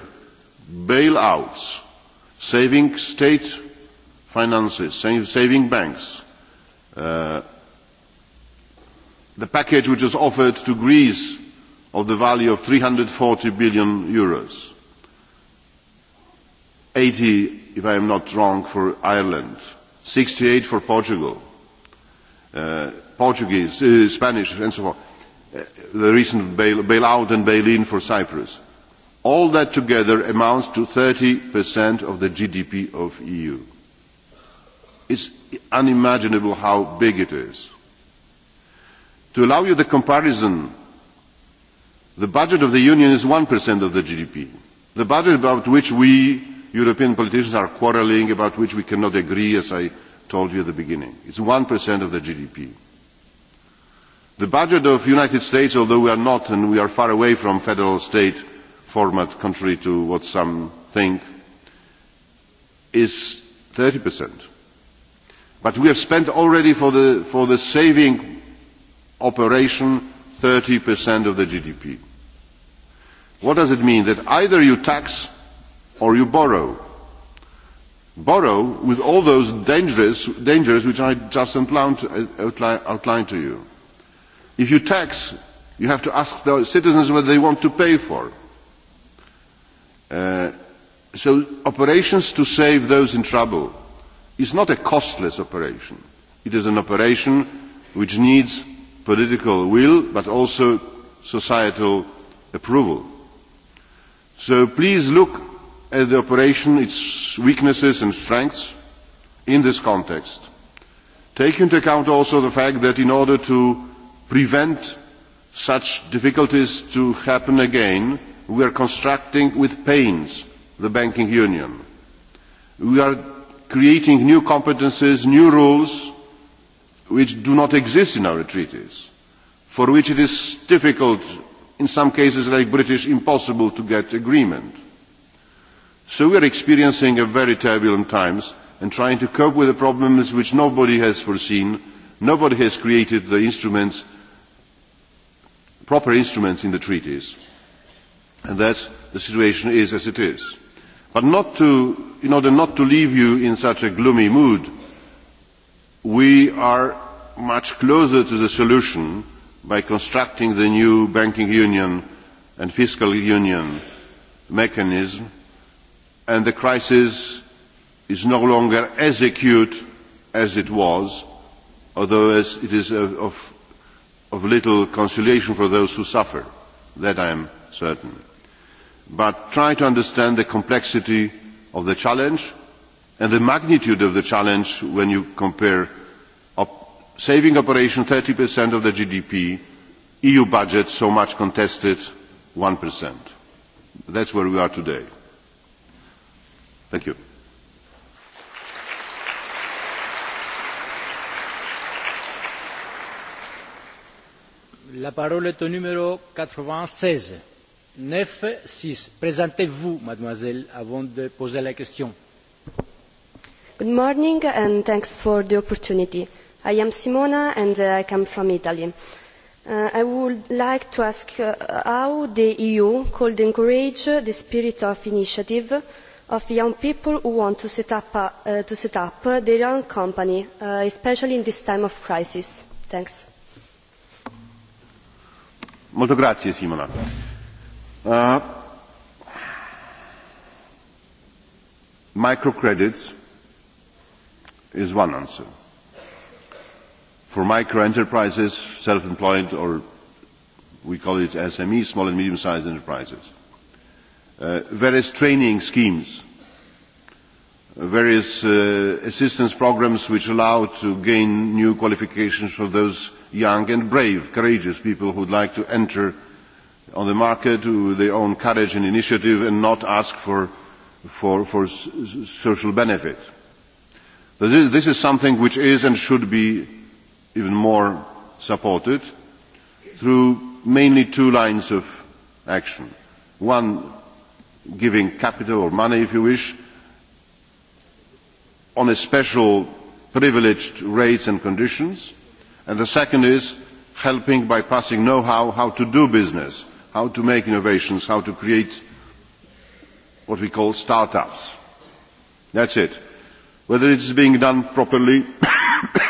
bailouts, saving state finances, saving banks, the package which was offered to Greece of the value of EUR three hundred and forty billion euros, 80, if I am not wrong, for Ireland, sixty eight for Portugal, Portuguese, Spanish, and so on, the recent bail, bailout and bail-in for Cyprus All that together amounts to 30% of the GDP of the EU. It's unimaginable how big it is. To allow you the comparison, the budget of the Union is 1% of the GDP. The budget about which we, European politicians, are quarrelling, about which we cannot agree, as I told you at the beginning. It's 1% of the GDP. The budget of the United States, although we are not and we are far away from federal state format, contrary to what some think, is 30%. But we have spent already for the, for the saving operation 30% of the GDP. What does it mean? That either you tax or you borrow. Borrow with all those dangers, dangers which I just outlined, outlined to you. If you tax, you have to ask the citizens what they want to pay for so operations to save those in trouble is not a costless operation. It is an operation which needs political will but also societal approval. So please look at the operation, its weaknesses and strengths in this context. Take into account also the fact that in order to prevent such difficulties from happening again, We are constructing with pains the banking union. We are creating new competences, new rules, which do not exist in our treaties, for which it is difficult, in some cases like British, impossible to get agreement. So we are experiencing very turbulent times and trying to cope with the problems which nobody has foreseen. Nobody has created the instruments, proper instruments in the treaties and that the situation is as it is. But not to, in order not to leave you in such a gloomy mood, we are much closer to the solution by constructing the new banking union and fiscal union mechanism, and the crisis is no longer as acute as it was, although it is of, little consolation for those who suffer. That I am certain, but try to understand the complexity of the challenge and the magnitude of the challenge when you compare op- saving operation 30% of the GDP, EU budget so much contested 1%. That's where we are today. Thank you.
La parole est au numéro 96 neuf six. Présentez-vous, mademoiselle, avant de poser la question.
Good morning and thanks for the opportunity. I am Simona and I come from Italy. I would like to ask how the EU could encourage the spirit of initiative of young people who want to set up, their own company, especially in this time of crisis. Thanks.
Molto grazie Simona microcredits is one answer. For micro enterprises, self-employed, or we call it SME, small and medium-sized enterprises. Uh, various training schemes, various uh, assistance programs which allow to gain new qualifications for those young and brave, courageous people who would like to enter on the market with their own courage and initiative and not ask for, for, for social benefit. This is, this is something which is and should be even more supported through mainly two lines of action. One, giving capital or money, if you wish, on a special privileged rates and conditions. And the second is helping by passing know-how how to do business how to make innovations, how to create what we call start-ups. That's it. Whether it is being done properly,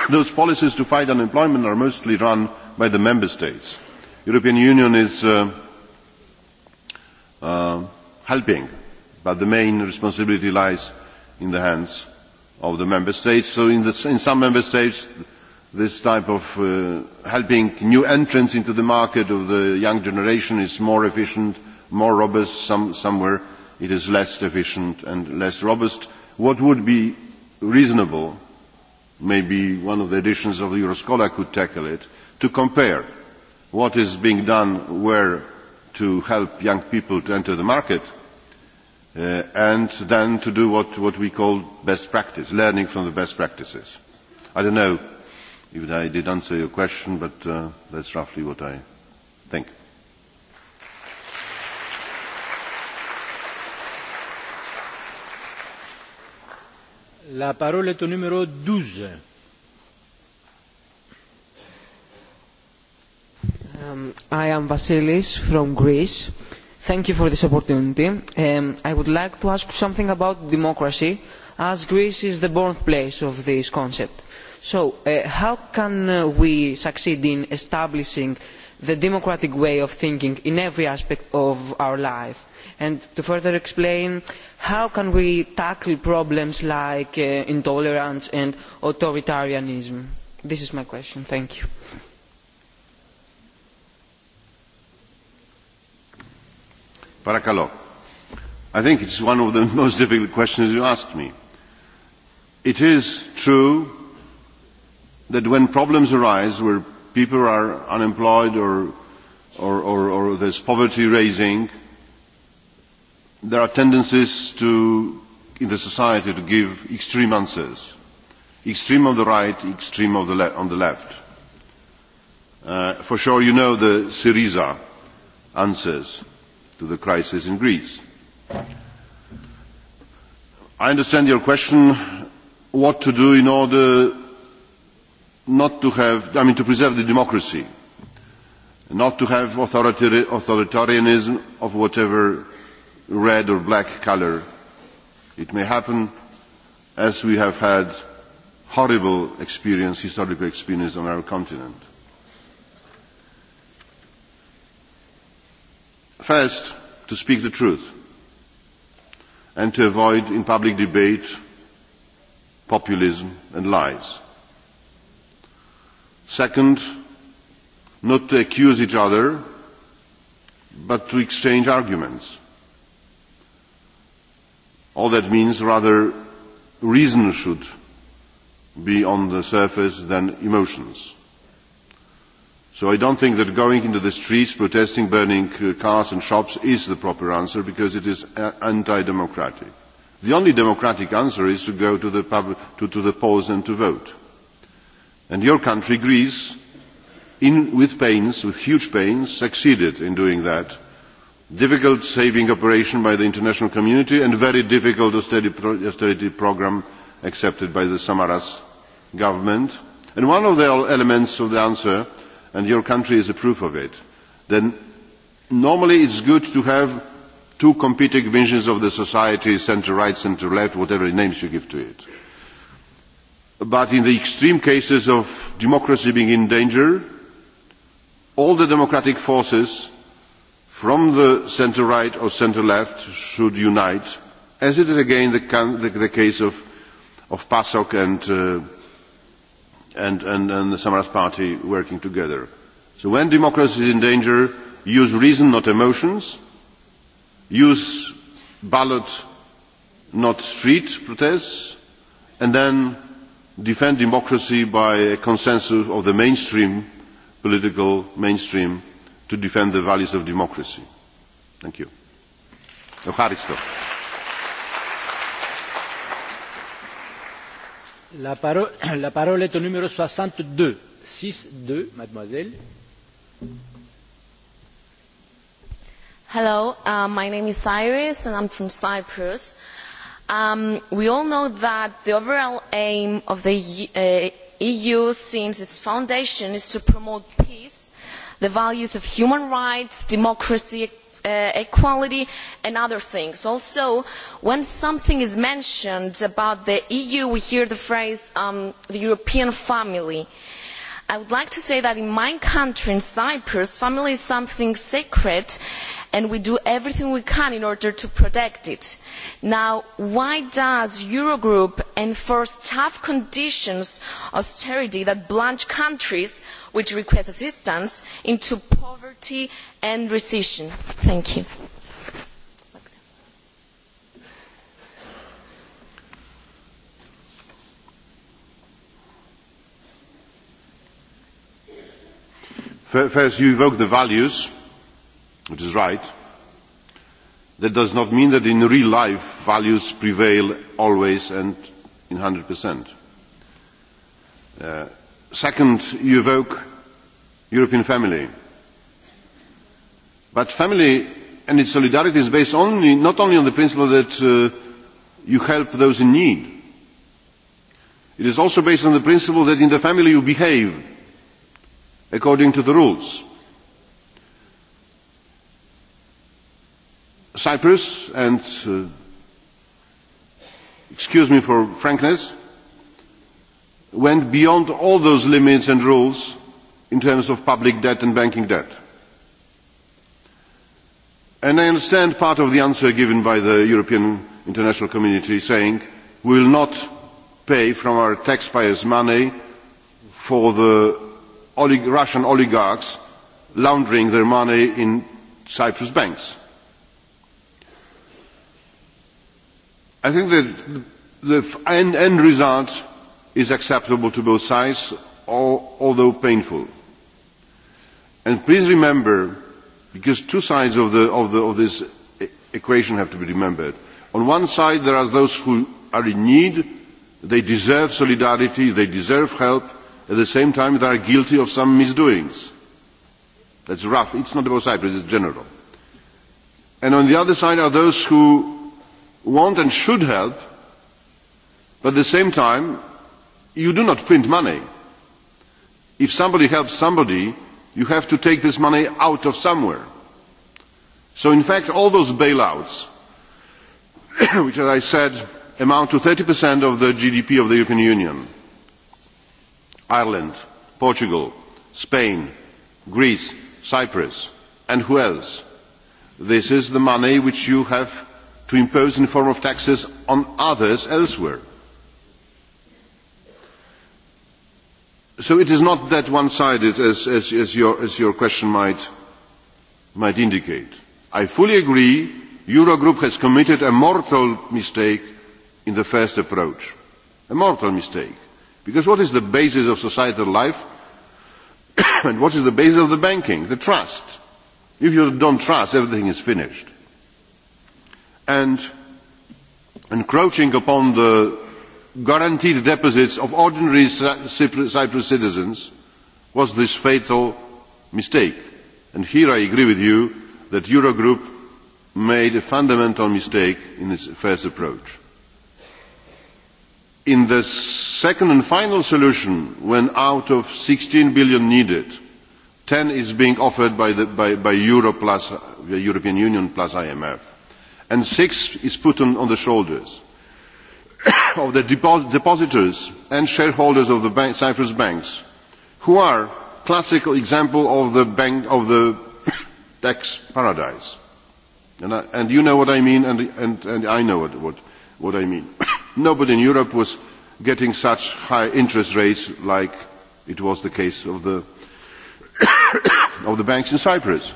those policies to fight unemployment are mostly run by the member states. The European Union is helping, but the main responsibility lies in the hands of the member states. So in, the, in some member states, this type of helping new entrants into the market of the young generation is more efficient, more robust. Some, somewhere it is less efficient and less robust. What would be reasonable, maybe one of the editions of Euroscola could tackle it, to compare what is being done where to help young people to enter the market and then to do what, what we call best practice, learning from the best practices. I don't know if I did answer your question, but uh, that's roughly what I think.
La parole est au numéro 12.
Um, I am Vasilis from Greece. Thank you for this opportunity. Um, I would like to ask something about democracy, as Greece is the birthplace of this concept So how can we succeed in establishing the democratic way of thinking in every aspect of our life? And to further explain, how can we tackle problems like intolerance and authoritarianism? This is my question. Thank you.
I think it is one of the most difficult questions you asked me. It is true that when problems arise where people are unemployed or, or, or, or there's poverty raising, there are tendencies to, in the society to give extreme answers. Extreme on the right, extreme on the, le- on the left. Uh, for sure, you know the Syriza answers to the crisis in Greece. I understand your question what to do in order not to have, I mean, to preserve the democracy, not to have authoritarianism of whatever red or black colour. It may happen as we have had horrible experience, historical experience on our continent. First, to speak the truth and to avoid in public debate populism and lies. Second, not to accuse each other, but to exchange arguments. All that means rather reason should be on the surface than emotions. So I don't think that going into the streets, protesting, burning cars and shops is the proper answer because it is anti-democratic. The only democratic answer is to go to the, public to, to the polls and to vote and your country greece with pains with huge pains succeeded in doing that difficult saving operation by the international community and a very difficult austerity programme accepted by the samaras government and one of the elements of the answer and your country is a proof of it then normally it is good to have two competing visions of the society centre right centre left whatever names you give to it but in the extreme cases of democracy being in danger, all the democratic forces from the centre right or centre left should unite, as it is again the, case of, of PASOK and, and, and, and the Samaras party working together. So when democracy is in danger, use reason, not emotions, use ballot, not street protests, and then defend democracy by a consensus of the mainstream, political mainstream, to defend the values of democracy. Thank you. Ευχαριστώ.
La parole, la parole est au numéro 62. mademoiselle.
Hello, uh, my name is and I'm from Cyprus we all know that the overall aim of the EU since its foundation is to promote peace, the values of human rights, democracy, equality and other things. Also, when something is mentioned about the EU, we hear the phrase the European family. I would like to say that in my country, in Cyprus, family is something sacred and we do everything we can in order to protect it. Now, why does Eurogroup enforce tough conditions of austerity that plunge countries which request assistance into poverty and recession?
Thank you.
First, you evoke the values which is right, that does not mean that in real life values prevail always and in 100%. Uh, second, you evoke European family. But family and its solidarity is based only, not only on the principle that uh, you help those in need. It is also based on the principle that in the family you behave according to the rules Cyprus, and excuse me for frankness, went beyond all those limits and rules in terms of public debt and banking debt. And I understand part of the answer given by the European international community saying we will not pay from our taxpayers' money for the Russian oligarchs laundering their money in Cyprus banks. I think that the end, end result is acceptable to both sides, although painful. And please remember, because two sides of, the, of, the, of this equation have to be remembered. On one side, there are those who are in need, they deserve solidarity, they deserve help, at the same time, they are guilty of some misdoings. That's rough. It's not about Cyprus, it's general. And on the other side are those who want and should help, but at the same time, you do not print money. If somebody helps somebody, you have to take this money out of somewhere. So in fact, all those bailouts, which as I said, amount to 30% of the GDP of the European Union, Ireland, Portugal, Spain, Greece, Cyprus, and who else? This is the money which you have to impose in the form of taxes on others elsewhere. So it is not that one-sided as, as, as, your, as your question might, might indicate. I fully agree Eurogroup has committed a mortal mistake in the first approach. A mortal mistake. Because what is the basis of societal life? and what is the basis of the banking? The trust. If you don't trust, everything is finished and encroaching upon the guaranteed deposits of ordinary Cyprus citizens was this fatal mistake. And here I agree with you that Eurogroup made a fundamental mistake in its first approach. In the second and final solution, when out of 16 billion needed, 10 is being offered by, the, by, by Euro plus, the European Union plus IMF and six is put on the shoulders of the depositors and shareholders of the cyprus banks who are a classical example of the tax paradise and you know what i mean and and and i know what i mean. nobody in europe was getting such high interest rates like it was the case of the banks in cyprus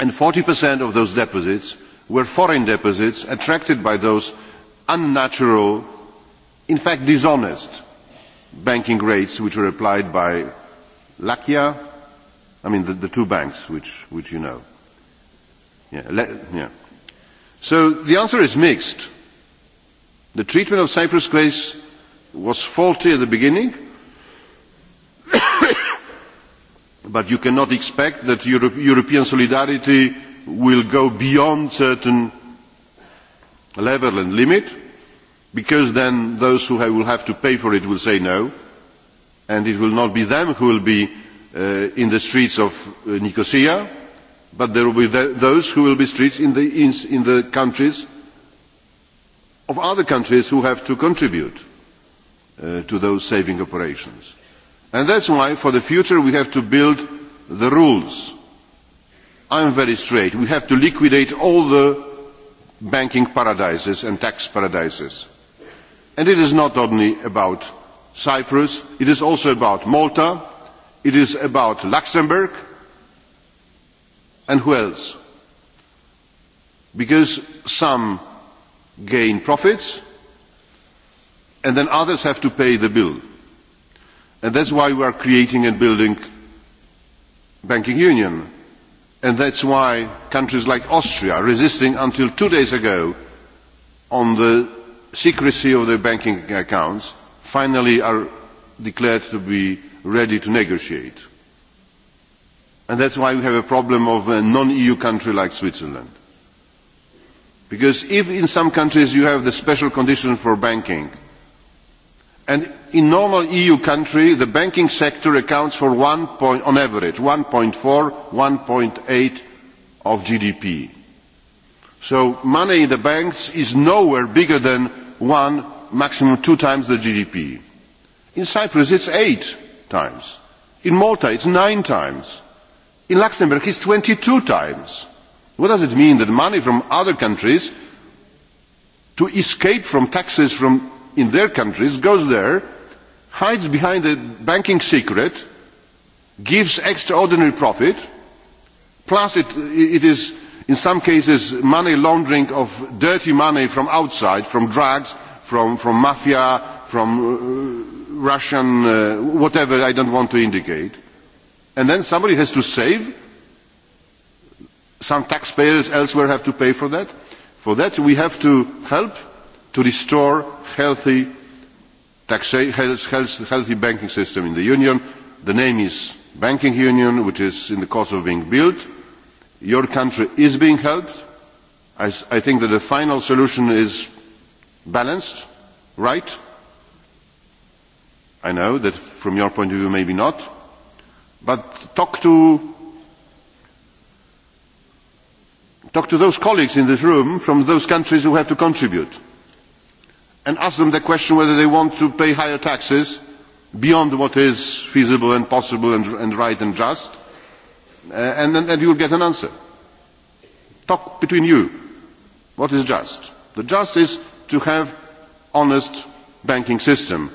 and forty of those deposits were foreign deposits attracted by those unnatural, in fact dishonest, banking rates which were applied by Lakia, I mean the, the two banks which, which you know. Yeah, le, yeah. So the answer is mixed. The treatment of Cyprus case was faulty at the beginning, but you cannot expect that European solidarity will go beyond certain level and limit because then those who will have to pay for it will say no and it will not be them who will be in the streets of nicosia but there will be those who will be streets in the countries of other countries who have to contribute to those saving operations. that is why for the future we have to build the rules i am very straight we have to liquidate all the banking paradises and tax paradises and it is not only about cyprus it is also about malta it is about luxembourg and who else because some gain profits and then others have to pay the bill and that is why we are creating and building banking union and that is why countries like austria resisting until two days ago on the secrecy of their banking accounts finally are declared to be ready to negotiate and that is why we have a problem of a non eu country like switzerland because if in some countries you have the special conditions for banking and in normal eu countries the banking sector accounts for on average. one four one eight of gdp so money in the banks is nowhere bigger than one maximum two times the gdp. in cyprus it is eight times in malta it is nine times in luxembourg it is twenty two times. what does it mean that money from other countries to escape from taxes in their countries goes there hides behind a banking secret, gives extraordinary profit, plus it, it is in some cases money laundering of dirty money from outside, from drugs, from, from mafia, from Russian, uh, whatever, I don't want to indicate. And then somebody has to save. Some taxpayers elsewhere have to pay for that. For that, we have to help to restore healthy healthy banking system in the union. the name is banking union which is in the course of being built. your country is being helped. i think that the final solution is balanced right. i know that from your point of view maybe not but talk to talk to those colleagues in this room from those countries who have to contribute and ask them the question whether they want to pay higher taxes beyond what is feasible and possible and, and right and just, and then and will get an answer. Talk between you. What is just? The just is to have honest banking system,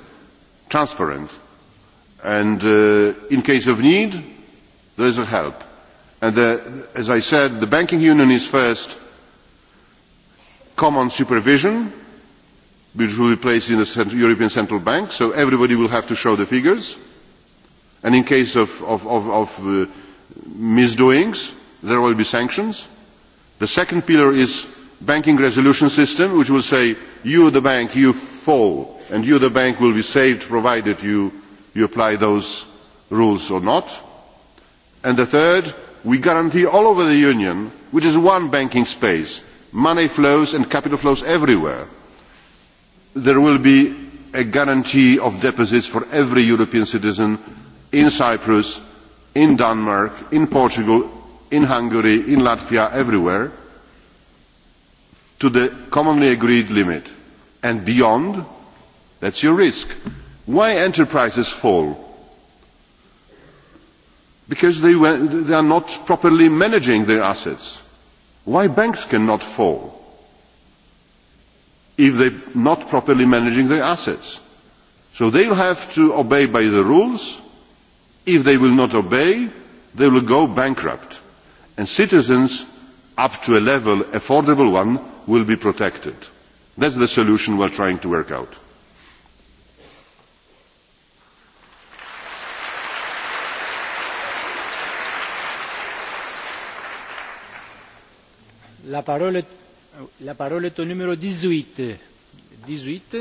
transparent, and uh, in case of need, there is a help. And the, as I said, the banking union is first common supervision, which will be placed in the European Central Bank, so everybody will have to show the figures. And in case of, of, of, of misdoings, there will be sanctions. The second pillar is banking resolution system, which will say, you, the bank, you fall, and you, the bank, will be saved provided you, you apply those rules or not. And the third, we guarantee all over the Union, which is one banking space, money flows and capital flows everywhere there will be a guarantee of deposits for every European citizen in Cyprus, in Denmark, in Portugal, in Hungary, in Latvia, everywhere, to the commonly agreed limit. And beyond, that's your risk. Why enterprises fall? Because they, they are not properly managing their assets. Why banks cannot fall? if they are not properly managing their assets. So they will have to obey by the rules. If they will not obey, they will go bankrupt. And citizens, up to a level, affordable one, will be protected. That's the solution we are trying to work out.
La parole est La parole est au numéro 18. 18.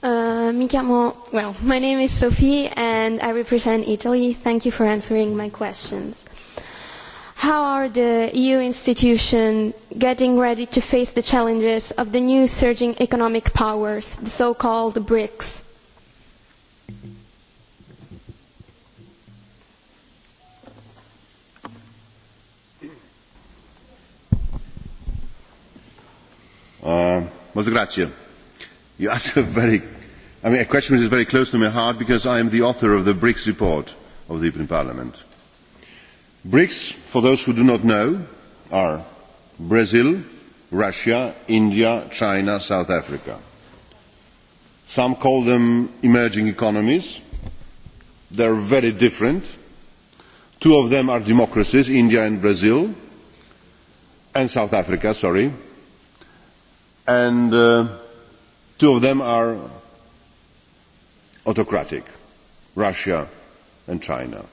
Uh, mi chiamo, well, my name is Sophie and I represent Italy. Thank you for answering my questions. How are the EU institutions getting ready to face the challenges of the new surging economic powers, the so-called BRICS?
Mr. you ask a very, I mean, a question which is very close to my heart because I am the author of the BRICS report of the European Parliament. BRICS, for those who do not know, are Brazil, Russia, India, China, South Africa. Some call them emerging economies. They are very different. Two of them are democracies, India and Brazil, and South Africa, sorry and two of them are autocratic Russia and China.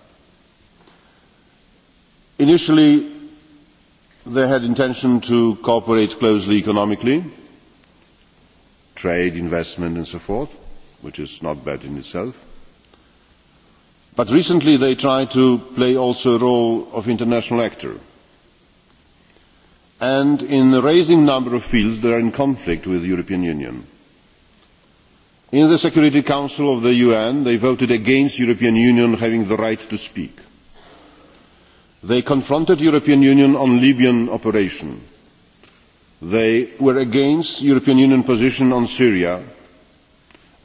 Initially, they had intention to cooperate closely economically, trade, investment, and so forth, which is not bad in itself. But recently, they tried to play also a role of international actor and in a rising number of fields that are in conflict with the European Union. In the Security Council of the UN, they voted against the European Union having the right to speak. They confronted the European Union on Libyan operation. They were against the European Union position on Syria.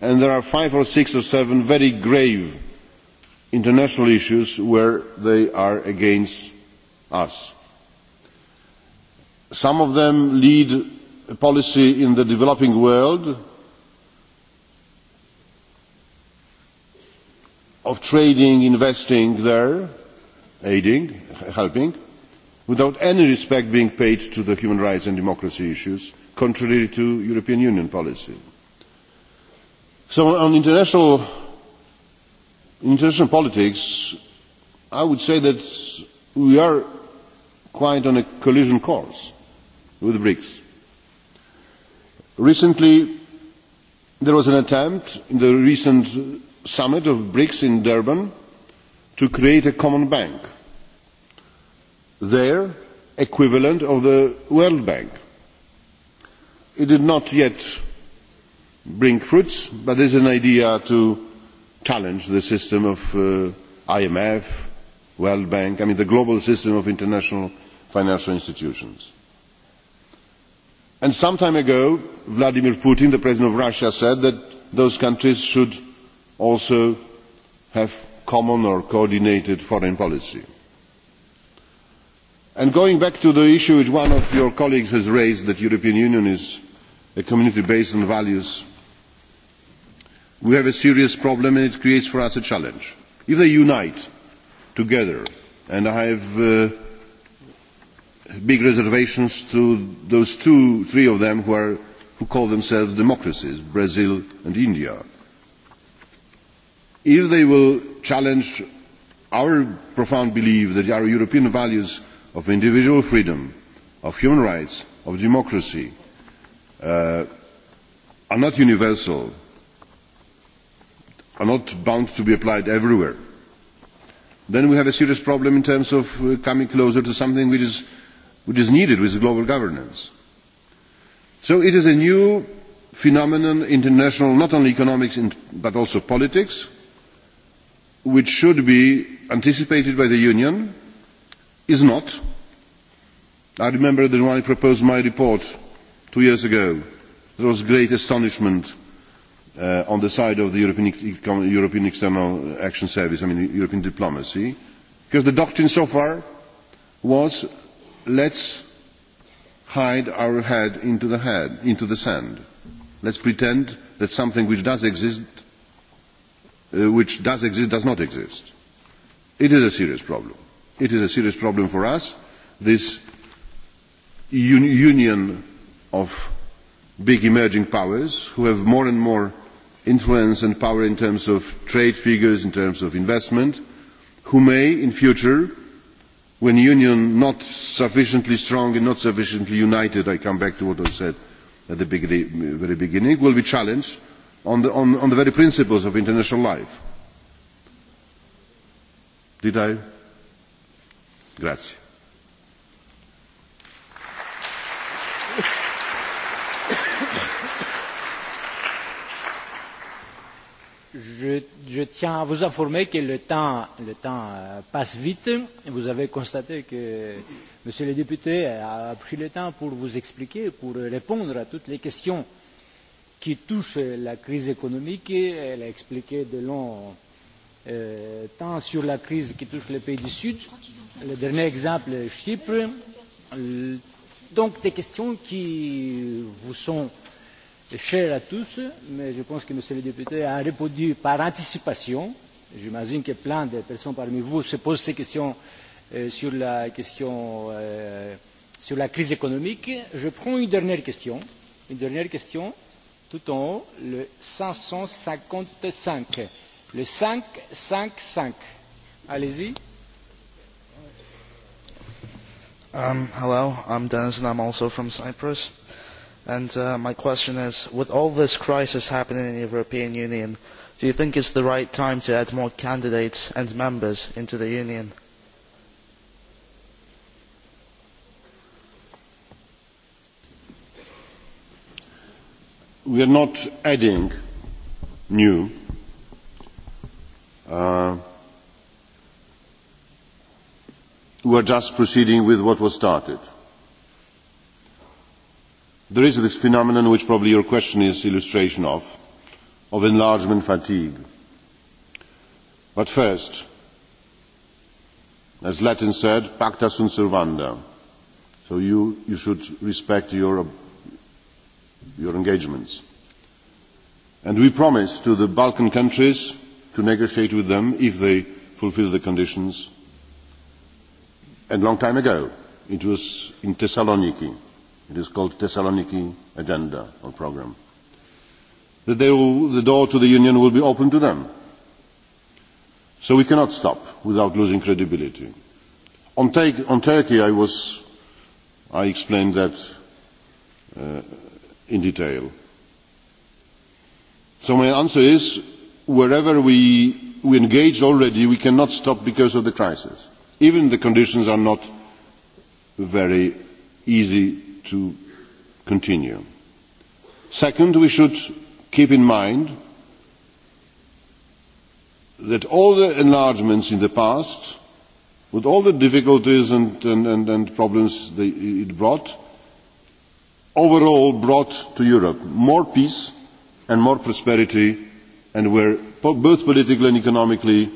And there are five or six or seven very grave international issues where they are against us some of them lead policy in the developing world of trading, investing there, aiding, helping, without any respect being paid to the human rights and democracy issues, contrary to European Union policy. So on international, international politics, I would say that we are quite on a collision course with BRICS. Recently, there was an attempt in the recent summit of BRICS in Durban to create a common bank, their equivalent of the World Bank. It did not yet bring fruits, but there is an idea to challenge the system of the IMF, World Bank, I mean the global system of international financial institutions some time ago vladimir putin the president of russia said that those countries should also have common or coordinated foreign policy. going back to the issue which one of your colleagues has raised that the european union is a community based on values we have a serious problem and it creates for us a challenge. if they unite together and i have big reservations to those two, three of them who, are, who call themselves democracies, Brazil and India. If they will challenge our profound belief that our European values of individual freedom, of human rights, of democracy uh, are not universal, are not bound to be applied everywhere, then we have a serious problem in terms of coming closer to something which is which is needed with global governance. So it is a new phenomenon, international, not only economics but also politics, which should be anticipated by the Union, is not. I remember that when I proposed my report two years ago, there was great astonishment on the side of the European, External Action Service, I mean European diplomacy, because the doctrine so far was let's hide our head into the head into the sand let's pretend that something which does exist uh, which does exist does not exist it is a serious problem it is a serious problem for us this un- union of big emerging powers who have more and more influence and power in terms of trade figures in terms of investment who may in future when the union not sufficiently strong and not sufficiently united i come back to what i said at the very beginning will be challenged on the very principles of international life.
je, tiens à vous informer que le temps, passe vite. Vous avez constaté que Monsieur le député a pris le temps pour vous expliquer, pour répondre à toutes les questions qui touchent la crise économique. Elle a expliqué de long temps sur la crise qui touche les pays du Sud. Le dernier exemple, Chypre. Donc des questions qui vous sont euh, chère à tous, mais je pense que Monsieur le député a répondu par anticipation. J'imagine que plein de personnes parmi vous se posent ces questions sur la question sur la crise économique. Je prends une dernière question, une dernière question, tout en haut, le 555, le 555. Allez-y.
Um, hello, I'm Dennis and I'm also from Cyprus And my question is, with all this crisis happening in the European Union, do you think it is the right time to add more candidates and members into the Union?
We are not adding new. Uh, we are just proceeding with what was started there is this phenomenon which probably your question is illustration of of enlargement fatigue but first as latin said pacta sunt servanda so you, you should respect your your engagements and we promise to the balkan countries to negotiate with them if they fulfil the conditions and a long time ago it was in thessaloniki It is called Thessaloniki Agenda or Program. That they will, the door to the Union will be open to them. So we cannot stop without losing credibility. On, take, on Turkey, I, was, I explained that uh, in detail. So my answer is, wherever we, we engage already, we cannot stop because of the crisis. Even the conditions are not very easy to continue. Second, we should keep in mind that all the enlargements in the past, with all the difficulties and, and, and, and problems they, it brought, overall brought to Europe more peace and more prosperity and were both politically and economically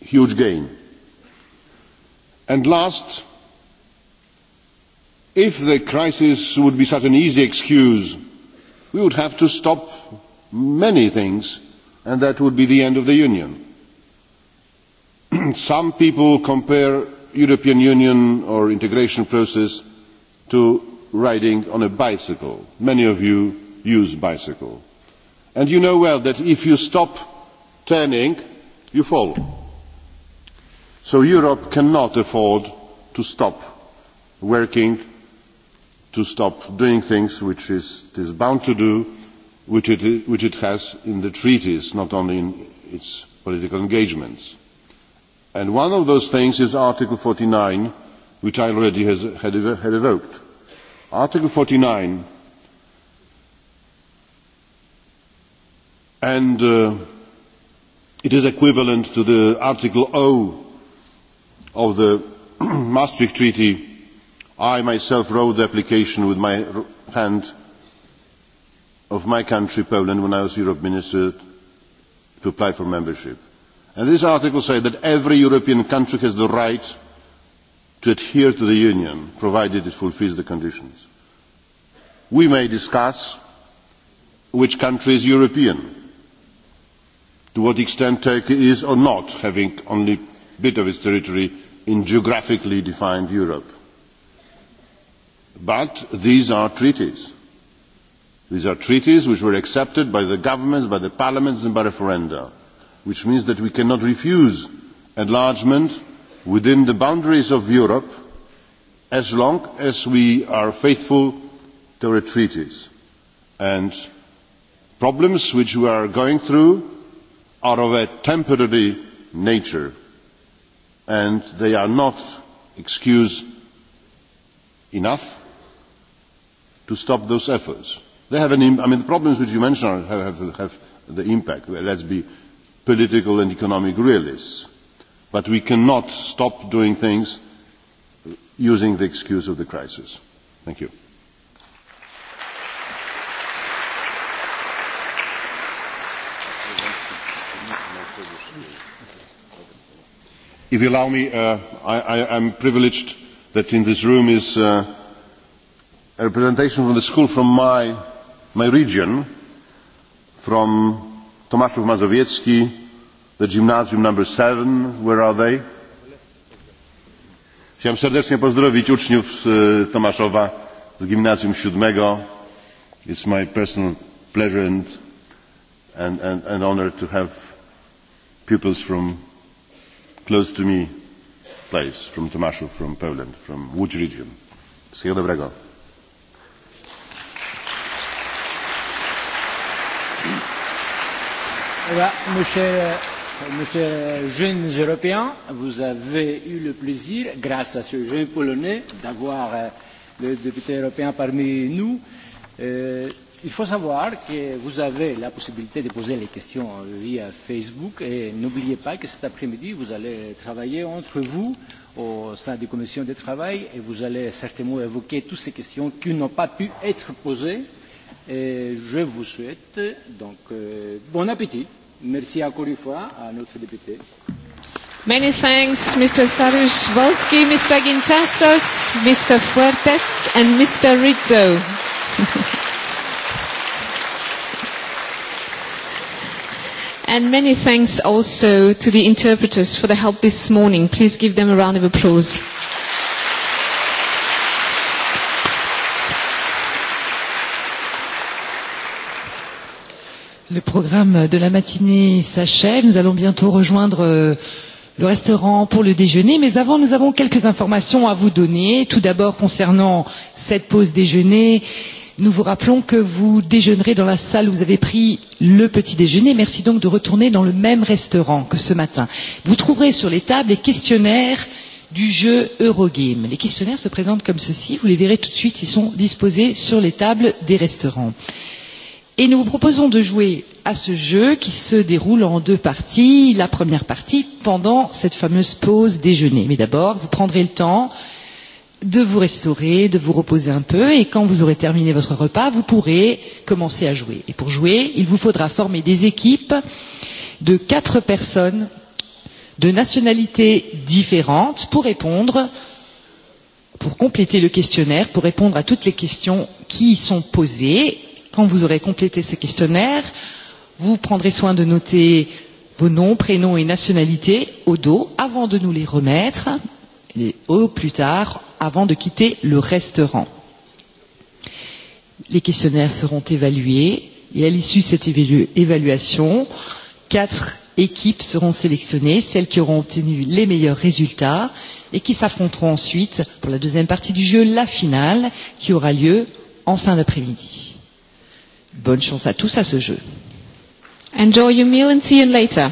huge gain. And last, If the crisis would be such an easy excuse, we would have to stop many things, and that would be the end of the Union. Some people compare European Union or integration process to riding on a bicycle. Many of you use bicycle. And you know well that if you stop turning, you fall. So Europe cannot afford to stop working to stop doing things which it is bound to do, which it, which it has in the treaties, not only in its political engagements. And one of those things is Article 49, which I already has, had, had evoked. Article 49 and uh, it is equivalent to the Article O of the Maastricht Treaty I myself wrote the application with my hand of my country, Poland, when I was Europe Minister to apply for membership. And this article says that every European country has the right to adhere to the Union, provided it fulfills the conditions. We may discuss which country is European, to what extent Turkey is or not, having only a bit of its territory in geographically defined Europe But these are treaties. These are treaties which were accepted by the governments, by the parliaments and by referenda, which means that we cannot refuse enlargement within the boundaries of Europe as long as we are faithful to our treaties. And problems which we are going through are of a temporary nature and they are not excuse enough to stop those efforts. They have an Im- I mean, the problems which you mentioned are, have, have, have the impact. Well, let's be political and economic realists. But we cannot stop doing things using the excuse of the crisis. Thank you. If you allow me, uh, I, I, I'm privileged that in this room is uh, a representation from the school from my, my region, from Tomaszów Mazowiecki, the gymnasium number 7, where are they? Chciałem serdecznie pozdrowić uczniów z Tomaszowa, z gimnazjum 7. It's my personal pleasure and, and, and, and honor to have pupils from close to me place, from Tomaszów, from Poland, from Łódź region. Wszystkiego dobrego.
Monsieur jeunes Européens, vous avez eu le plaisir, grâce à ce jeune polonais, d'avoir le député européen parmi nous. il faut savoir que vous avez la possibilité de poser les questions via Facebook et n'oubliez pas que cet après-midi, vous allez travailler entre vous au sein des commissions de travail et vous allez certainement évoquer toutes ces questions qui n'ont pas pu être posées. Et je vous souhaite donc bon appétit. Merci encore une fois à notre député.
Many thanks, Mr. Saryusz-Wolski, Mr. Gintasos, Mr. Fuertes, and Mr. Rizzo. and many thanks also to the interpreters for the help this morning. Please give them a round of
applause. Le programme de la matinée s'achève. Nous allons bientôt rejoindre le restaurant pour le déjeuner. Mais avant, nous avons quelques informations à vous donner. Tout d'abord, concernant cette pause déjeuner, nous vous rappelons que vous déjeunerez dans la salle où vous avez pris le petit déjeuner. Merci donc de retourner dans le même restaurant que ce matin. Vous trouverez sur les tables les questionnaires du jeu Eurogame. Les questionnaires se présentent comme ceci. Vous les verrez tout de suite. Ils sont disposés sur les tables des restaurants. Et nous vous proposons de jouer à ce jeu qui se déroule en deux parties. La première partie pendant cette fameuse pause déjeuner. Mais d'abord, vous prendrez le temps de vous restaurer, de vous reposer un peu, et quand vous aurez terminé votre repas, vous pourrez commencer à jouer. Et pour jouer, il vous faudra former des équipes de quatre personnes de nationalités différentes pour répondre, pour compléter le questionnaire, pour répondre à toutes les questions qui y sont posées quand vous aurez complété ce questionnaire, vous prendrez soin de noter vos noms, prénoms et nationalités au dos avant de nous les remettre et au plus tard avant de quitter le restaurant. Les questionnaires seront évalués et à l'issue de cette évaluation, quatre équipes seront sélectionnées, celles qui auront obtenu les meilleurs résultats et qui s'affronteront ensuite pour la deuxième partie du jeu, la finale, qui aura lieu en fin d'après-midi. Bonne chance à tous à ce jeu.
Enjoy your meal and see you later.